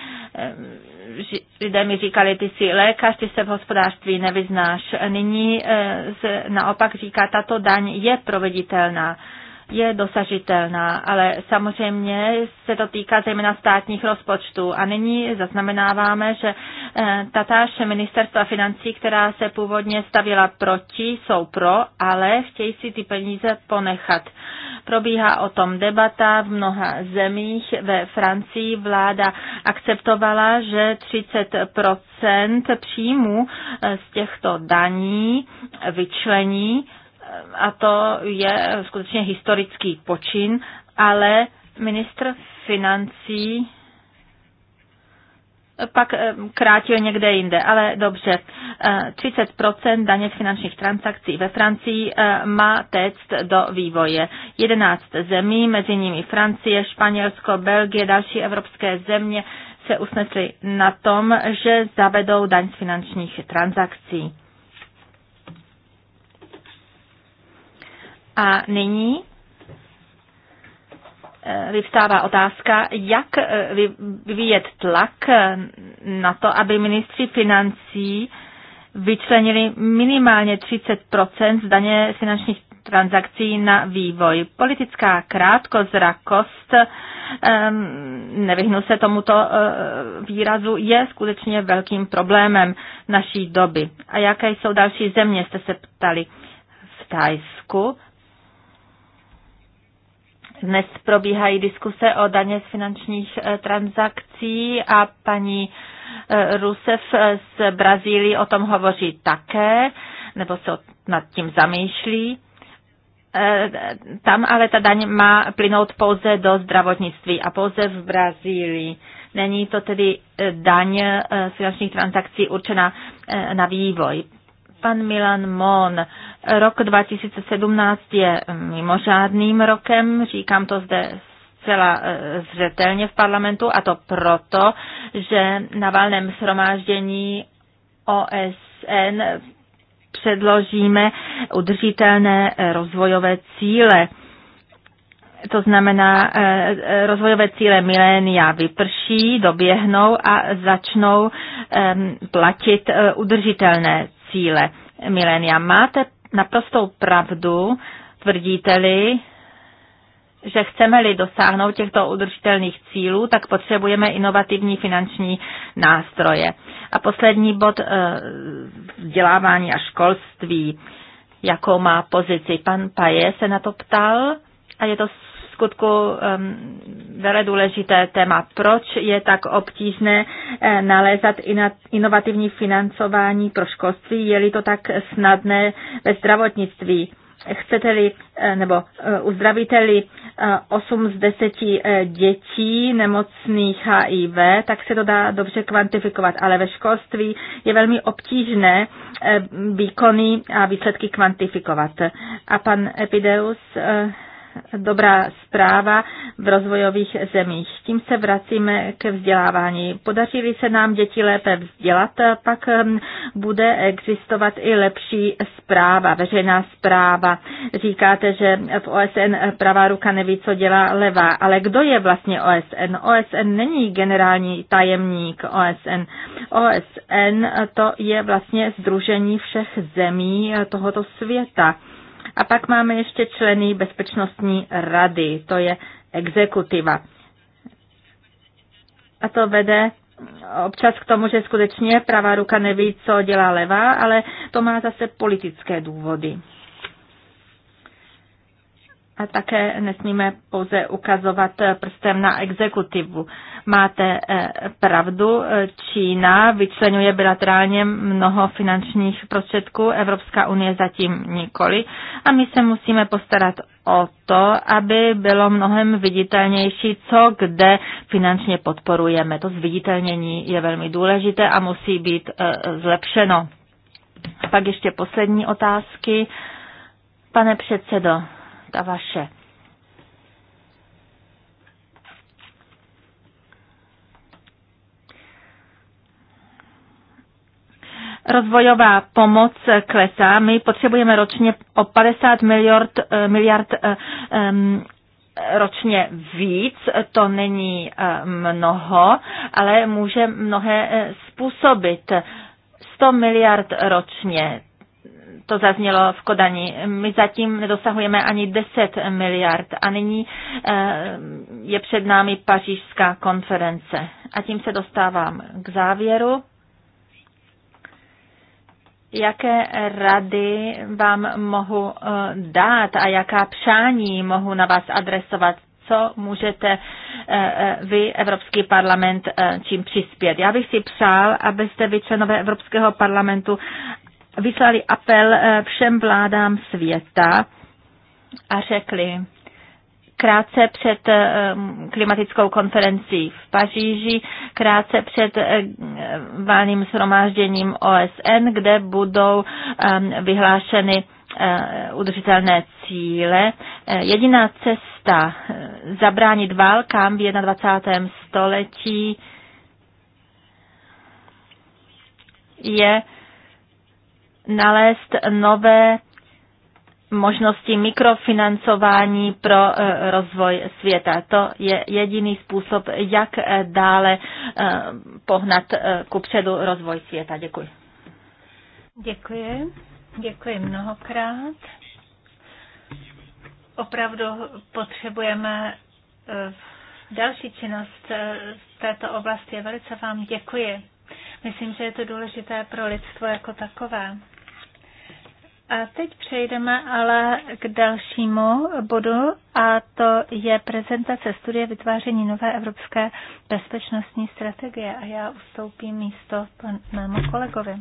Lidé mi říkali, ty jsi lékař, ty se v hospodářství nevyznáš. Nyní eh, naopak říká, tato daň je proveditelná je dosažitelná, ale samozřejmě se to týká zejména státních rozpočtů. A nyní zaznamenáváme, že eh, tatáž ministerstva financí, která se původně stavila proti, jsou pro, ale chtějí si ty peníze ponechat. Probíhá o tom debata v mnoha zemích. Ve Francii vláda akceptovala, že 30 příjmů eh, z těchto daní vyčlení a to je skutečně historický počin, ale ministr financí pak eh, krátil někde jinde, ale dobře. 30% eh, daně z finančních transakcí ve Francii eh, má tect do vývoje. 11 zemí, mezi nimi Francie, Španělsko, Belgie, další evropské země se usnesly na tom, že zavedou daň z finančních transakcí. A nyní eh, vyvstává otázka, jak eh, vyvíjet tlak eh, na to, aby ministři financí vyčlenili minimálně 30 z daně finančních transakcí na vývoj. Politická krátkozrakost, ehm, nevyhnu se tomuto výrazu, je skutečně velkým problémem naší doby. A jaké jsou další země, jste se ptali. V Tajsku dnes probíhají diskuse o daně z finančních eh, transakcí a paní eh, Rusev eh, z Brazílii o tom hovoří také, nebo se nad tím zamýšlí. Tam ale ta daň má plynout pouze do zdravotnictví a pouze v Brazílii. Není to tedy daň z finančních transakcí určená na vývoj pan Milan Mon. Rok 2017 je mimořádným rokem, říkám to zde zcela eh, zřetelně v parlamentu a to proto, že na valném shromáždění OSN předložíme udržitelné eh, rozvojové cíle to znamená, eh, rozvojové cíle milénia vyprší, doběhnou a začnou platit udržitelné cíle Milenia, Máte naprostou pravdu, tvrdíte-li, že chceme-li dosáhnout těchto udržitelných cílů, tak potřebujeme inovativní finanční nástroje. A poslední bod eh, vzdělávání a školství. Jakou má pozici? Pan Paje se na to ptal a je to skutku velmi důležité téma. Proč je tak obtížné eh, nalézat inovativní financování pro školství, je-li to tak snadné ve zdravotnictví? chcete-li eh, nebo eh, uzdravíte-li 8 z 10 dětí nemocných HIV, tak se to dá dobře kvantifikovat, ale ve školství je velmi obtížné výkony a výsledky kvantifikovat. A pan Epideus dobrá zpráva v rozvojových zemích. Tím se vracíme ke vzdělávání. Podaří se nám děti lépe vzdělat, pak hm, bude existovat i lepší zpráva, veřejná zpráva. Říkáte, že v OSN pravá ruka neví, co dělá levá, ale kdo je vlastně OSN? OSN není generální tajemník OSN. OSN to je vlastně združení všech zemí tohoto světa a pak máme ještě členy bezpečnostní rady, to je exekutiva. A to vede občas k tomu, že skutečně pravá ruka neví, co dělá levá, ale to má zase politické důvody. A také nesmíme pouze ukazovat prstem na exekutivu. Máte eh, pravdu, Čína vyčlenuje bilaterálně mnoho finančních prostředků, Evropská unie zatím nikoli. A my se musíme postarat o to, aby bylo mnohem viditelnější, co kde finančně podporujeme. To zviditelnění je velmi důležité a musí být eh, zlepšeno. Pak ještě poslední otázky. Pane předsedo, a vaše. rozvojová pomoc klesá. My potřebujeme ročně o 50 miliard, eh, miliard um, ročně víc, to není eh, mnoho, ale může mnohé způsobit. 100 miliard ročně, to zaznělo v Kodani. My zatím nedosahujeme ani 10 miliard a nyní eh, je před námi pařížská konference. A tím se dostávám k závěru. Jaké rady vám mohu eh, dát a jaká přání mohu na vás adresovat? co můžete eh, vy, Evropský parlament, čím přispět. Já bych si přál, abyste vy, členové Evropského parlamentu, vyslali apel eh, všem vládám světa a řekli, krátce před eh, klimatickou konferencí v Paříži, krátce před eh, válným shromážděním OSN, kde budou vyhlášeny udržitelné cíle. Jediná cesta zabránit válkám v 21. století je nalézt nové možnosti mikrofinancování pro eh, rozvoj světa. To je jediný způsob, jak eh, dále eh, pohnat ku předu rozvoj světa. Děkuji. Děkuji. Děkuji mnohokrát. Opravdu potřebujeme další činnost v této oblasti. Velice vám děkuji. Myslím, že je to důležité pro lidstvo jako takové. A teď přejdeme ale k dalšímu bodu a to je prezentace studie vytváření nové evropské bezpečnostní strategie a já ustoupím místo panu kolegovi.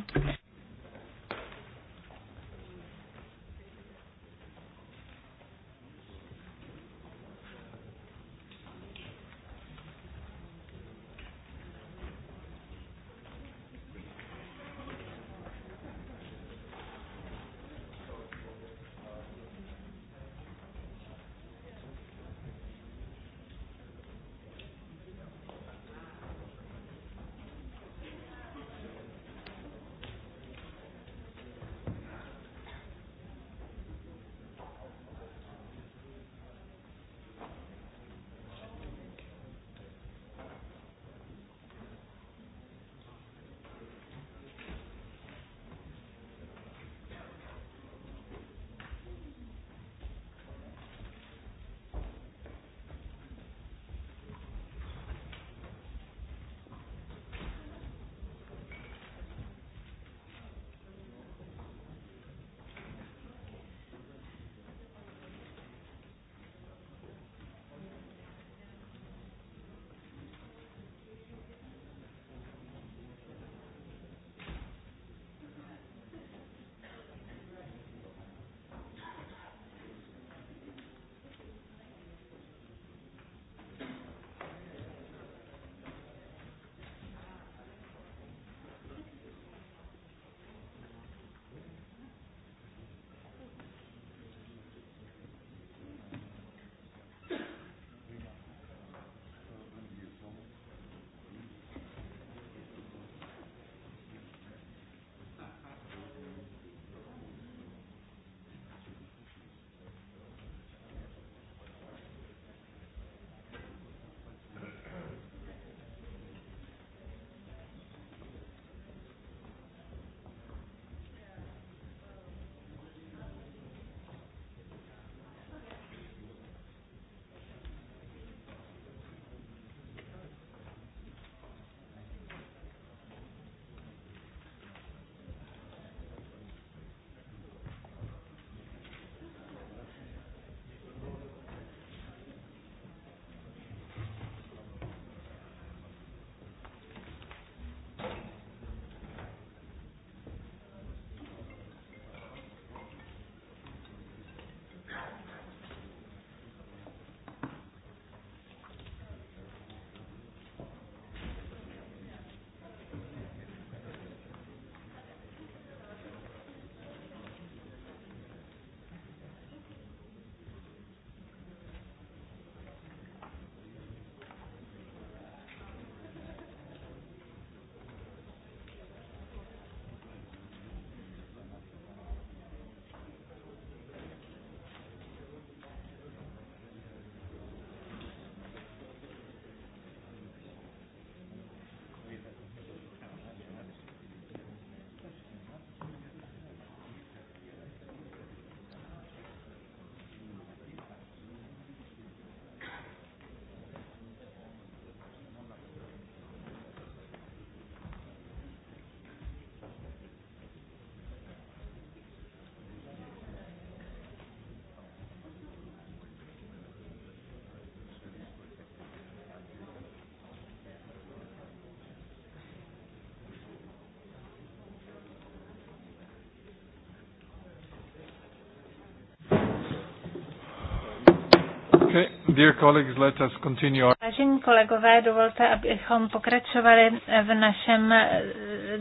Dear colleagues, let us continue. Vážení kolegové, dovolte, abychom pokračovali v našem eh,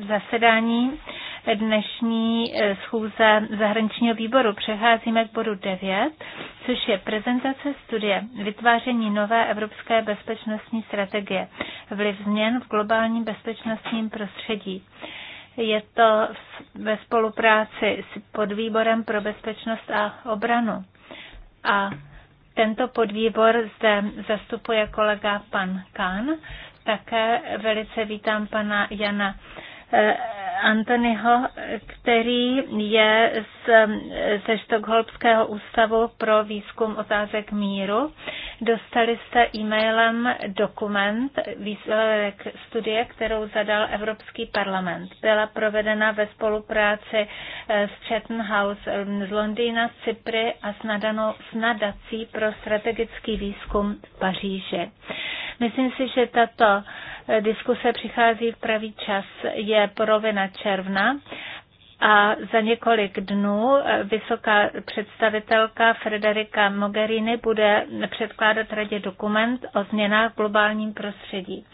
zasedání dnešní eh, schůze zahraničního výboru. Přecházíme k bodu 9, což je prezentace studie Vytváření nové evropské bezpečnostní strategie. Vliv změn v globálním bezpečnostním prostředí. Je to ve spolupráci s podvýborem pro bezpečnost a obranu. A tento podvýbor zde zastupuje kolega pan Kán. Také velice vítám pana Jana eh, Antonyho, který je z, ze Štokholmského ústavu pro výzkum otázek míru Dostali jste e-mailem dokument, výsledek studie, kterou zadal Evropský parlament. Byla provedena ve spolupráci eh, s Chatham House eh, z Londýna, z Cypry a s, nadanou, s nadací pro strategický výzkum v Paříži. Myslím si, že tato eh, diskuse přichází v pravý čas. Je polovina června a za několik dnů eh, vysoká představitelka Frederika Mogherini bude předkládat radě dokument o změnách v globálním prostředí.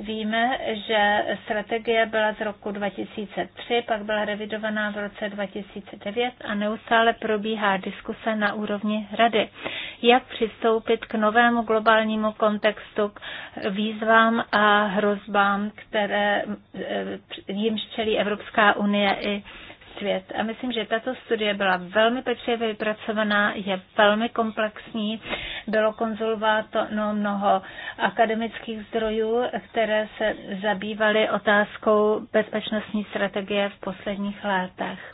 Víme, že strategie byla z roku 2003, pak byla revidovaná v roce 2009 a neustále probíhá diskuse na úrovni Rady, jak přistoupit k novému globálnímu kontextu, k výzvám a hrozbám, které eh, jim čelí Evropská unie i svět. A myslím, že tato studie byla velmi pečlivě vypracovaná, je velmi komplexní, bylo konzulováno mnoho akademických zdrojů, které se zabývaly otázkou bezpečnostní strategie v posledních letech.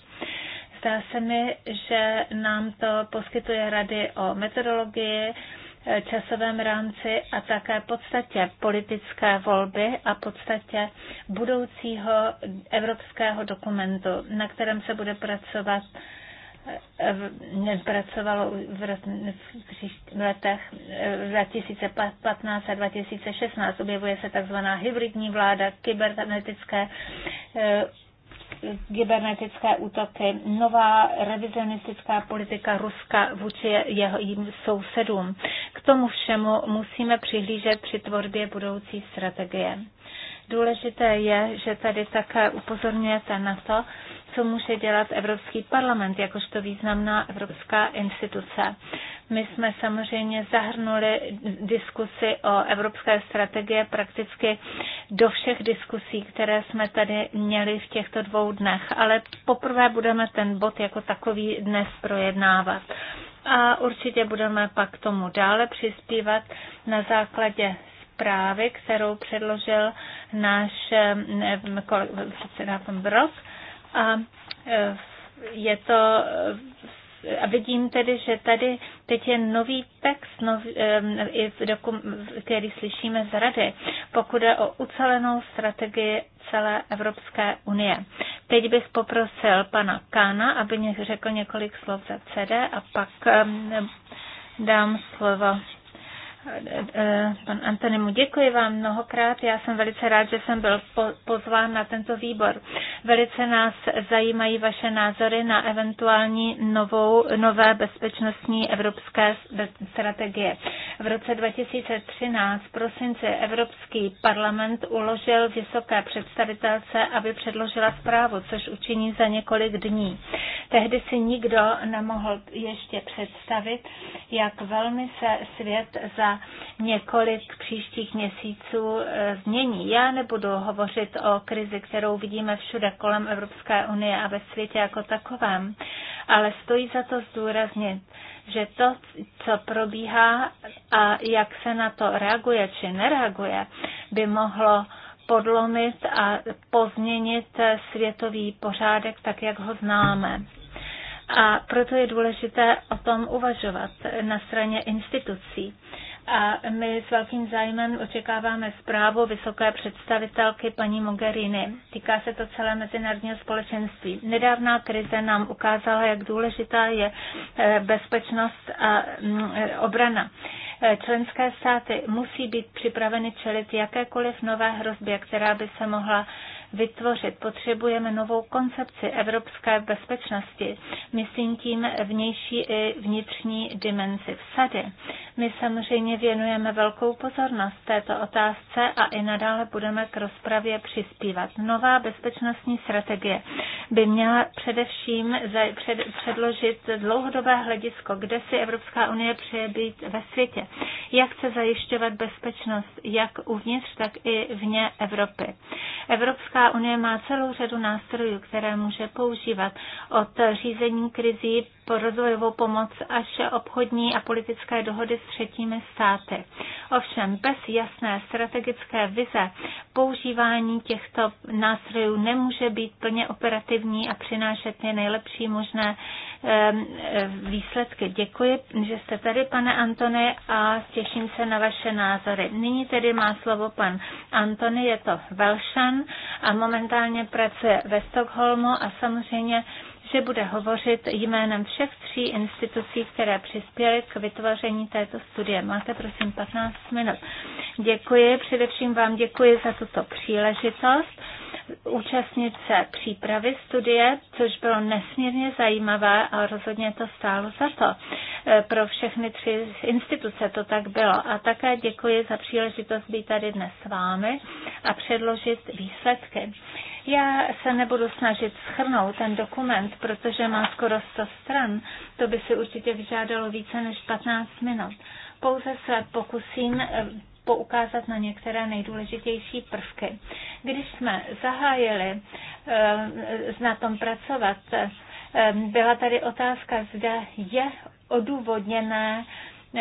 Zdá se mi, že nám to poskytuje rady o metodologii, časovém rámci a také podstatě politické volby a podstatě budoucího evropského dokumentu, na kterém se bude pracovat pracovalo v, v letech 2015 a 2016. Objevuje se takzvaná hybridní vláda, kybernetické eh, kybernetické útoky, nová revizionistická politika Ruska vůči jeho, jejím sousedům. K tomu všemu musíme přihlížet při tvorbě budoucí strategie. Důležité je, že tady také upozorňujete na to, co může dělat Evropský parlament jakožto významná evropská instituce. My jsme samozřejmě zahrnuli diskusy o evropské strategie prakticky do všech diskusí, které jsme tady měli v těchto dvou dnech, ale poprvé budeme ten bod jako takový dnes projednávat. A určitě budeme pak tomu dále přispívat na základě zprávy, kterou předložil náš eh, předseda von Brock. A eh, je to eh, a vidím tedy, že tady teď je nový text, nový, i v dokum, který slyšíme z Rady, pokud je o ucelenou strategii celé Evropské unie. Teď bych poprosil pana Kána, aby mě řekl několik slov za CD a pak um, dám slovo Pan mu děkuji vám mnohokrát. Já jsem velice rád, že jsem byl pozván na tento výbor. Velice nás zajímají vaše názory na eventuální novou, nové bezpečnostní evropské strategie. V roce 2013 prosince Evropský parlament uložil vysoké představitelce, aby předložila zprávu, což učiní za několik dní. Tehdy si nikdo nemohl ještě představit, jak velmi se svět za několik příštích měsíců e, změní. Já nebudu hovořit o krizi, kterou vidíme všude kolem Evropské unie a ve světě jako takovém, ale stojí za to zdůraznit, že to, co probíhá a jak se na to reaguje či nereaguje, by mohlo podlomit a pozměnit světový pořádek tak, jak ho známe. A proto je důležité o tom uvažovat na straně institucí. A my s velkým zájmem očekáváme zprávu vysoké představitelky paní Mogherini. Týká se to celé mezinárodního společenství. Nedávná krize nám ukázala, jak důležitá je eh, bezpečnost a mm, eh, obrana. Eh, členské státy musí být připraveny čelit jakékoliv nové hrozbě, která by se mohla vytvořit. Potřebujeme novou koncepci evropské bezpečnosti, myslím tím vnější i vnitřní dimenzi vsady. My samozřejmě věnujeme velkou pozornost této otázce a i nadále budeme k rozpravě přispívat. Nová bezpečnostní strategie by měla především předložit dlouhodobé hledisko, kde si Evropská unie přeje být ve světě, jak chce zajišťovat bezpečnost jak uvnitř, tak i vně Evropy. Evropská Evropská unie má celou řadu nástrojů, které může používat od řízení krizí rozvojovou pomoc až obchodní a politické dohody s třetími státy. Ovšem bez jasné strategické vize používání těchto nástrojů nemůže být plně operativní a přinášet je nejlepší možné výsledky. Děkuji, že jste tady, pane Antony, a těším se na vaše názory. Nyní tedy má slovo pan Antony, je to Velšan a momentálně pracuje ve Stockholmu a samozřejmě že bude hovořit jménem všech tří institucí, které přispěly k vytvoření této studie. Máte prosím 15 minut. Děkuji, především vám děkuji za tuto příležitost účastnit se přípravy studie, což bylo nesmírně zajímavé a rozhodně to stálo za to. E, pro všechny tři instituce to tak bylo. A také děkuji za příležitost být tady dnes s vámi a předložit výsledky. Já se nebudu snažit schrnout ten dokument, protože má skoro 100 stran. To by si určitě vyžádalo více než 15 minut. Pouze se pokusím eh, poukázat na některé nejdůležitější prvky. Když jsme zahájili eh, na tom pracovat, eh, byla tady otázka, zda je odůvodněné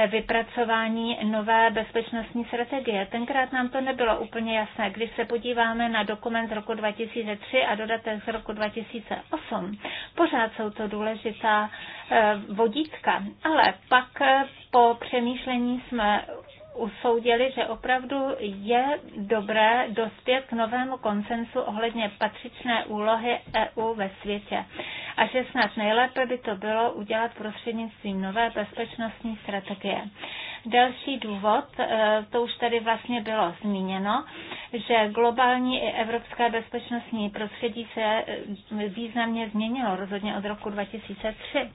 vypracování nové bezpečnostní strategie. Tenkrát nám to nebylo úplně jasné. Když se podíváme na dokument z roku 2003 a dodatek z roku 2008, pořád jsou to důležitá eh, vodítka, ale pak eh, po přemýšlení jsme usoudili, že opravdu je dobré dospět k novému konsensu ohledně patřičné úlohy EU ve světě a že snad nejlépe by to bylo udělat prostřednictvím nové bezpečnostní strategie. Další důvod, eh, to už tady vlastně bylo zmíněno, že globální i evropské bezpečnostní prostředí se eh, významně změnilo rozhodně od roku 2003.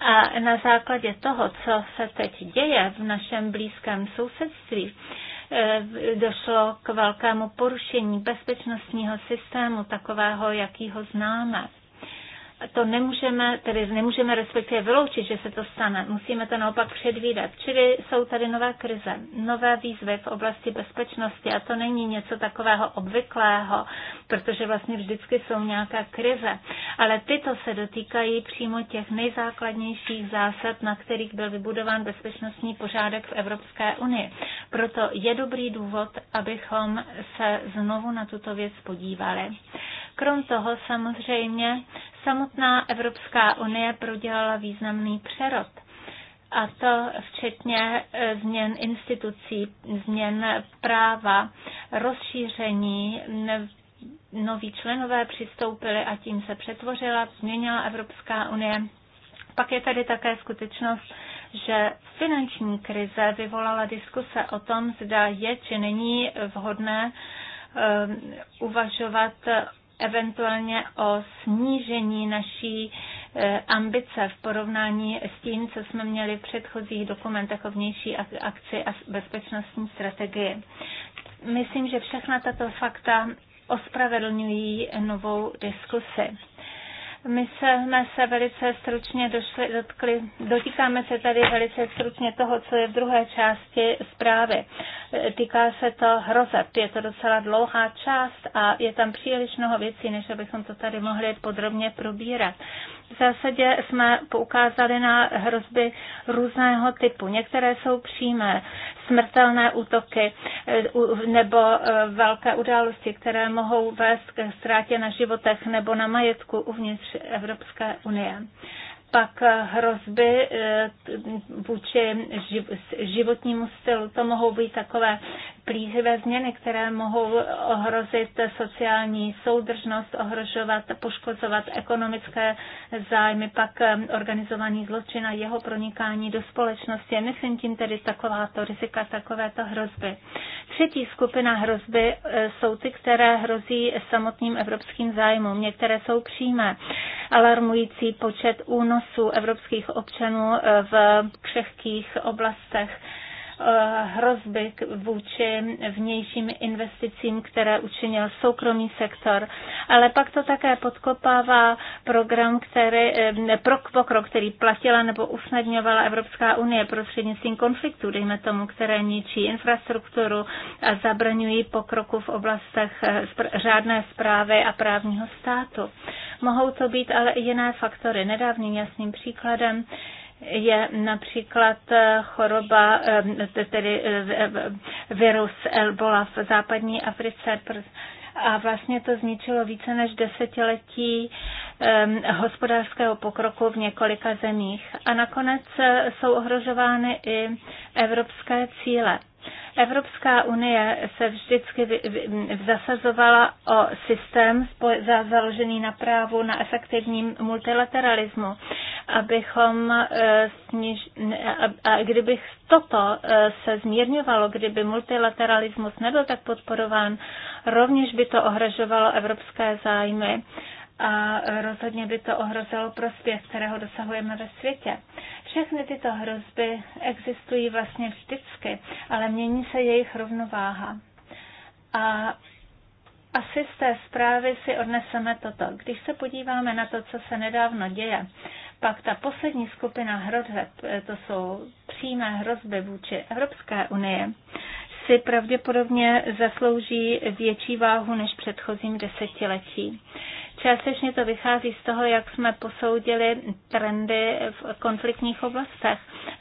A na základě toho, co se teď děje v našem blízkém sousedství, eh, došlo k velkému porušení bezpečnostního systému, takového, jaký ho známe to nemůžeme, tedy nemůžeme respektive vyloučit, že se to stane. Musíme to naopak předvídat. Čili jsou tady nové krize, nové výzvy v oblasti bezpečnosti a to není něco takového obvyklého, protože vlastně vždycky jsou nějaká krize. Ale tyto se dotýkají přímo těch nejzákladnějších zásad, na kterých byl vybudován bezpečnostní pořádek v Evropské unii. Proto je dobrý důvod, abychom se znovu na tuto věc podívali. Krom toho samozřejmě Samotná Evropská unie prodělala významný přerod a to včetně e, změn institucí, změn práva, rozšíření noví členové přistoupili a tím se přetvořila, změnila Evropská unie. Pak je tady také skutečnost, že finanční krize vyvolala diskuse o tom, zda je či není vhodné e, uvažovat eventuálně o snížení naší eh, ambice v porovnání s tím, co jsme měli v předchozích dokumentech o vnější akci a bezpečnostní strategii. Myslím, že všechna tato fakta ospravedlňují novou diskusi. My jsme se velice stručně došli, dotkli, dotýkáme se tady velice stručně toho, co je v druhé části zprávy. Týká se to hrozeb. Je to docela dlouhá část a je tam příliš mnoho věcí, než abychom to tady mohli podrobně probírat. V zásadě jsme poukázali na hrozby různého typu. Některé jsou přímé, smrtelné útoky eh, nebo eh, velké události, které mohou vést k ztrátě na životech nebo na majetku uvnitř Evropské unie pak eh, hrozby vůči životnímu stylu. To mohou být takové plíživé změny, které mohou ohrozit sociální soudržnost, ohrožovat, poškozovat ekonomické zájmy, pak eh, organizovaný zločin a jeho pronikání do společnosti. Myslím tím tedy takováto rizika, takovéto hrozby. Třetí skupina hrozby eh, jsou ty, které hrozí samotným evropským zájmům. Některé jsou přímé. Alarmující počet únosů evropských občanů eh, v křehkých oblastech Eh, hrozby vůči vnějším investicím, které učinil soukromý sektor. Ale pak to také podkopává program, který, eh, prok pokrok, který platila nebo usnadňovala Evropská unie prostřednictvím konfliktů, dejme tomu, které ničí infrastrukturu a zabraňují pokroku v oblastech eh, řádné zprávy a právního státu. Mohou to být ale i jiné faktory. Nedávným jasným příkladem je například eh, choroba, eh, tedy eh, virus Ebola v západní Africe. A vlastně to zničilo více než desetiletí ehm, hospodářského pokroku v několika zemích. A nakonec jsou ohrožovány i evropské cíle. Evropská unie se vždycky zasazovala o systém založený na právu na efektivním multilateralismu, abychom eh, sniž, a kdybych toto eh, se zmírňovalo, kdyby multilateralismus nebyl tak podporován, rovněž by to ohrožovalo evropské zájmy a rozhodně by to ohrozilo prospěch, kterého dosahujeme ve světě. Všechny tyto hrozby existují vlastně vždycky, ale mění se jejich rovnováha. A asi z té zprávy si odneseme toto. Když se podíváme na to, co se nedávno děje, pak ta poslední skupina hrozeb, to jsou přímé hrozby vůči Evropské unii, si pravděpodobně zaslouží větší váhu než předchozím desetiletí. Částečně to vychází z toho, jak jsme posoudili trendy v konfliktních oblastech.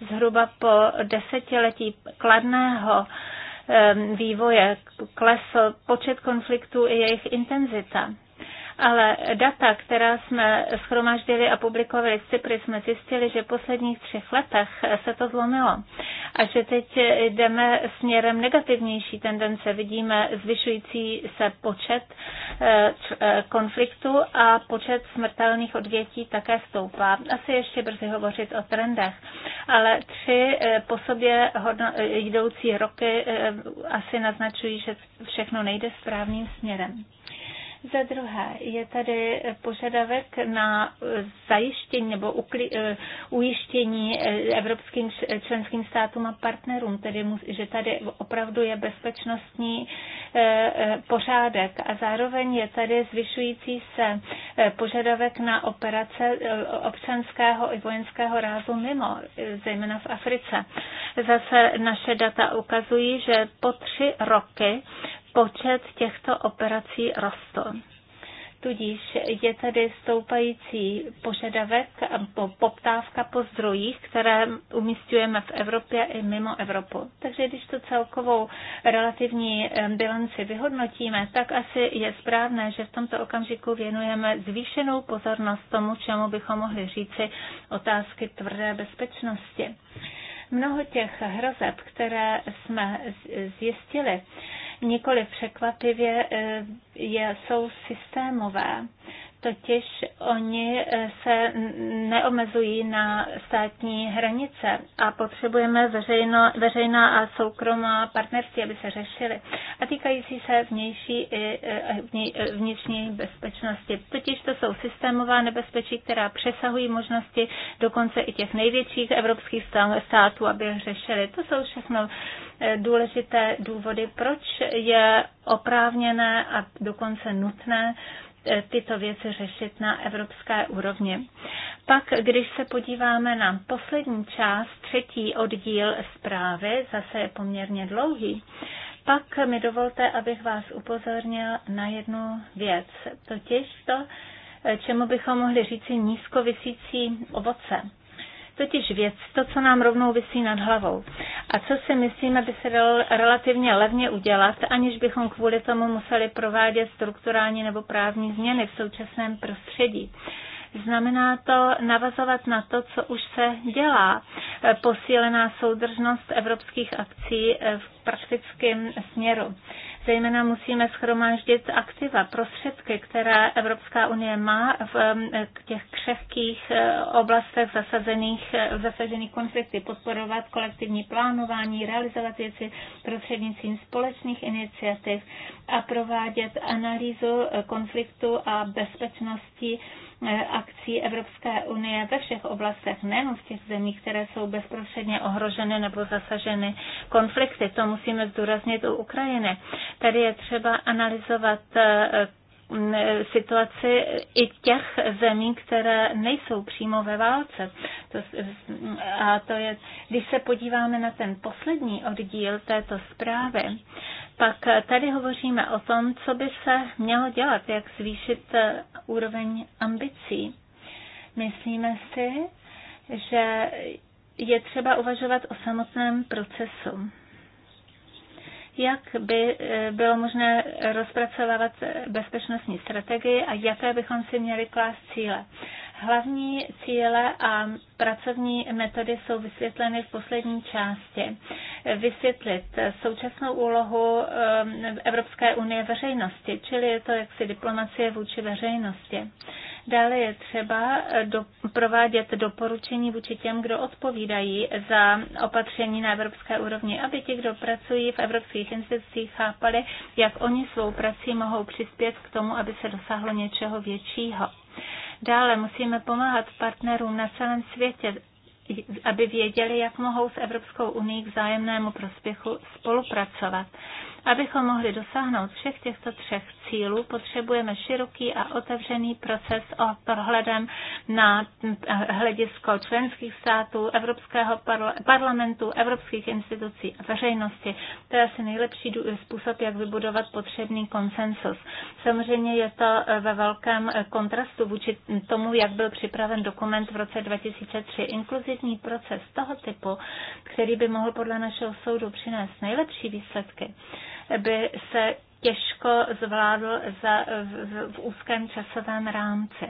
Zhruba po desetiletí kladného vývoje klesl počet konfliktů i jejich intenzita. Ale data, která jsme schromaždili a publikovali v Cypru, jsme zjistili, že v posledních třech letech se to zlomilo a že teď jdeme směrem negativnější tendence. Vidíme zvyšující se počet eh, eh, konfliktu a počet smrtelných odvětí také stoupá. Asi ještě brzy hovořit o trendech, ale tři eh, po sobě jdoucí roky asi naznačují, že všechno nejde správným směrem. Za druhé, je tady požadavek na zajištění nebo uklí, eh, ujištění eh, evropským členským státům a partnerům, tedy že tady opravdu je bezpečnostní eh, pořádek a zároveň je tady zvyšující se požadavek na operace občanského i vojenského rázu mimo, zejména v Africe. Zase naše data ukazují, že po tři roky počet těchto operací rostl. Tudíž je tady stoupající požadavek po poptávka po zdrojích, které umístujeme v Evropě i mimo Evropu. Takže když tu celkovou relativní bilanci vyhodnotíme, tak asi je správné, že v tomto okamžiku věnujeme zvýšenou pozornost tomu, čemu bychom mohli říci otázky tvrdé bezpečnosti. Mnoho těch hrozeb, které jsme zjistili, nikoli překvapivě eh, je, jsou systémové. Totiž oni eh, se neomezují na státní hranice a potřebujeme veřejno, veřejná a soukromá partnerství, aby se řešily. A týkající se vnější i eh, vnitřní bezpečnosti. Totiž to jsou systémová nebezpečí, která přesahují možnosti dokonce i těch největších evropských států, aby je řešili. To jsou všechno eh, důležité důvody, proč je oprávněné a dokonce nutné Eh, tyto věci řešit na evropské úrovni. Pak, když se podíváme na poslední část, třetí oddíl zprávy, zase je poměrně dlouhý, pak mi dovolte, abych vás upozornil na jednu věc, totiž to, eh, čemu bychom mohli říci nízkovisící ovoce totiž věc, to, co nám rovnou vysí nad hlavou. A co si myslíme, by se dalo relativně levně udělat, aniž bychom kvůli tomu museli provádět strukturální nebo právní změny v současném prostředí. Znamená to navazovat na to, co už se dělá. Posílená soudržnost evropských akcí v praktickém směru. Zejména musíme schromáždit aktiva, prostředky, které Evropská unie má v těch křehkých eh, oblastech zasazených, eh, zasažených konflikty, podporovat kolektivní plánování, realizovat věci prostřednictvím společných iniciativ a provádět analýzu eh, konfliktu a bezpečnosti Eh, akcí Evropské unie ve všech oblastech, nejenom v těch zemích, které jsou bezprostředně ohroženy nebo zasaženy konflikty. To musíme zdůraznit u Ukrajiny. Tady je třeba analyzovat eh, situaci i těch zemí, které nejsou přímo ve válce. To, a to je, když se podíváme na ten poslední oddíl této zprávy, pak tady hovoříme o tom, co by se mělo dělat, jak zvýšit eh, úroveň ambicí. Myslíme si, že je třeba uvažovat o samotném procesu jak by eh, bylo možné rozpracovávat bezpečnostní strategii a jaké bychom si měli klást cíle. Hlavní cíle a pracovní metody jsou vysvětleny v poslední části. Vysvětlit současnou úlohu eh, Evropské unie veřejnosti, čili je to jaksi diplomacie vůči veřejnosti. Dále je třeba do, provádět doporučení vůči těm, kdo odpovídají za opatření na evropské úrovni, aby ti, kdo pracují v evropských institucích, chápali, jak oni svou prací mohou přispět k tomu, aby se dosáhlo něčeho většího. Dále musíme pomáhat partnerům na celém světě, aby věděli, jak mohou s Evropskou unii k vzájemnému prospěchu spolupracovat. Abychom mohli dosáhnout všech těchto třech cílů potřebujeme široký a otevřený proces o prohledem na hledisko členských států, Evropského parlamentu, evropských institucí a veřejnosti. To je asi nejlepší způsob, jak vybudovat potřebný konsensus. Samozřejmě je to eh, ve velkém eh, kontrastu vůči tomu, jak byl připraven dokument v roce 2003. Inkluzivní proces toho typu, který by mohl podle našeho soudu přinést nejlepší výsledky, by se těžko zvládl za, v, v úzkém časovém rámci.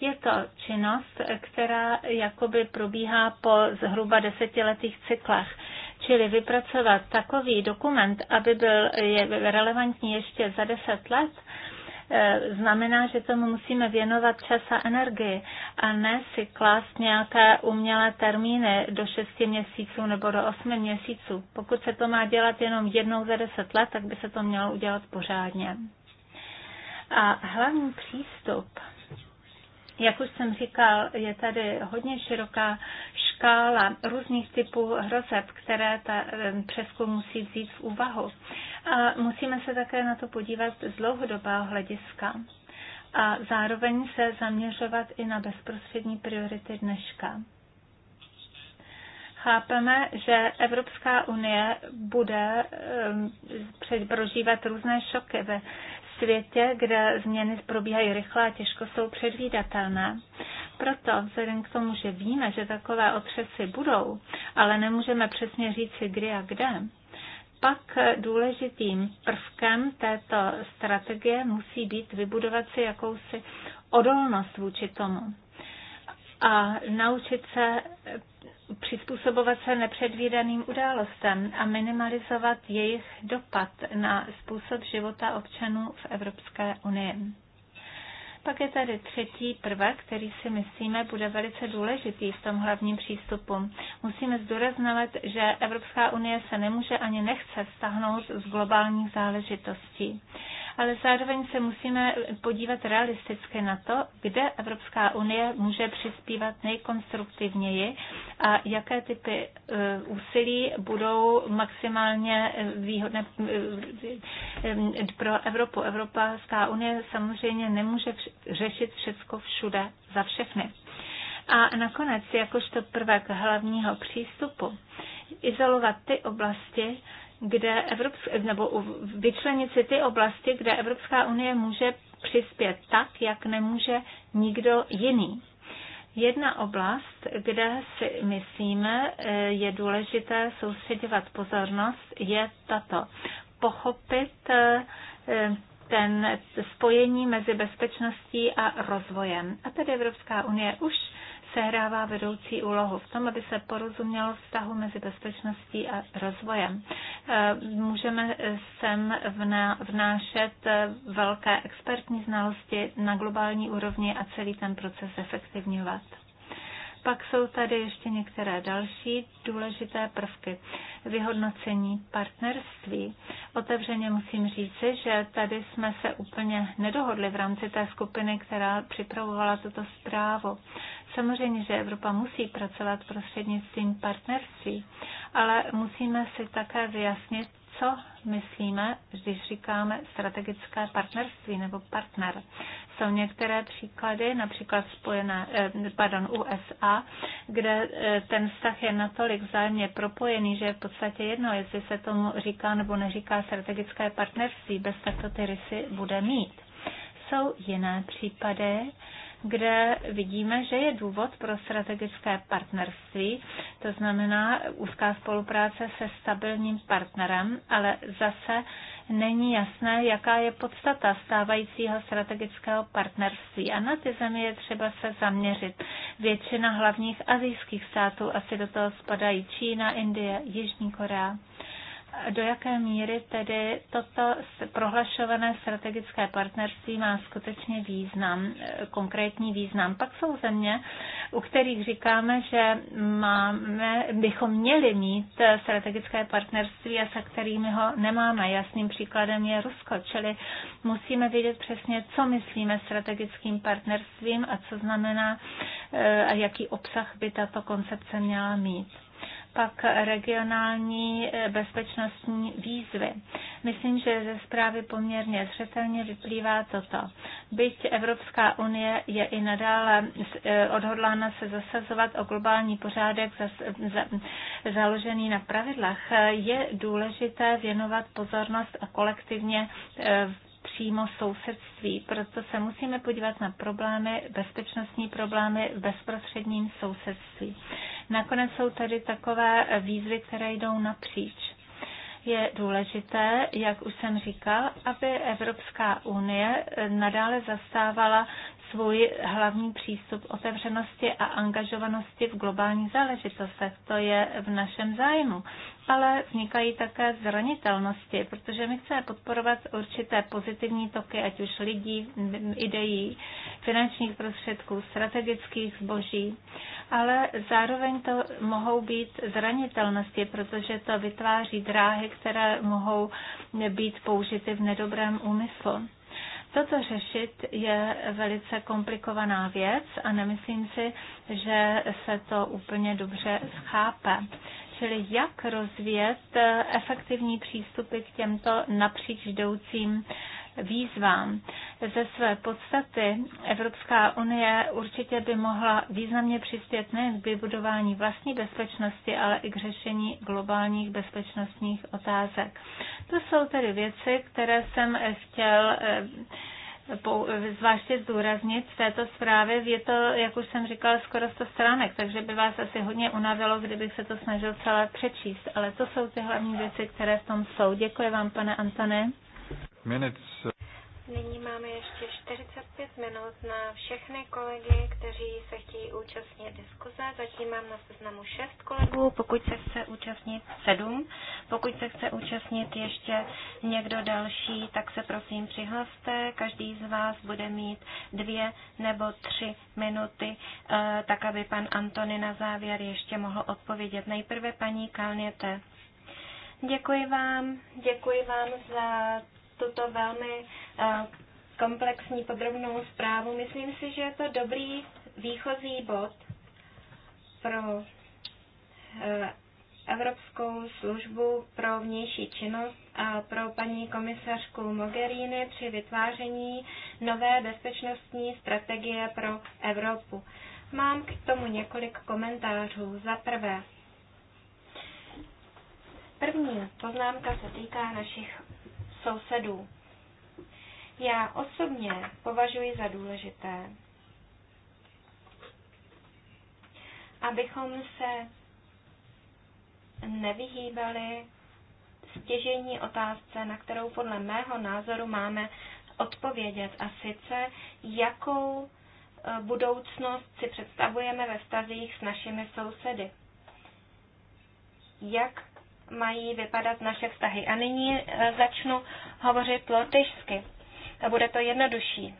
Je to činnost, která jakoby probíhá po zhruba desetiletých cyklech. Čili vypracovat takový dokument, aby byl relevantní ještě za deset let, Eh, znamená, že tomu musíme věnovat čas a energii a ne si klást nějaké umělé termíny do 6 měsíců nebo do 8 měsíců. Pokud se to má dělat jenom jednou za 10 let, tak by se to mělo udělat pořádně. A hlavní přístup jak už jsem říkal, je tady hodně široká škála různých typů hrozeb, které ta přeskum musí vzít v úvahu. A musíme se také na to podívat z dlouhodobého hlediska a zároveň se zaměřovat i na bezprostřední priority dneška. Chápeme, že Evropská unie bude eh, prožívat různé šoky ve světě, kde změny probíhají rychle a těžko jsou předvídatelné. Proto, vzhledem k tomu, že víme, že takové otřesy budou, ale nemůžeme přesně si kdy a kde, pak důležitým prvkem této strategie musí být vybudovat si jakousi odolnost vůči tomu a naučit se přizpůsobovat se nepředvídaným událostem a minimalizovat jejich dopad na způsob života občanů v Evropské unii. Pak je tady třetí prvek, který si myslíme bude velice důležitý v tom hlavním přístupu. Musíme zdůraznovat, že Evropská unie se nemůže ani nechce stahnout z globálních záležitostí ale zároveň se musíme podívat realisticky na to, kde Evropská unie může přispívat nejkonstruktivněji a jaké typy e, úsilí budou maximálně e, výhodné e, pro Evropu. Evropská unie samozřejmě nemůže řešit všechno všude za všechny. A nakonec, jakožto prvek hlavního přístupu, izolovat ty oblasti, kde Evropsk, nebo vyčlenit si ty oblasti, kde Evropská unie může přispět tak, jak nemůže nikdo jiný. Jedna oblast, kde si myslíme, eh, je důležité soustředovat pozornost, je tato. Pochopit eh, ten spojení mezi bezpečností a rozvojem. A tady Evropská unie už sehrává vedoucí úlohu v tom, aby se porozumělo vztahu mezi bezpečností a rozvojem. Eh, můžeme sem vnášet eh, velké expertní znalosti na globální úrovni a celý ten proces efektivňovat. Pak jsou tady ještě některé další důležité prvky. Vyhodnocení partnerství. Otevřeně musím říci, že tady jsme se úplně nedohodli v rámci té skupiny, která připravovala tuto zprávu. Samozřejmě, že Evropa musí pracovat prostřednictvím partnerství, ale musíme si také vyjasnit, co myslíme, když říkáme strategické partnerství nebo partner. Jsou některé příklady, například spojené, eh, pardon, USA, kde eh, ten vztah je natolik vzájemně propojený, že je v podstatě jedno, jestli se tomu říká nebo neříká strategické partnerství, bez takto ty rysy bude mít. Jsou jiné případy, kde vidíme, že je důvod pro strategické partnerství, to znamená úzká spolupráce se stabilním partnerem, ale zase není jasné, jaká je podstata stávajícího strategického partnerství. A na ty země je třeba se zaměřit. Většina hlavních azijských států asi do toho spadají Čína, Indie, Jižní Korea do jaké míry tedy toto prohlašované strategické partnerství má skutečně význam, eh, konkrétní význam. Pak jsou země, u kterých říkáme, že máme, bychom měli mít eh, strategické partnerství a se kterými ho nemáme. Jasným příkladem je Rusko, čili musíme vědět přesně, co myslíme strategickým partnerstvím a co znamená eh, a jaký obsah by tato koncepce měla mít pak regionální eh, bezpečnostní výzvy. Myslím, že ze zprávy poměrně zřetelně vyplývá toto. Byť Evropská unie je i nadále eh, odhodlána se zasazovat o globální pořádek založený na pravidlech, eh, je důležité věnovat pozornost a kolektivně přímo sousedství. Proto se musíme podívat na problémy, bezpečnostní problémy v bezprostředním sousedství. Nakonec jsou tady takové výzvy, které jdou napříč. Je důležité, jak už jsem říkal, aby Evropská unie nadále zastávala svůj hlavní přístup otevřenosti a angažovanosti v globálních záležitostech. To je v našem zájmu. Ale vznikají také zranitelnosti, protože my chceme podporovat určité pozitivní toky, ať už lidí, ideí, finančních prostředků, strategických zboží, ale zároveň to mohou být zranitelnosti, protože to vytváří dráhy, které mohou být použity v nedobrém úmyslu. Toto řešit je velice komplikovaná věc a nemyslím si, že se to úplně dobře schápe. Čili jak rozvíjet efektivní přístupy k těmto napříč jdoucím výzvám. Ze své podstaty Evropská unie určitě by mohla významně přispět nejen k vybudování vlastní bezpečnosti, ale i k řešení globálních bezpečnostních otázek. To jsou tedy věci, které jsem chtěl eh, zvláště zdůraznit v této zprávě. Je to, jak už jsem říkal, skoro 100 stránek, takže by vás asi hodně unavilo, kdybych se to snažil celé přečíst. Ale to jsou ty hlavní věci, které v tom jsou. Děkuji vám, pane Antone minutes. Nyní máme ještě 45 minut na všechny kolegy, kteří se chtějí účastnit diskuze. Zatím mám na seznamu 6 kolegů, pokud se chce účastnit 7. Pokud se chce účastnit ještě někdo další, tak se prosím přihlaste. Každý z vás bude mít dvě nebo tři minuty, eh, tak aby pan Antony na závěr ještě mohl odpovědět. Nejprve paní Kalněte. Děkuji vám, děkuji vám za tuto velmi eh, komplexní podrobnou zprávu. Myslím si, že je to dobrý výchozí bod pro eh, Evropskou službu pro vnější činnost a pro paní komisařku Mogherini při vytváření nové bezpečnostní strategie pro Evropu. Mám k tomu několik komentářů. Za prvé, první poznámka se týká našich sousedů. Já osobně považuji za důležité, abychom se nevyhýbali stěžení otázce, na kterou podle mého názoru máme odpovědět, a sice, jakou e, budoucnost si představujeme ve vztazích s našimi sousedy. Jak mají vypadat naše vztahy. A nyní e, začnu hovořit lotyšsky. Bude to jednodušší.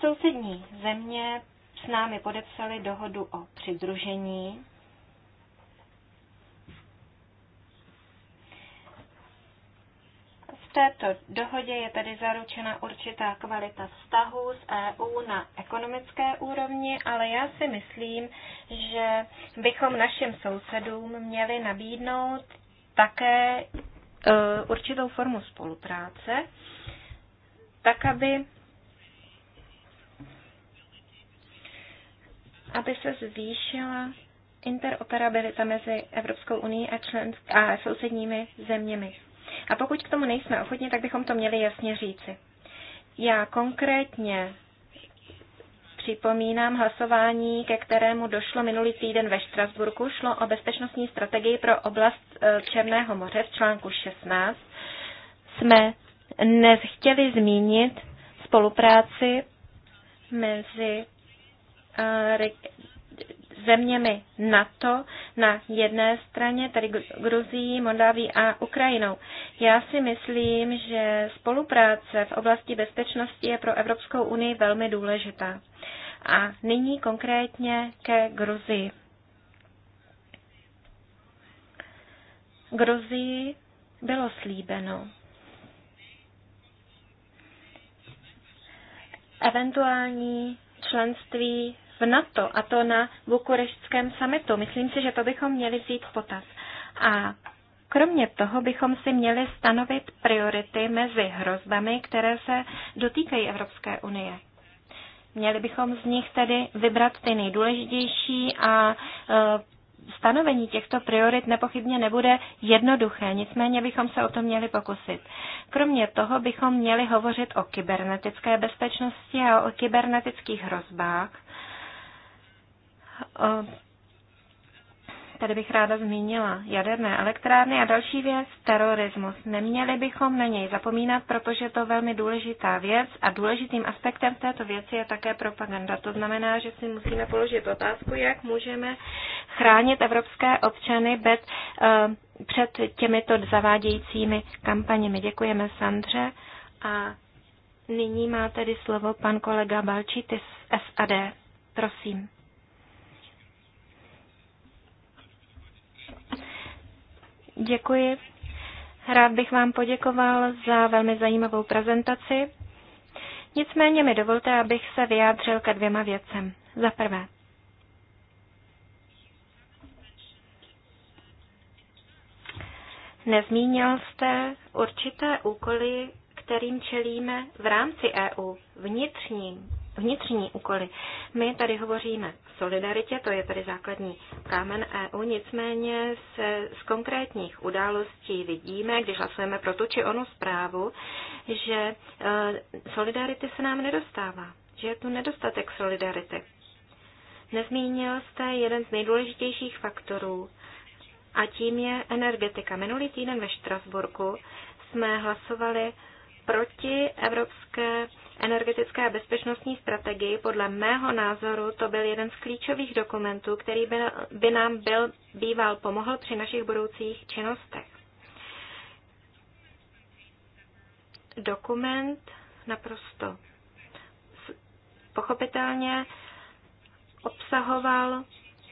Sousední země s námi podepsali dohodu o přidružení této dohodě je tedy zaručena určitá kvalita vztahu s EU na ekonomické úrovni, ale já si myslím, že bychom našim sousedům měli nabídnout také e, určitou formu spolupráce, tak aby, aby se zvýšila interoperabilita mezi Evropskou unii a, člen, a sousedními zeměmi. A pokud k tomu nejsme ochotní, tak bychom to měli jasně říci. Já konkrétně připomínám hlasování, ke kterému došlo minulý týden ve Štrasburku. Šlo o bezpečnostní strategii pro oblast e, Černého moře v článku 16. Jsme nechtěli zmínit spolupráci mezi e, zeměmi NATO na jedné straně, tedy Gruzií, Moldaví a Ukrajinou. Já si myslím, že spolupráce v oblasti bezpečnosti je pro Evropskou unii velmi důležitá. A nyní konkrétně ke Gruzii. Gruzii bylo slíbeno eventuální členství v NATO, a to na Bukureštském summitu. Myslím si, že to bychom měli vzít v potaz. A kromě toho bychom si měli stanovit priority mezi hrozbami, které se dotýkají Evropské unie. Měli bychom z nich tedy vybrat ty nejdůležitější a e, stanovení těchto priorit nepochybně nebude jednoduché, nicméně bychom se o to měli pokusit. Kromě toho bychom měli hovořit o kybernetické bezpečnosti a o kybernetických hrozbách tady bych ráda zmínila jaderné elektrárny a další věc, terorismus. Neměli bychom na něj zapomínat, protože to je velmi důležitá věc a důležitým aspektem této věci je také propaganda. To znamená, že si musíme položit otázku, jak můžeme chránit evropské občany bez, eh, před těmito zavádějícími kampaněmi. Děkujeme Sandře a nyní má tedy slovo pan kolega Balčitis SAD. Prosím. Děkuji. Rád bych vám poděkoval za velmi zajímavou prezentaci. Nicméně mi dovolte, abych se vyjádřil ke dvěma věcem. Za prvé. Nezmínil jste určité úkoly, kterým čelíme v rámci EU, vnitřním vnitřní úkoly. My tady hovoříme o solidaritě, to je tady základní kámen EU, nicméně se z konkrétních událostí vidíme, když hlasujeme pro tu či onu zprávu, že e, solidarity se nám nedostává, že je tu nedostatek solidarity. Nezmínil jste jeden z nejdůležitějších faktorů, a tím je energetika. Minulý týden ve Štrasburku jsme hlasovali proti evropské energetické bezpečnostní strategii, podle mého názoru to byl jeden z klíčových dokumentů, který by, by nám byl býval pomohl při našich budoucích činnostech. Dokument naprosto pochopitelně obsahoval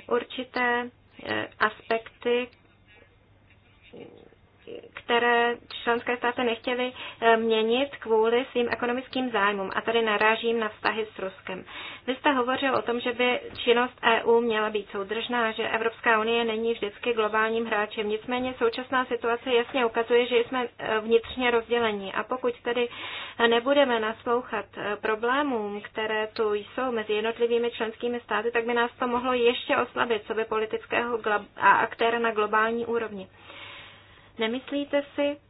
určité eh, aspekty, které členské státy nechtěly eh, měnit kvůli svým ekonomickým zájmům. A tady narážím na vztahy s Ruskem. Vy jste hovořil o tom, že by činnost EU měla být soudržná, že Evropská unie není vždycky globálním hráčem. Nicméně současná situace jasně ukazuje, že jsme eh, vnitřně rozdělení. A pokud tedy eh, nebudeme naslouchat problémům, které tu jsou mezi jednotlivými členskými státy, tak by nás to mohlo ještě oslabit, co by politického aktéra na globální úrovni. Nemyslíte si,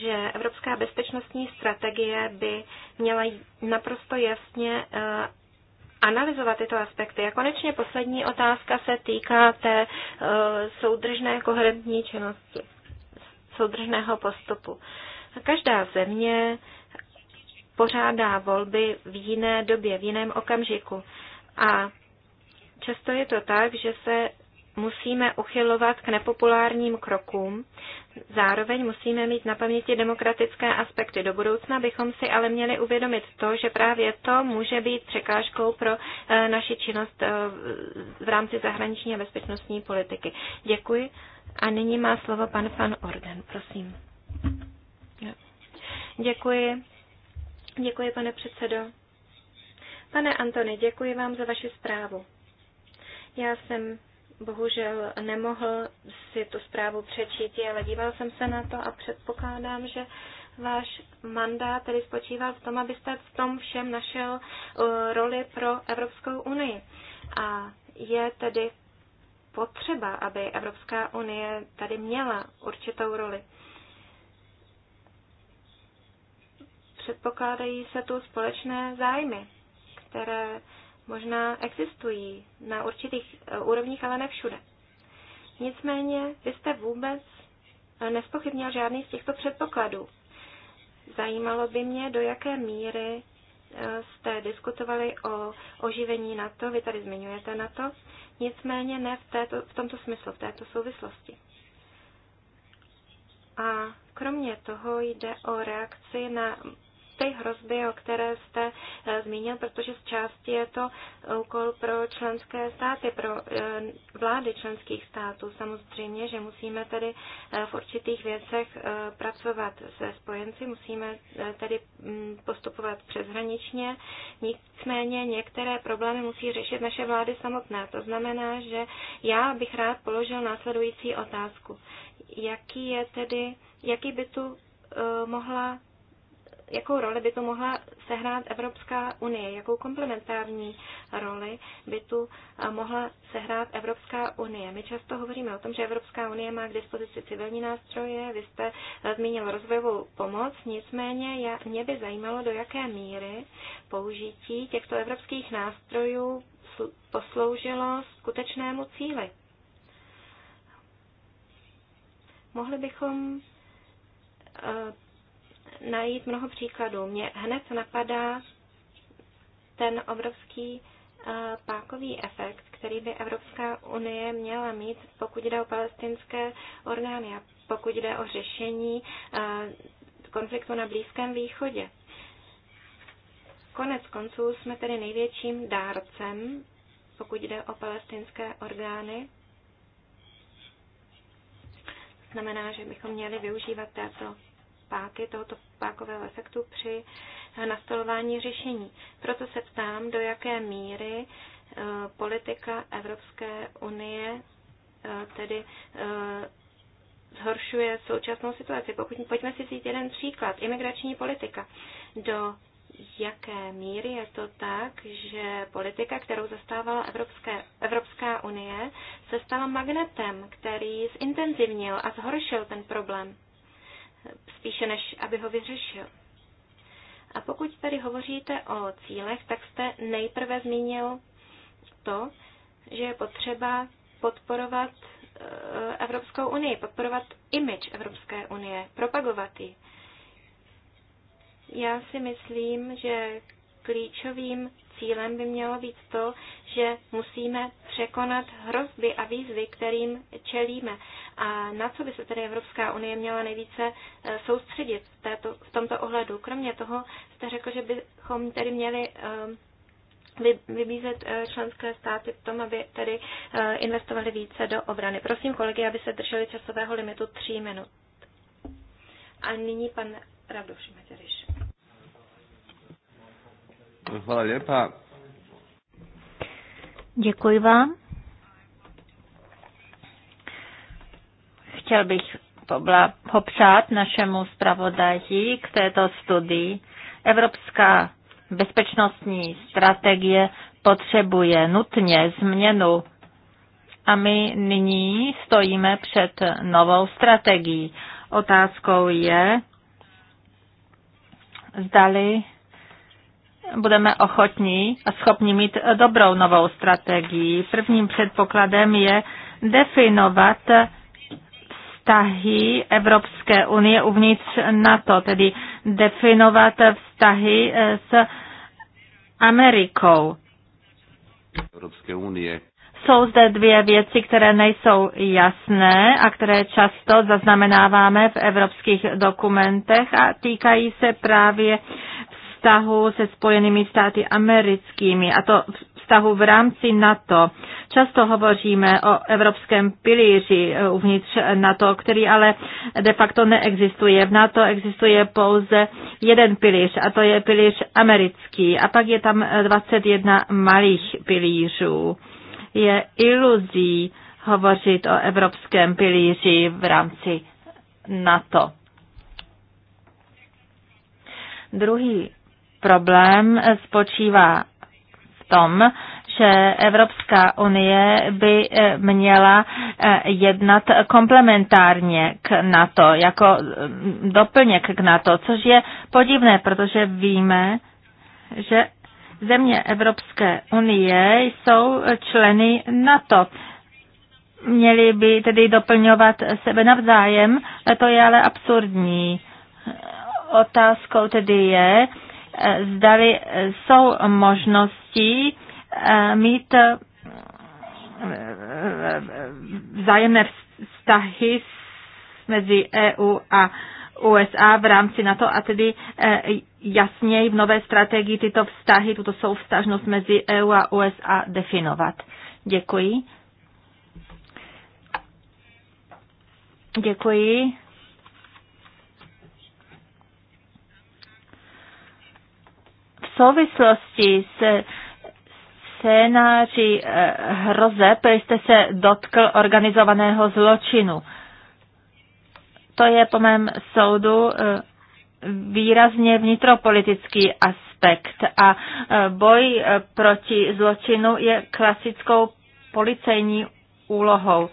že Evropská bezpečnostní strategie by měla naprosto jasně eh, analyzovat tyto aspekty. A konečně poslední otázka se týká té eh, soudržné koherentní činnosti, soudržného postupu. Každá země pořádá volby v jiné době, v jiném okamžiku. A často je to tak, že se musíme uchylovat k nepopulárním krokům. Zároveň musíme mít na paměti demokratické aspekty. Do budoucna bychom si ale měli uvědomit to, že právě to může být překážkou pro eh, naši činnost eh, v rámci zahraniční a bezpečnostní politiky. Děkuji. A nyní má slovo pan Van Orden. Prosím. Děkuji. Děkuji, pane předsedo. Pane Antony, děkuji vám za vaši zprávu. Já jsem bohužel nemohl si tu zprávu přečít, ale díval jsem se na to a předpokládám, že váš mandát tedy spočívá v tom, abyste v tom všem našel uh, roli pro Evropskou unii. A je tedy potřeba, aby Evropská unie tady měla určitou roli. Předpokládají se tu společné zájmy, které možná existují na určitých eh, úrovních, ale ne všude. Nicméně vy jste vůbec eh, nespochybnil žádný z těchto předpokladů. Zajímalo by mě, do jaké míry eh, jste diskutovali o oživení na to, vy tady zmiňujete to. nicméně ne v, této, v tomto smyslu, v této souvislosti. A kromě toho jde o reakci na ty hrozby, o které jste eh, zmínil, protože z části je to úkol pro členské státy, pro eh, vlády členských států. Samozřejmě, že musíme tedy eh, v určitých věcech pracovat se spojenci, musíme tedy mm, postupovat přeshraničně, nicméně některé problémy musí řešit naše vlády samotné. To znamená, že já bych rád položil následující otázku. Jaký je tedy, jaký by tu mohla jakou roli by tu mohla sehrát Evropská unie, jakou komplementární roli by tu eh, mohla sehrát Evropská unie. My často hovoříme o tom, že Evropská unie má k dispozici civilní nástroje, vy jste eh, zmínil rozvojovou pomoc, nicméně já, mě by zajímalo, do jaké míry použití těchto evropských nástrojů posloužilo skutečnému cíli. Mohli bychom eh, najít mnoho příkladů. Mně hned napadá ten obrovský eh, pákový efekt, který by Evropská unie měla mít, pokud jde o palestinské orgány a pokud jde o řešení eh, konfliktu na Blízkém východě. Konec konců jsme tedy největším dárcem, pokud jde o palestinské orgány. Znamená, že bychom měli využívat této páky, tohoto spákového efektu při nastolování řešení. Proto se ptám, do jaké míry e, politika Evropské unie e, tedy e, zhoršuje současnou situaci. Pokud, pojďme si vzít jeden příklad. Imigrační politika. Do jaké míry je to tak, že politika, kterou zastávala Evropské, Evropská unie, se stala magnetem, který zintenzivnil a zhoršil ten problém spíše než aby ho vyřešil. A pokud tady hovoříte o cílech, tak jste nejprve zmínil to, že je potřeba podporovat eh, Evropskou unii, podporovat image Evropské unie, propagovat ji. Já si myslím, že klíčovým cílem by mělo být to, že musíme překonat hrozby a výzvy, kterým čelíme. A na co by se tedy Evropská unie měla nejvíce eh, soustředit v, této, v tomto ohledu? Kromě toho jste řekl, že bychom tedy měli eh, vybízet eh, členské státy v tom, aby tedy investovali více do obrany. Prosím kolegy, aby se drželi časového limitu tří minut. A nyní pan Radoš Meteriš. Hvala lijepa. Děkuji vám. Chtěl bych popřát našemu zpravodaji k této studii. Evropská bezpečnostní strategie potřebuje nutně změnu a my nyní stojíme před novou strategií. Otázkou je, zdali budeme ochotní a schopni mít dobrou novou strategii. Prvním předpokladem je definovat vztahy Evropské unie uvnitř NATO, tedy definovat vztahy eh, s Amerikou. Evropské unie. Jsou zde dvě věci, které nejsou jasné a které často zaznamenáváme v evropských dokumentech a týkají se právě vztahu se Spojenými státy americkými, a to vztahu v rámci NATO. Často hovoříme o evropském pilíři eh, uvnitř NATO, který ale de facto neexistuje. V NATO existuje pouze jeden pilíř, a to je pilíř americký. A pak je tam 21 eh, malých pilířů. Je iluzí hovořit o evropském pilíři v rámci NATO. Druhý problém spočívá v tom, že Evropská unie by eh, měla eh, jednat komplementárně k NATO, jako mm, doplněk k NATO, což je podivné, protože víme, že země Evropské unie jsou členy NATO. Měli by tedy doplňovat sebe navzájem, to je ale absurdní. Otázkou tedy je, Eh, zdali eh, jsou možnosti eh, mít vzájemné vztahy mezi EU a USA v rámci NATO a tedy jasněji v nové strategii tyto vztahy, tuto souvztažnost mezi EU a USA definovat. Děkuji. Děkuji. souvislosti s scénáři eh, hrozeb jste se dotkl organizovaného zločinu. To je po mém soudu eh, výrazně vnitropolitický aspekt a eh, boj proti zločinu je klasickou policejní úlohou.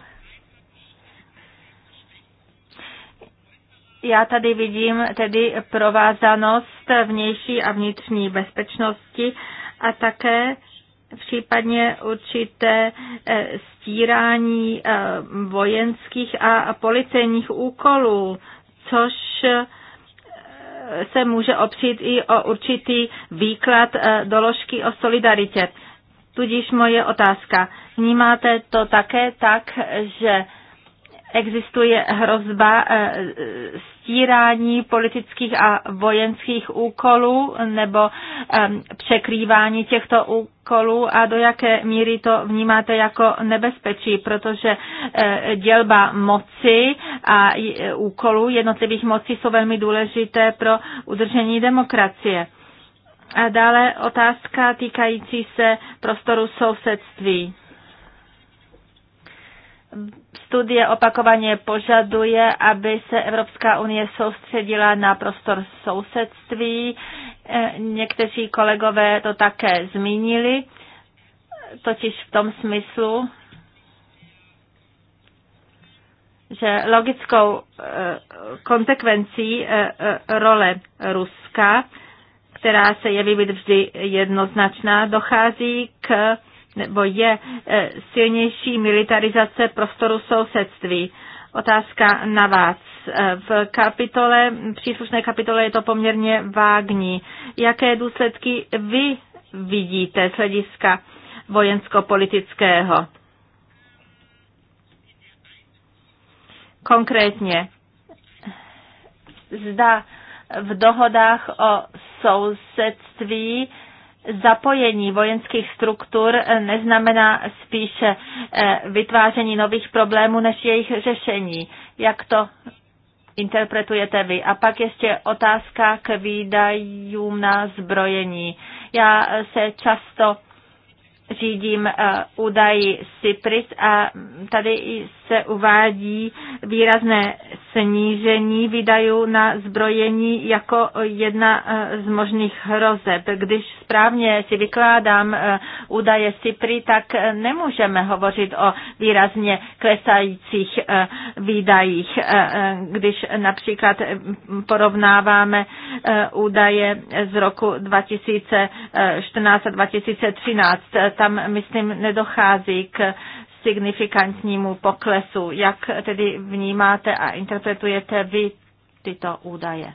já tady vidím tedy provázanost vnější a vnitřní bezpečnosti a také případně určité eh, stírání eh, vojenských a policejních úkolů, což eh, se může opřít i o určitý výklad doložky o solidaritě. Tudíž moje otázka. Vnímáte to také tak, že existuje hrozba eh, stírání politických a vojenských úkolů nebo ehm, překrývání těchto úkolů a do jaké míry to vnímáte jako nebezpečí, protože eh, dělba moci a e, úkolů jednotlivých mocí jsou velmi důležité pro udržení demokracie. A dále otázka týkající se prostoru sousedství studie opakovaně požaduje, aby se Evropská unie soustředila na prostor sousedství. E, někteří kolegové to také zmínili, totiž v tom smyslu, že logickou e, konsekvencí e, role Ruska, která se jeví být vždy jednoznačná, dochází k nebo je e, silnější militarizace prostoru sousedství. Otázka na vás. E, v kapitole, příslušné kapitole je to poměrně vágní. Jaké důsledky vy vidíte z hlediska vojensko-politického? Konkrétně, zda v dohodách o sousedství zapojení vojenských struktur neznamená spíše eh, vytváření nových problémů než jejich řešení. Jak to interpretujete vy? A pak ještě otázka k výdajům na zbrojení. Já se často řídím eh, údaji CIPRIS a tady se uvádí výrazné snížení výdajů na zbrojení jako jedna eh, z možných hrozeb. Když správně si vykládám eh, údaje Cypry, tak nemůžeme hovořit o výrazně klesajících výdajích. Když například porovnáváme údaje z roku 2014 a 2013, tam, myslím, nedochází k signifikantnímu poklesu. Jak tedy vnímáte a interpretujete vy tyto údaje?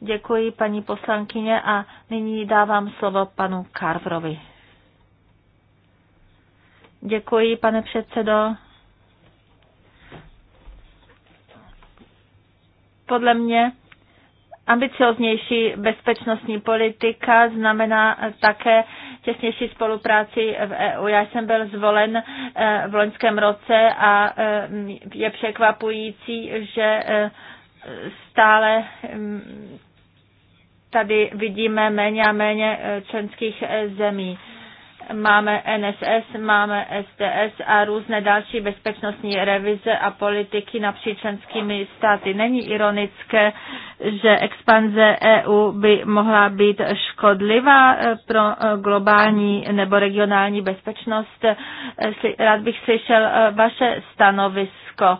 Děkuji paní poslankyně a nyní dávám slovo panu Karvrovi. Děkuji, pane předsedo. Podle mě Ambicioznější bezpečnostní politika znamená také těsnější spolupráci v EU. Já jsem byl zvolen e, v loňském roce a e, je překvapující, že e, stále tady vidíme méně a méně členských zemí máme NSS, máme SDS a různé další bezpečnostní revize a politiky napříč členskými státy. Není ironické, že expanze EU by mohla být škodlivá eh, pro eh, globální nebo regionální bezpečnost. Eh, rád bych slyšel vaše stanovisko.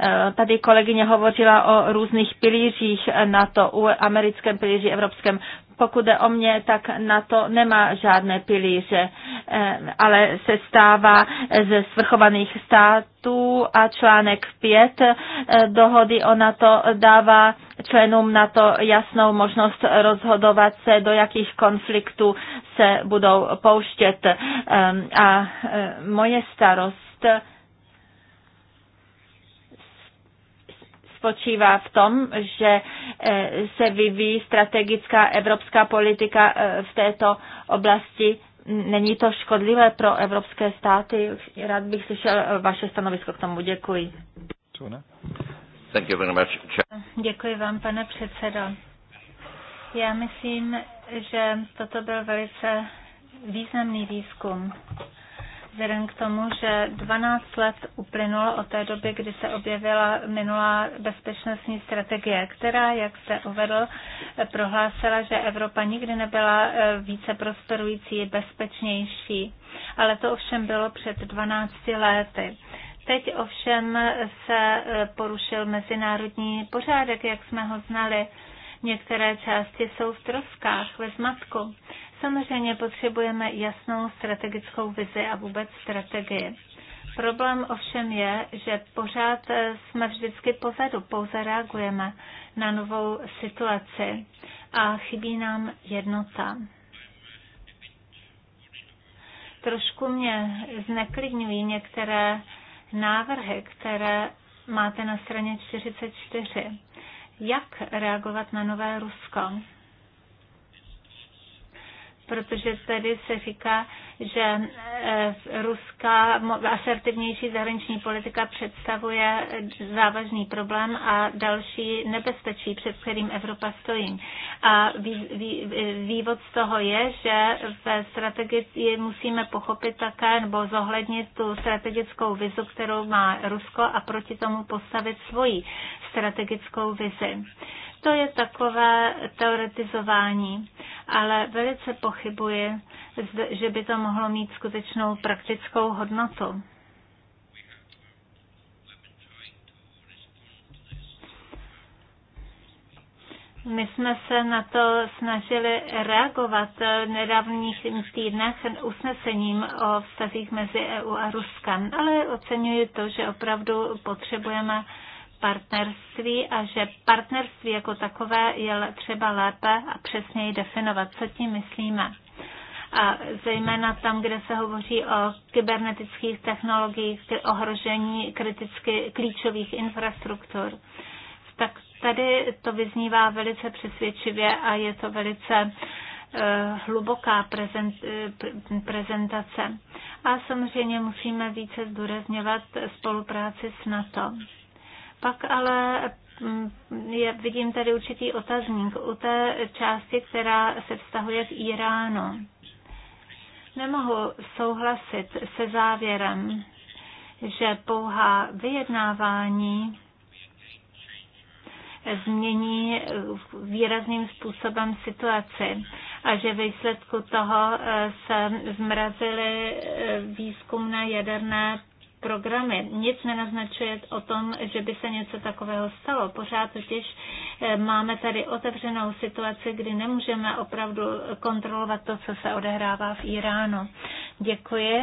Eh, tady kolegyně hovořila o různých pilířích NATO, u americkém pilíři, evropském. Pokud jde o mě, tak NATO nemá žádné pilíře, eh, ale se stává ze svrchovaných států a článek 5 eh, dohody o NATO dává členům NATO jasnou možnost rozhodovat se, do jakých konfliktů se budou pouštět. A moje starost spočívá v tom, že eh, se vyvíjí strategická evropská politika eh, v této oblasti. Není to škodlivé pro evropské státy? Rád bych slyšel eh, vaše stanovisko k tomu. Děkuji. Děkuji vám, pane předsedo. Já myslím, že toto byl velice významný výzkum vzhledem k tomu, že 12 let uplynulo od té doby, kdy se objevila minulá bezpečnostní strategie, která, jak se uvedl, prohlásila, že Evropa nikdy nebyla eh, více prosperující, bezpečnější. Ale to ovšem bylo před 12 lety. Teď ovšem se eh, porušil mezinárodní pořádek, jak jsme ho znali. Některé části jsou v troskách, ve zmatku. Samozřejmě potřebujeme jasnou strategickou vizi a vůbec strategii. Problém ovšem je, že pořád jsme vždycky pozadu, pouze reagujeme na novou situaci a chybí nám jednota. Trošku mě zneklidňují některé návrhy, které máte na straně 44. Jak reagovat na nové Rusko? protože tady se říká, že eh, ruská asertivnější zahraniční politika představuje závažný problém a další nebezpečí, před kterým Evropa stojí. A vývod z toho je, že ve strategii musíme pochopit také nebo zohlednit tu strategickou vizu, kterou má Rusko a proti tomu postavit svoji strategickou vizi to je takové teoretizování, ale velice pochybuji, že by to mohlo mít skutečnou praktickou hodnotu. My jsme se na to snažili reagovat v nedávných týdnech usnesením o vztazích mezi EU a Ruskem, ale oceňuji to, že opravdu potřebujeme partnerství a že partnerství jako takové je třeba lépe a přesněji definovat, co tím myslíme a zejména tam, kde se hovoří o kybernetických technologiích, ohrožení kriticky klíčových infrastruktur. Tak tady to vyznívá velice přesvědčivě a je to velice eh, hluboká prezent, eh, prezentace. A samozřejmě musíme více zdůrazňovat spolupráci s NATO. Pak ale mm, je, vidím tady určitý otazník u té části, která se vztahuje k Iránu. Nemohu souhlasit se závěrem, že pouhá vyjednávání změní výrazným způsobem situaci a že výsledku toho eh, se zmrazily eh, výzkumné na jaderné programy. Nic nenaznačuje o tom, že by se něco takového stalo. Pořád totiž eh, máme tady otevřenou situaci, kdy nemůžeme opravdu kontrolovat to, co se odehrává v Iránu. Děkuji.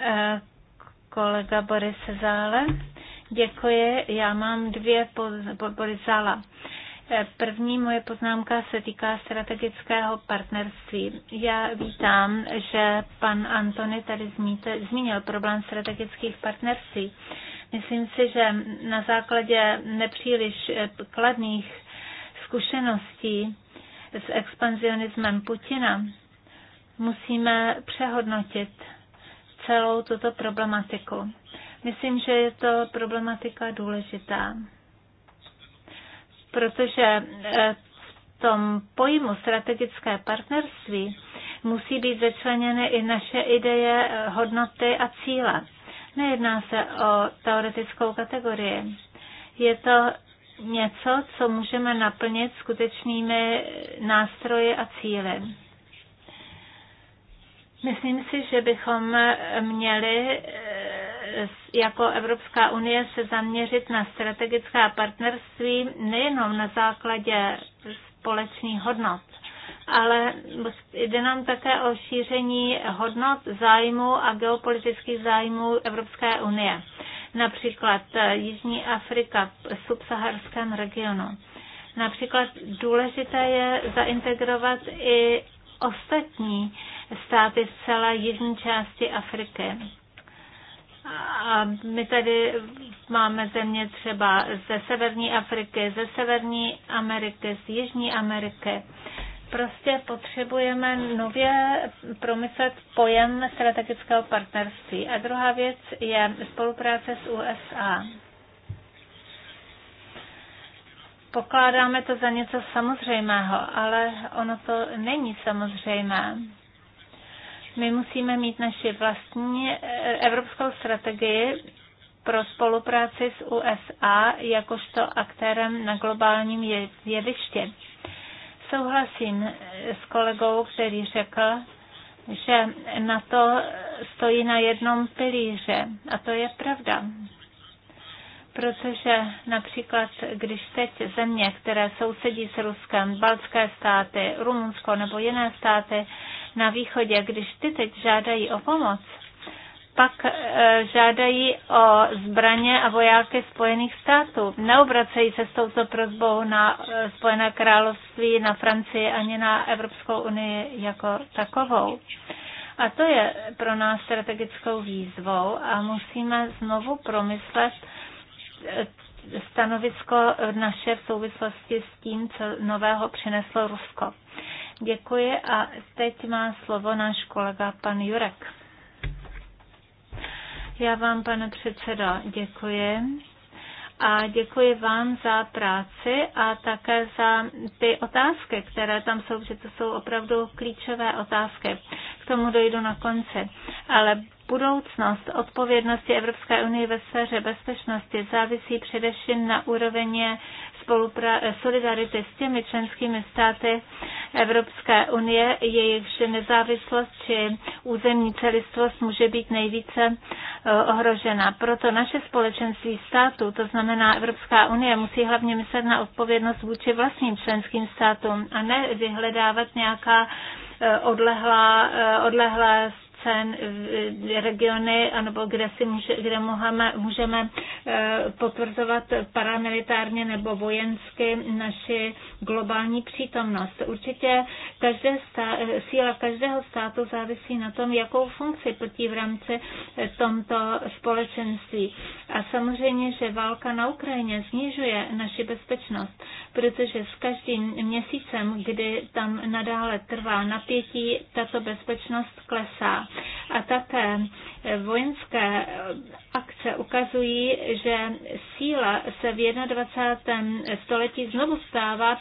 Eh, kolega Boris Zále. Děkuji. Já mám dvě Boris Zála. První moje poznámka se týká strategického partnerství. Já vítám, že pan Antony tady zmínil problém strategických partnerství. Myslím si, že na základě nepříliš kladných zkušeností s expanzionismem Putina musíme přehodnotit celou tuto problematiku. Myslím, že je to problematika důležitá protože eh, v tom pojmu strategické partnerství musí být začleněny i naše ideje, eh, hodnoty a cíle. Nejedná se o teoretickou kategorii. Je to něco, co můžeme naplnit skutečnými eh, nástroji a cíly. Myslím si, že bychom měli jako Evropská unie se zaměřit na strategická partnerství nejenom na základě společných hodnot, ale jde nám také o šíření hodnot zájmu a geopolitických zájmů Evropské unie. Například e, Jižní Afrika v subsaharském regionu. Například důležité je zaintegrovat i ostatní státy z celé jižní části Afriky. A my tady máme země třeba ze Severní Afriky, ze Severní Ameriky, z Jižní Ameriky. Prostě potřebujeme nově promyslet pojem strategického partnerství. A druhá věc je spolupráce s USA. Pokládáme to za něco samozřejmého, ale ono to není samozřejmé. My musíme mít naši vlastní eh, evropskou strategii pro spolupráci s USA jakožto aktérem na globálním jevišti. Souhlasím eh, s kolegou, který řekl, že na to stojí na jednom pilíře. A to je pravda. Protože například, když teď země, které sousedí s Ruskem, Balcké státy, Rumunsko nebo jiné státy, na východě, když ty teď žádají o pomoc, pak e, žádají o zbraně a vojáky Spojených států. Neobracejí se s touto prozbou na e, Spojené království, na Francii ani na Evropskou unii jako takovou. A to je pro nás strategickou výzvou a musíme znovu promyslet e, stanovisko naše v souvislosti s tím, co nového přineslo Rusko. Děkuji a teď má slovo náš kolega pan Jurek. Já vám, pane předsedo, děkuji a děkuji vám za práci a také za ty otázky, které tam jsou, že to jsou opravdu klíčové otázky. K tomu dojdu na konci. Ale budoucnost odpovědnosti Evropské unie ve sféře bezpečnosti závisí především na úrovni spolupra- solidarity s těmi členskými státy Evropské unie, jejichž nezávislost či územní celistvost může být nejvíce eh, ohrožena. Proto naše společenství států, to znamená Evropská unie, musí hlavně myslet na odpovědnost vůči vlastním členským státům a ne vyhledávat nějaká eh, odlehlá, eh, odlehlá cen regiony, anebo kde, si může, kde můžeme, můžeme eh, potvrzovat paramilitárně nebo vojensky naši globální přítomnost. Určitě každé stá, síla každého státu závisí na tom, jakou funkci plní v rámci eh, tomto společenství. A samozřejmě, že válka na Ukrajině snižuje naši bezpečnost, protože s každým měsícem, kdy tam nadále trvá napětí, tato bezpečnost klesá. A také vojenské akce ukazují, že síla se v 21. století znovu stává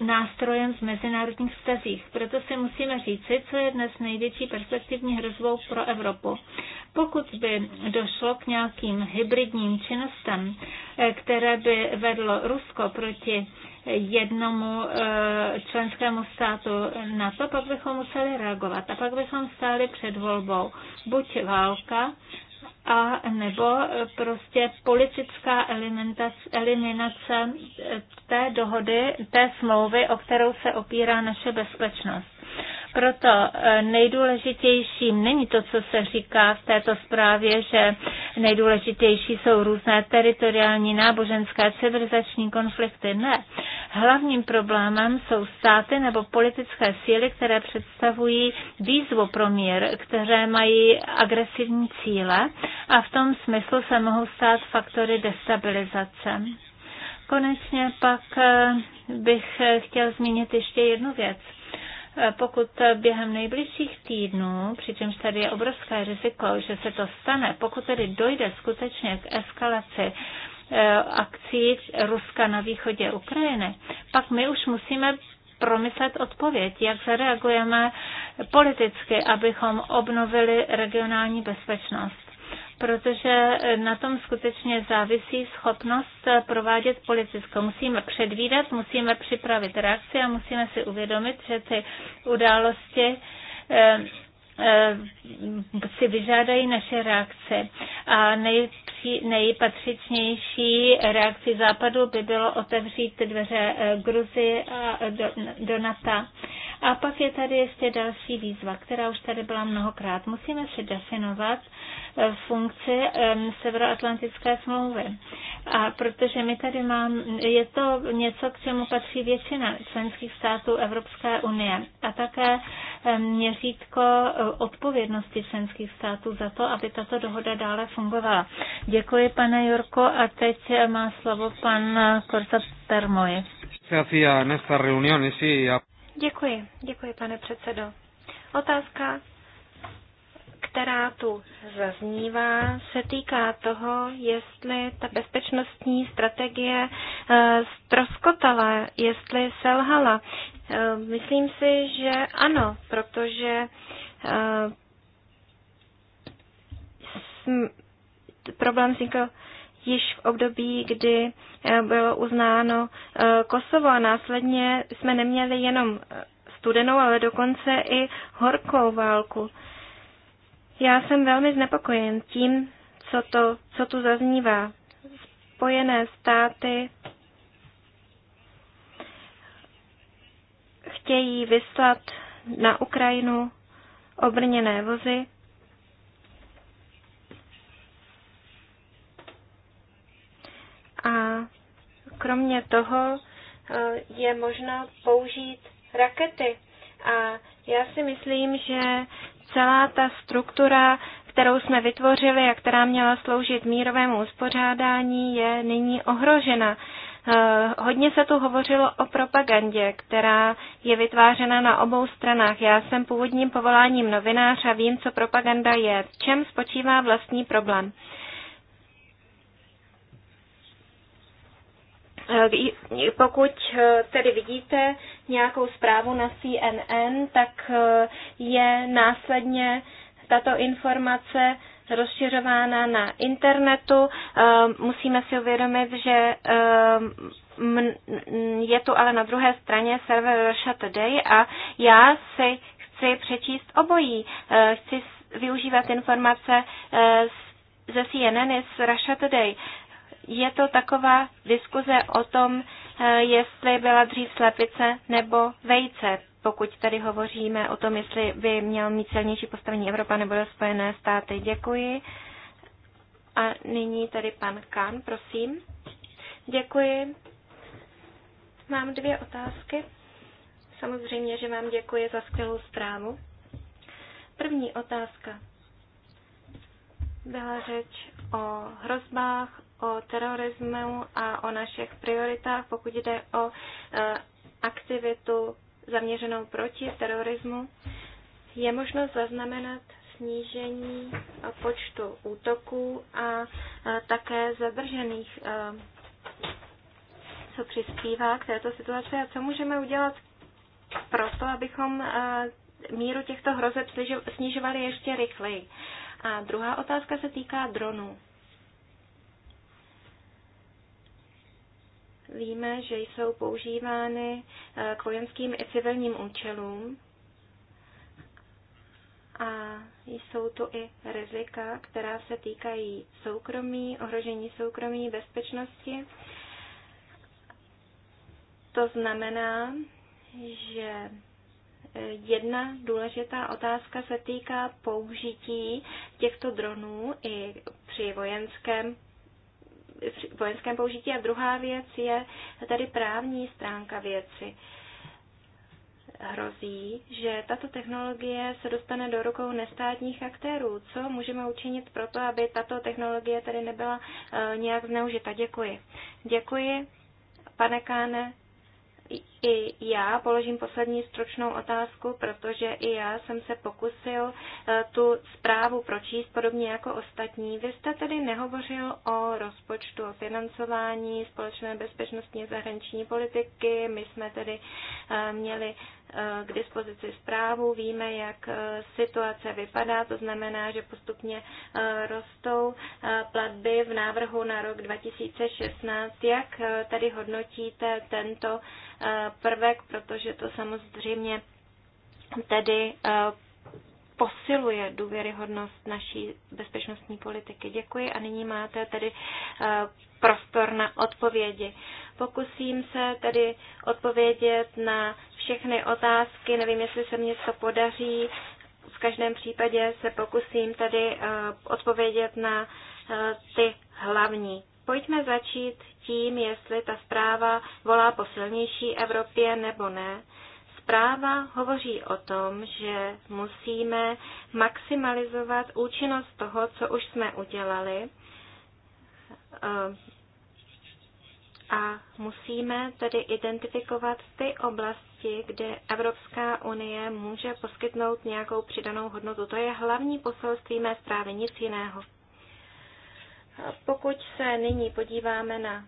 nástrojem v mezinárodních vztazích. Proto si musíme říci, co je dnes největší perspektivní hrozbou pro Evropu. Pokud by došlo k nějakým hybridním činnostem, eh, které by vedlo Rusko proti jednomu eh, členskému státu na to, pak bychom museli reagovat. A pak bychom stáli před volbou buď válka, a nebo eh, prostě politická eliminace eh, té dohody, té smlouvy, o kterou se opírá naše bezpečnost. Proto e, nejdůležitějším není to, co se říká v této zprávě, že nejdůležitější jsou různé teritoriální náboženské civilizační konflikty. Ne. Hlavním problémem jsou státy nebo politické síly, které představují výzvu pro mír, které mají agresivní cíle a v tom smyslu se mohou stát faktory destabilizace. Konečně pak e, bych e, chtěl zmínit ještě jednu věc Eh, pokud během nejbližších týdnů, přičemž tady je obrovské riziko, že se to stane, pokud tedy dojde skutečně k eskalaci eh, akcí Ruska na východě Ukrajiny, pak my už musíme promyslet odpověď, jak zareagujeme politicky, abychom obnovili regionální bezpečnost protože na tom skutečně závisí schopnost provádět policisko. Musíme předvídat, musíme připravit reakci a musíme si uvědomit, že ty události eh, eh, si vyžádají naše reakce. A nej, nejpatřičnější reakci Západu by bylo otevřít dveře eh, Gruzi a eh, do NATO. A pak je tady ještě další výzva, která už tady byla mnohokrát. Musíme si definovat eh, funkci Severoatlantické smlouvy. A protože my tady mám, je to něco, k čemu patří většina členských států Evropské unie a také měřítko odpovědnosti členských států za to, aby tato dohoda dále fungovala. Děkuji, pane Jurko, a teď má slovo pan Korsa Termoje. Děkuji, děkuji, pane předsedo. Otázka, která tu zaznívá, se týká toho, jestli ta bezpečnostní strategie eh, ztroskotala, jestli selhala. Eh, myslím si, že ano, protože eh, problém vznikl již v období, kdy eh, bylo uznáno eh, Kosovo a následně jsme neměli jenom eh, studenou, ale dokonce i horkou válku. Já jsem velmi znepokojen tím, co, to, co tu zaznívá. Spojené státy chtějí vyslat na Ukrajinu obrněné vozy A kromě toho eh, je možno použít rakety. A já si myslím, že celá ta struktura, kterou jsme vytvořili a která měla sloužit mírovému uspořádání, je nyní ohrožena. Eh, hodně se tu hovořilo o propagandě, která je vytvářena na obou stranách. Já jsem původním povoláním novinář a vím, co propaganda je. V čem spočívá vlastní problém? Pokud eh, tedy vidíte nějakou zprávu na CNN, tak eh, je následně tato informace rozšiřována na internetu. Eh, musíme si uvědomit, že je tu ale na druhé straně server Russia Today a já si chci přečíst obojí. Chci využívat informace z ze CNN i z Russia Today je to taková diskuze o tom, eh, jestli byla dřív slepice nebo vejce, pokud tady hovoříme o tom, jestli by měl mít silnější postavení Evropa nebo Spojené státy. Děkuji. A nyní tady pan Kán, prosím. Děkuji. Mám dvě otázky. Samozřejmě, že vám děkuji za skvělou zprávu. První otázka. Byla řeč o hrozbách, o terorismu a o našich prioritách, pokud jde o e, aktivitu zaměřenou proti terorismu, je možno zaznamenat snížení počtu útoků a e, také zadržených, e, co přispívá k této situaci a co můžeme udělat proto, abychom míru těchto hrozeb snižovali ještě rychleji. A druhá otázka se týká dronů. Víme, že jsou používány eh, k vojenským i civilním účelům a jsou tu i rizika, která se týkají soukromí, ohrožení soukromí, bezpečnosti. To znamená, že eh, jedna důležitá otázka se týká použití těchto dronů i při vojenském vojenském použití. A druhá věc je tady právní stránka věci. Hrozí, že tato technologie se dostane do rukou nestátních aktérů. Co můžeme učinit pro to, aby tato technologie tady nebyla eh, nějak zneužita? Děkuji. Děkuji, pane Káne i já položím poslední stručnou otázku, protože i já jsem se pokusil eh, tu zprávu pročíst podobně jako ostatní. Vy jste tedy nehovořil o rozpočtu, o financování společné bezpečnostní zahraniční politiky. My jsme tedy eh, měli k dispozici zprávu, víme, jak eh, situace vypadá, to znamená, že postupně eh, rostou eh, platby v návrhu na rok 2016. Jak tady hodnotíte tento prvek, protože to samozřejmě tedy posiluje důvěryhodnost naší bezpečnostní politiky. Děkuji a nyní máte tedy prostor na odpovědi. Pokusím se tedy odpovědět na všechny otázky. Nevím, jestli se mně to podaří. V každém případě se pokusím tedy eh, odpovědět na eh, ty hlavní. Pojďme začít tím, jestli ta zpráva volá po silnější Evropě nebo ne. Zpráva hovoří o tom, že musíme maximalizovat účinnost toho, co už jsme udělali eh, a musíme tedy identifikovat ty oblasti, kde Evropská unie může poskytnout nějakou přidanou hodnotu. To je hlavní poselství mé zprávy, nic jiného. Pokud se nyní podíváme na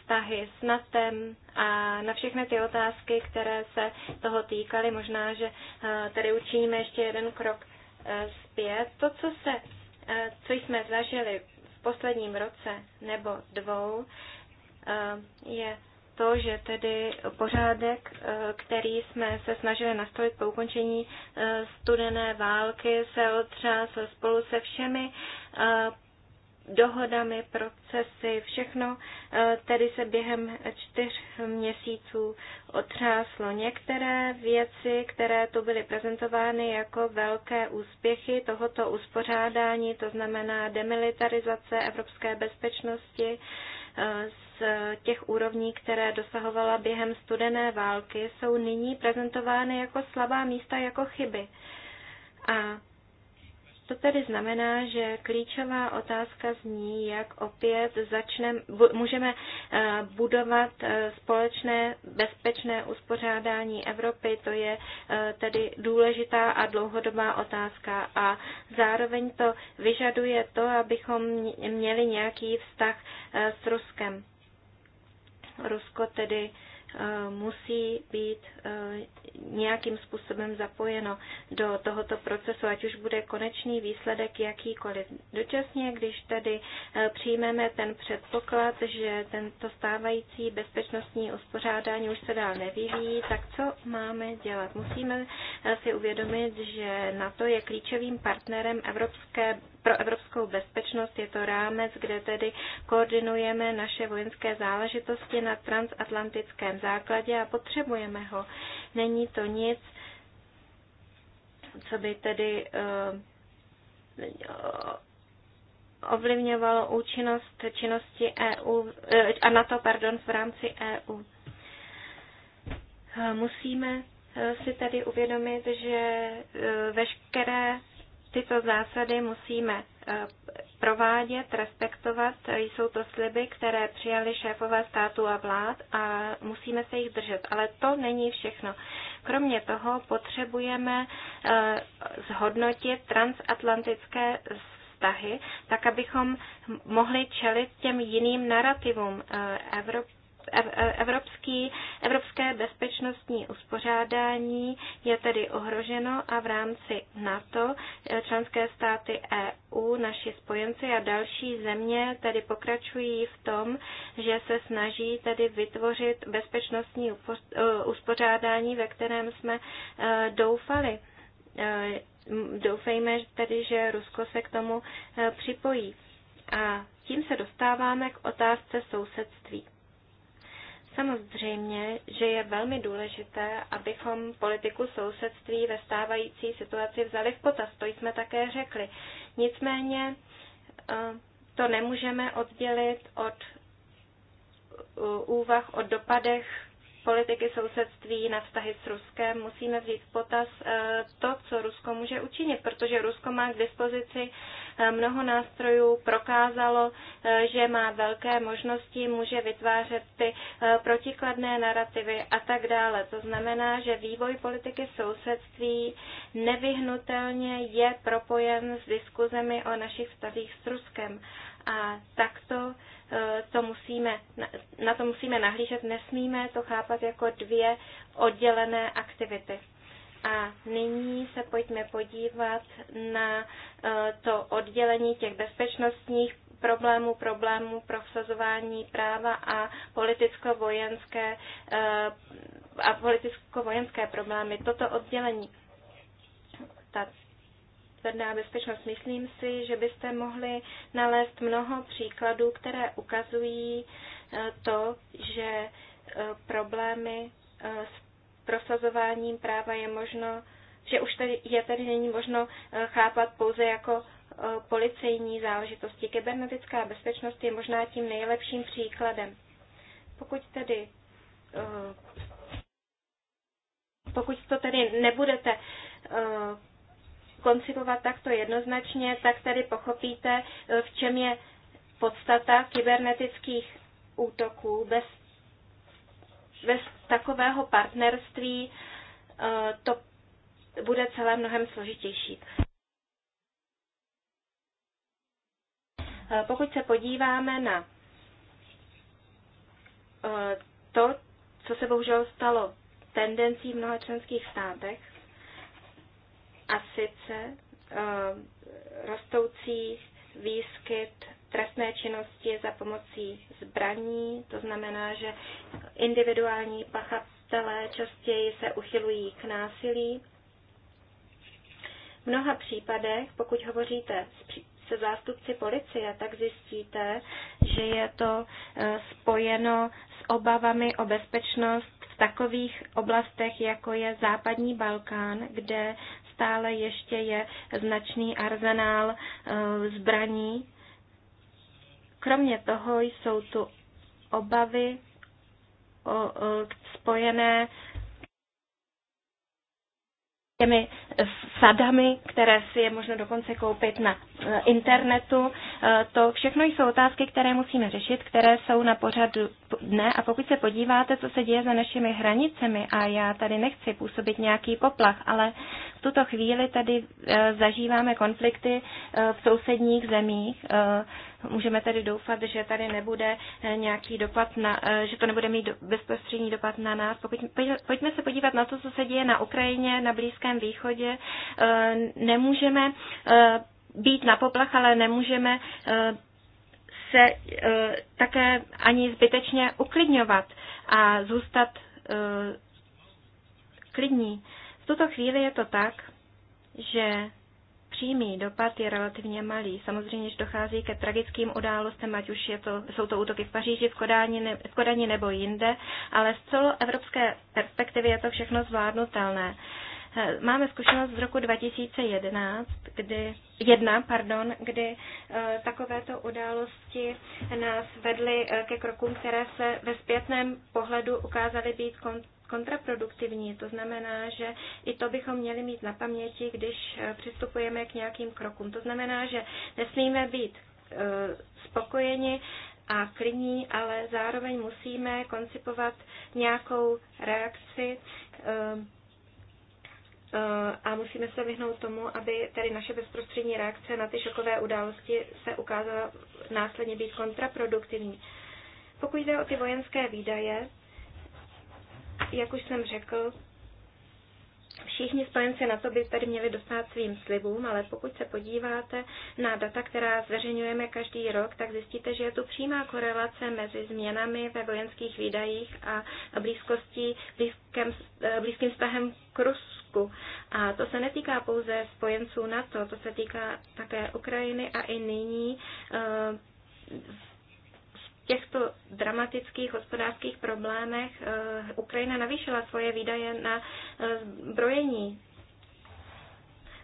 vztahy s NATem a na všechny ty otázky, které se toho týkaly, možná, že e, tady učiníme ještě jeden krok e, zpět. To, co, se, e, co jsme zažili v posledním roce nebo dvou, Eh, je to, že tedy pořádek, eh, který jsme se snažili nastavit po ukončení eh, studené války, se otřásl spolu se všemi dohodami, procesy, všechno tedy se během čtyř měsíců otřáslo. Některé věci, které tu byly prezentovány jako velké úspěchy tohoto uspořádání, to znamená demilitarizace evropské bezpečnosti, těch úrovní, které dosahovala během studené války, jsou nyní prezentovány jako slabá místa, jako chyby. A to tedy znamená, že klíčová otázka zní, jak opět začnem, můžeme eh, budovat eh, společné bezpečné uspořádání Evropy. To je eh, tedy důležitá a dlouhodobá otázka. A zároveň to vyžaduje to, abychom měli nějaký vztah s Ruskem. Rusko tedy eh, musí být eh, nějakým způsobem zapojeno do tohoto procesu, ať už bude konečný výsledek jakýkoliv. Dočasně, když tedy eh, přijmeme ten předpoklad, že tento stávající bezpečnostní uspořádání už se dál nevyvíjí, tak co máme dělat? Musíme si uvědomit, že NATO je klíčovým partnerem Evropské pro evropskou bezpečnost. Je to rámec, kde tedy koordinujeme naše vojenské záležitosti na transatlantickém základě a potřebujeme ho. Není to nic, co by tedy eh, ovlivňovalo účinnost činnosti EU, eh, a NATO pardon, v rámci EU. Eh, musíme si tedy uvědomit, že veškeré tyto zásady musíme eh, provádět, respektovat. Jsou to sliby, které přijali šéfové státu a vlád a musíme se jich držet. Ale to není všechno. Kromě toho potřebujeme eh, zhodnotit transatlantické vztahy, tak abychom mohli čelit těm jiným narrativům. Eh, Evropy evropský, evropské bezpečnostní uspořádání je tedy ohroženo a v rámci NATO eh, členské státy EU, naši spojenci a další země tedy pokračují v tom, že se snaží tedy vytvořit bezpečnostní eh, uspořádání, ve kterém jsme eh, doufali. Doufejme tedy, že Rusko se k tomu připojí. A tím se dostáváme k otázce sousedství. Samozřejmě, že je velmi důležité, abychom politiku sousedství ve stávající situaci vzali v potaz, to jsme také řekli. Nicméně eh, to nemůžeme oddělit od eh, úvah o dopadech politiky sousedství na vztahy s Ruskem, musíme vzít v potaz eh, to, co Rusko může učinit, protože Rusko má k dispozici Mnoho nástrojů prokázalo, eh, že má velké možnosti, může vytvářet ty eh, protikladné narrativy a tak dále. To znamená, že vývoj politiky sousedství nevyhnutelně je propojen s diskuzemi o našich vztazích s Ruskem. A takto eh, to musíme, na to musíme nahlížet, nesmíme to chápat jako dvě oddělené aktivity. A nyní se pojďme podívat na e, to oddělení těch bezpečnostních problémů, problémů vsazování práva a politicko-vojenské e, a politicko-vojenské problémy. Toto oddělení, ta tvrdá bezpečnost, myslím si, že byste mohli nalézt mnoho příkladů, které ukazují e, to, že problémy s prosazováním práva je možno, že už tady, je tady není možno eh, chápat pouze jako eh, policejní záležitosti. Kybernetická bezpečnost je možná tím nejlepším příkladem. Pokud tedy eh, pokud to tedy nebudete koncipovat takto jednoznačně, tak tady pochopíte, v čem je podstata kybernetických útoků. Bez bez takového partnerství eh, to bude celé mnohem složitější. Eh, pokud se podíváme na eh, to, co se bohužel stalo tendencí v mnoha členských státech, a sice rostoucí výskyt trestné činnosti za pomocí zbraní. To znamená, že individuální pachatelé častěji se uchylují k násilí. V mnoha případech, pokud hovoříte se zástupci policie, tak zjistíte, že je to e, spojeno s obavami o bezpečnost v takových oblastech, jako je západní Balkán, kde stále ještě je značný arzenál e, zbraní Kromě toho jsou tu obavy o, o, spojené těmi sadami, které si je možno dokonce koupit na e, internetu. E, to všechno jsou otázky, které musíme řešit, které jsou na pořadu dne. A pokud se podíváte, co se děje za našimi hranicemi, a já tady nechci působit nějaký poplach, ale v tuto chvíli tady e, zažíváme konflikty e, v sousedních zemích. E, můžeme tedy doufat, že tady nebude nějaký dopad na, že to nebude mít bezprostřední dopad na nás. Pokud, pojďme se podívat na to, co se děje na Ukrajině, na Blízkém východě. Nemůžeme být na poplach, ale nemůžeme se také ani zbytečně uklidňovat a zůstat klidní tuto chvíli je to tak, že přímý dopad je relativně malý. Samozřejmě, že dochází ke tragickým událostem, ať už je to, jsou to útoky v Paříži, v Kodani, v Kodani nebo jinde, ale z celoevropské perspektivy je to všechno zvládnutelné. Eh, máme zkušenost z roku 2011, kdy, jedna, pardon, kdy e, takovéto události nás vedly e, ke krokům, které se ve zpětném pohledu ukázaly být kon, kontraproduktivní. To znamená, že i to bychom měli mít na paměti, když eh, přistupujeme k nějakým krokům. To znamená, že nesmíme být eh, spokojeni a klidní, ale zároveň musíme koncipovat nějakou reakci eh, a musíme se vyhnout tomu, aby tedy naše bezprostřední reakce na ty šokové události se ukázala následně být kontraproduktivní. Pokud jde o ty vojenské výdaje, jak už jsem řekl, všichni spojenci na to by tady měli dostat svým slibům, ale pokud se podíváte na data, která zveřejňujeme každý rok, tak zjistíte, že je tu přímá korelace mezi změnami ve vojenských výdajích a blízkostí, blízkém, eh, blízkým vztahem k Rusku. A to se netýká pouze spojenců NATO, to se týká také Ukrajiny a i nyní eh, těchto dramatických hospodářských problémech eh, Ukrajina navýšila svoje výdaje na eh, zbrojení.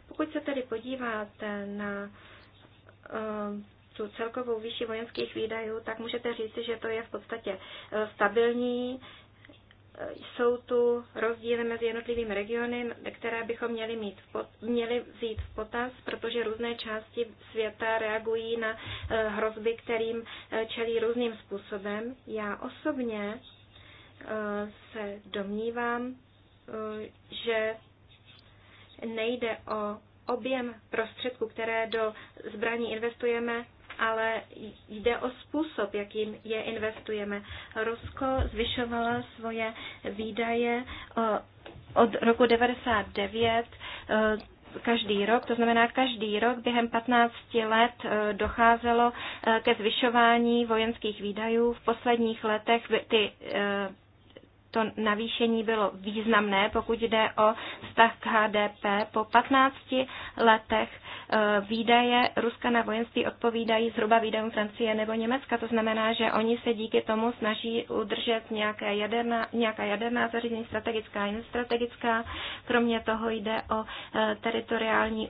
Pokud se tedy podíváte na eh, tu celkovou výši vojenských výdajů, tak můžete říci, že to je v podstatě stabilní, jsou tu rozdíly mezi jednotlivými regiony, které bychom měli, mít v pot, měli vzít v potaz, protože různé části světa reagují na eh, hrozby, kterým eh, čelí různým způsobem. Já osobně eh, se domnívám, že nejde o objem prostředků, které do zbraní investujeme, ale jde o způsob, jakým je investujeme. Rusko zvyšovalo svoje výdaje eh, od roku 99 eh, každý rok, to znamená každý rok během 15 let eh, docházelo ke zvyšování vojenských výdajů. V posledních letech ty to navýšení bylo významné, pokud jde o vztah k HDP. Po 15 letech e, výdaje Ruska na vojenství odpovídají zhruba výdajům Francie nebo Německa. To znamená, že oni se díky tomu snaží udržet nějaké jaderná, nějaká jaderná zařízení, strategická a nestrategická. Kromě toho jde o e, teritoriální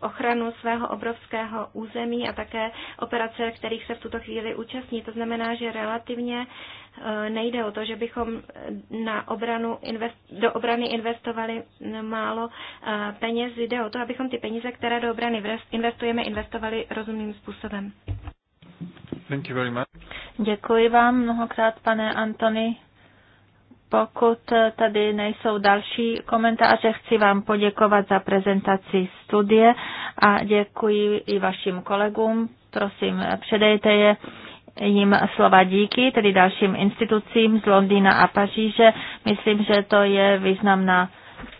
ochranu svého obrovského území a také operace, kterých se v tuto chvíli účastní. To znamená, že relativně eh, nejde o to, že bychom na obranu invest, do obrany investovali málo eh, peněz. Jde o to, abychom ty peníze, které do obrany investujeme, investovali rozumným způsobem. Thank you very much. Děkuji vám mnohokrát, pane Antony pokud tady nejsou další komentáře, chci vám poděkovat za prezentaci studie a děkuji i vašim kolegům. Prosím, předejte je jim slova díky, tedy dalším institucím z Londýna a Paříže. Myslím, že to je významná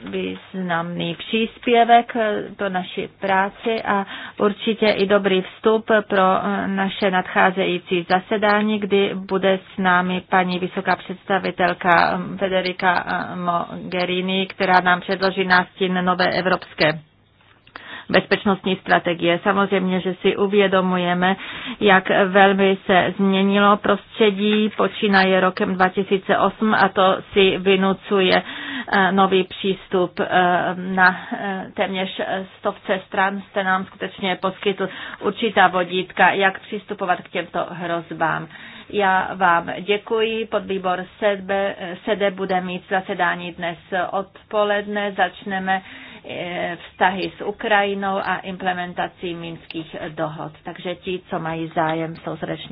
významný příspěvek pro naši práci a určitě i dobrý vstup pro eh, naše nadcházející zasedání, kdy bude s námi paní vysoká představitelka eh, Federica eh, Mogherini, která nám předloží nástin nové evropské bezpečnostní strategie. Samozřejmě, že si uvědomujeme, jak velmi se změnilo prostředí, počínaje rokem 2008 a to si vynucuje eh, nový přístup eh, na eh, téměř stovce stran jste nám skutečně poskytl určitá vodítka, jak přistupovat k těmto hrozbám. Já vám děkuji. Podvýbor sede, sede bude mít zasedání dnes odpoledne. Začneme Eh, vztahy s Ukrajinou a implementací minských dohod. Takže ti, co mají zájem, jsou srdečně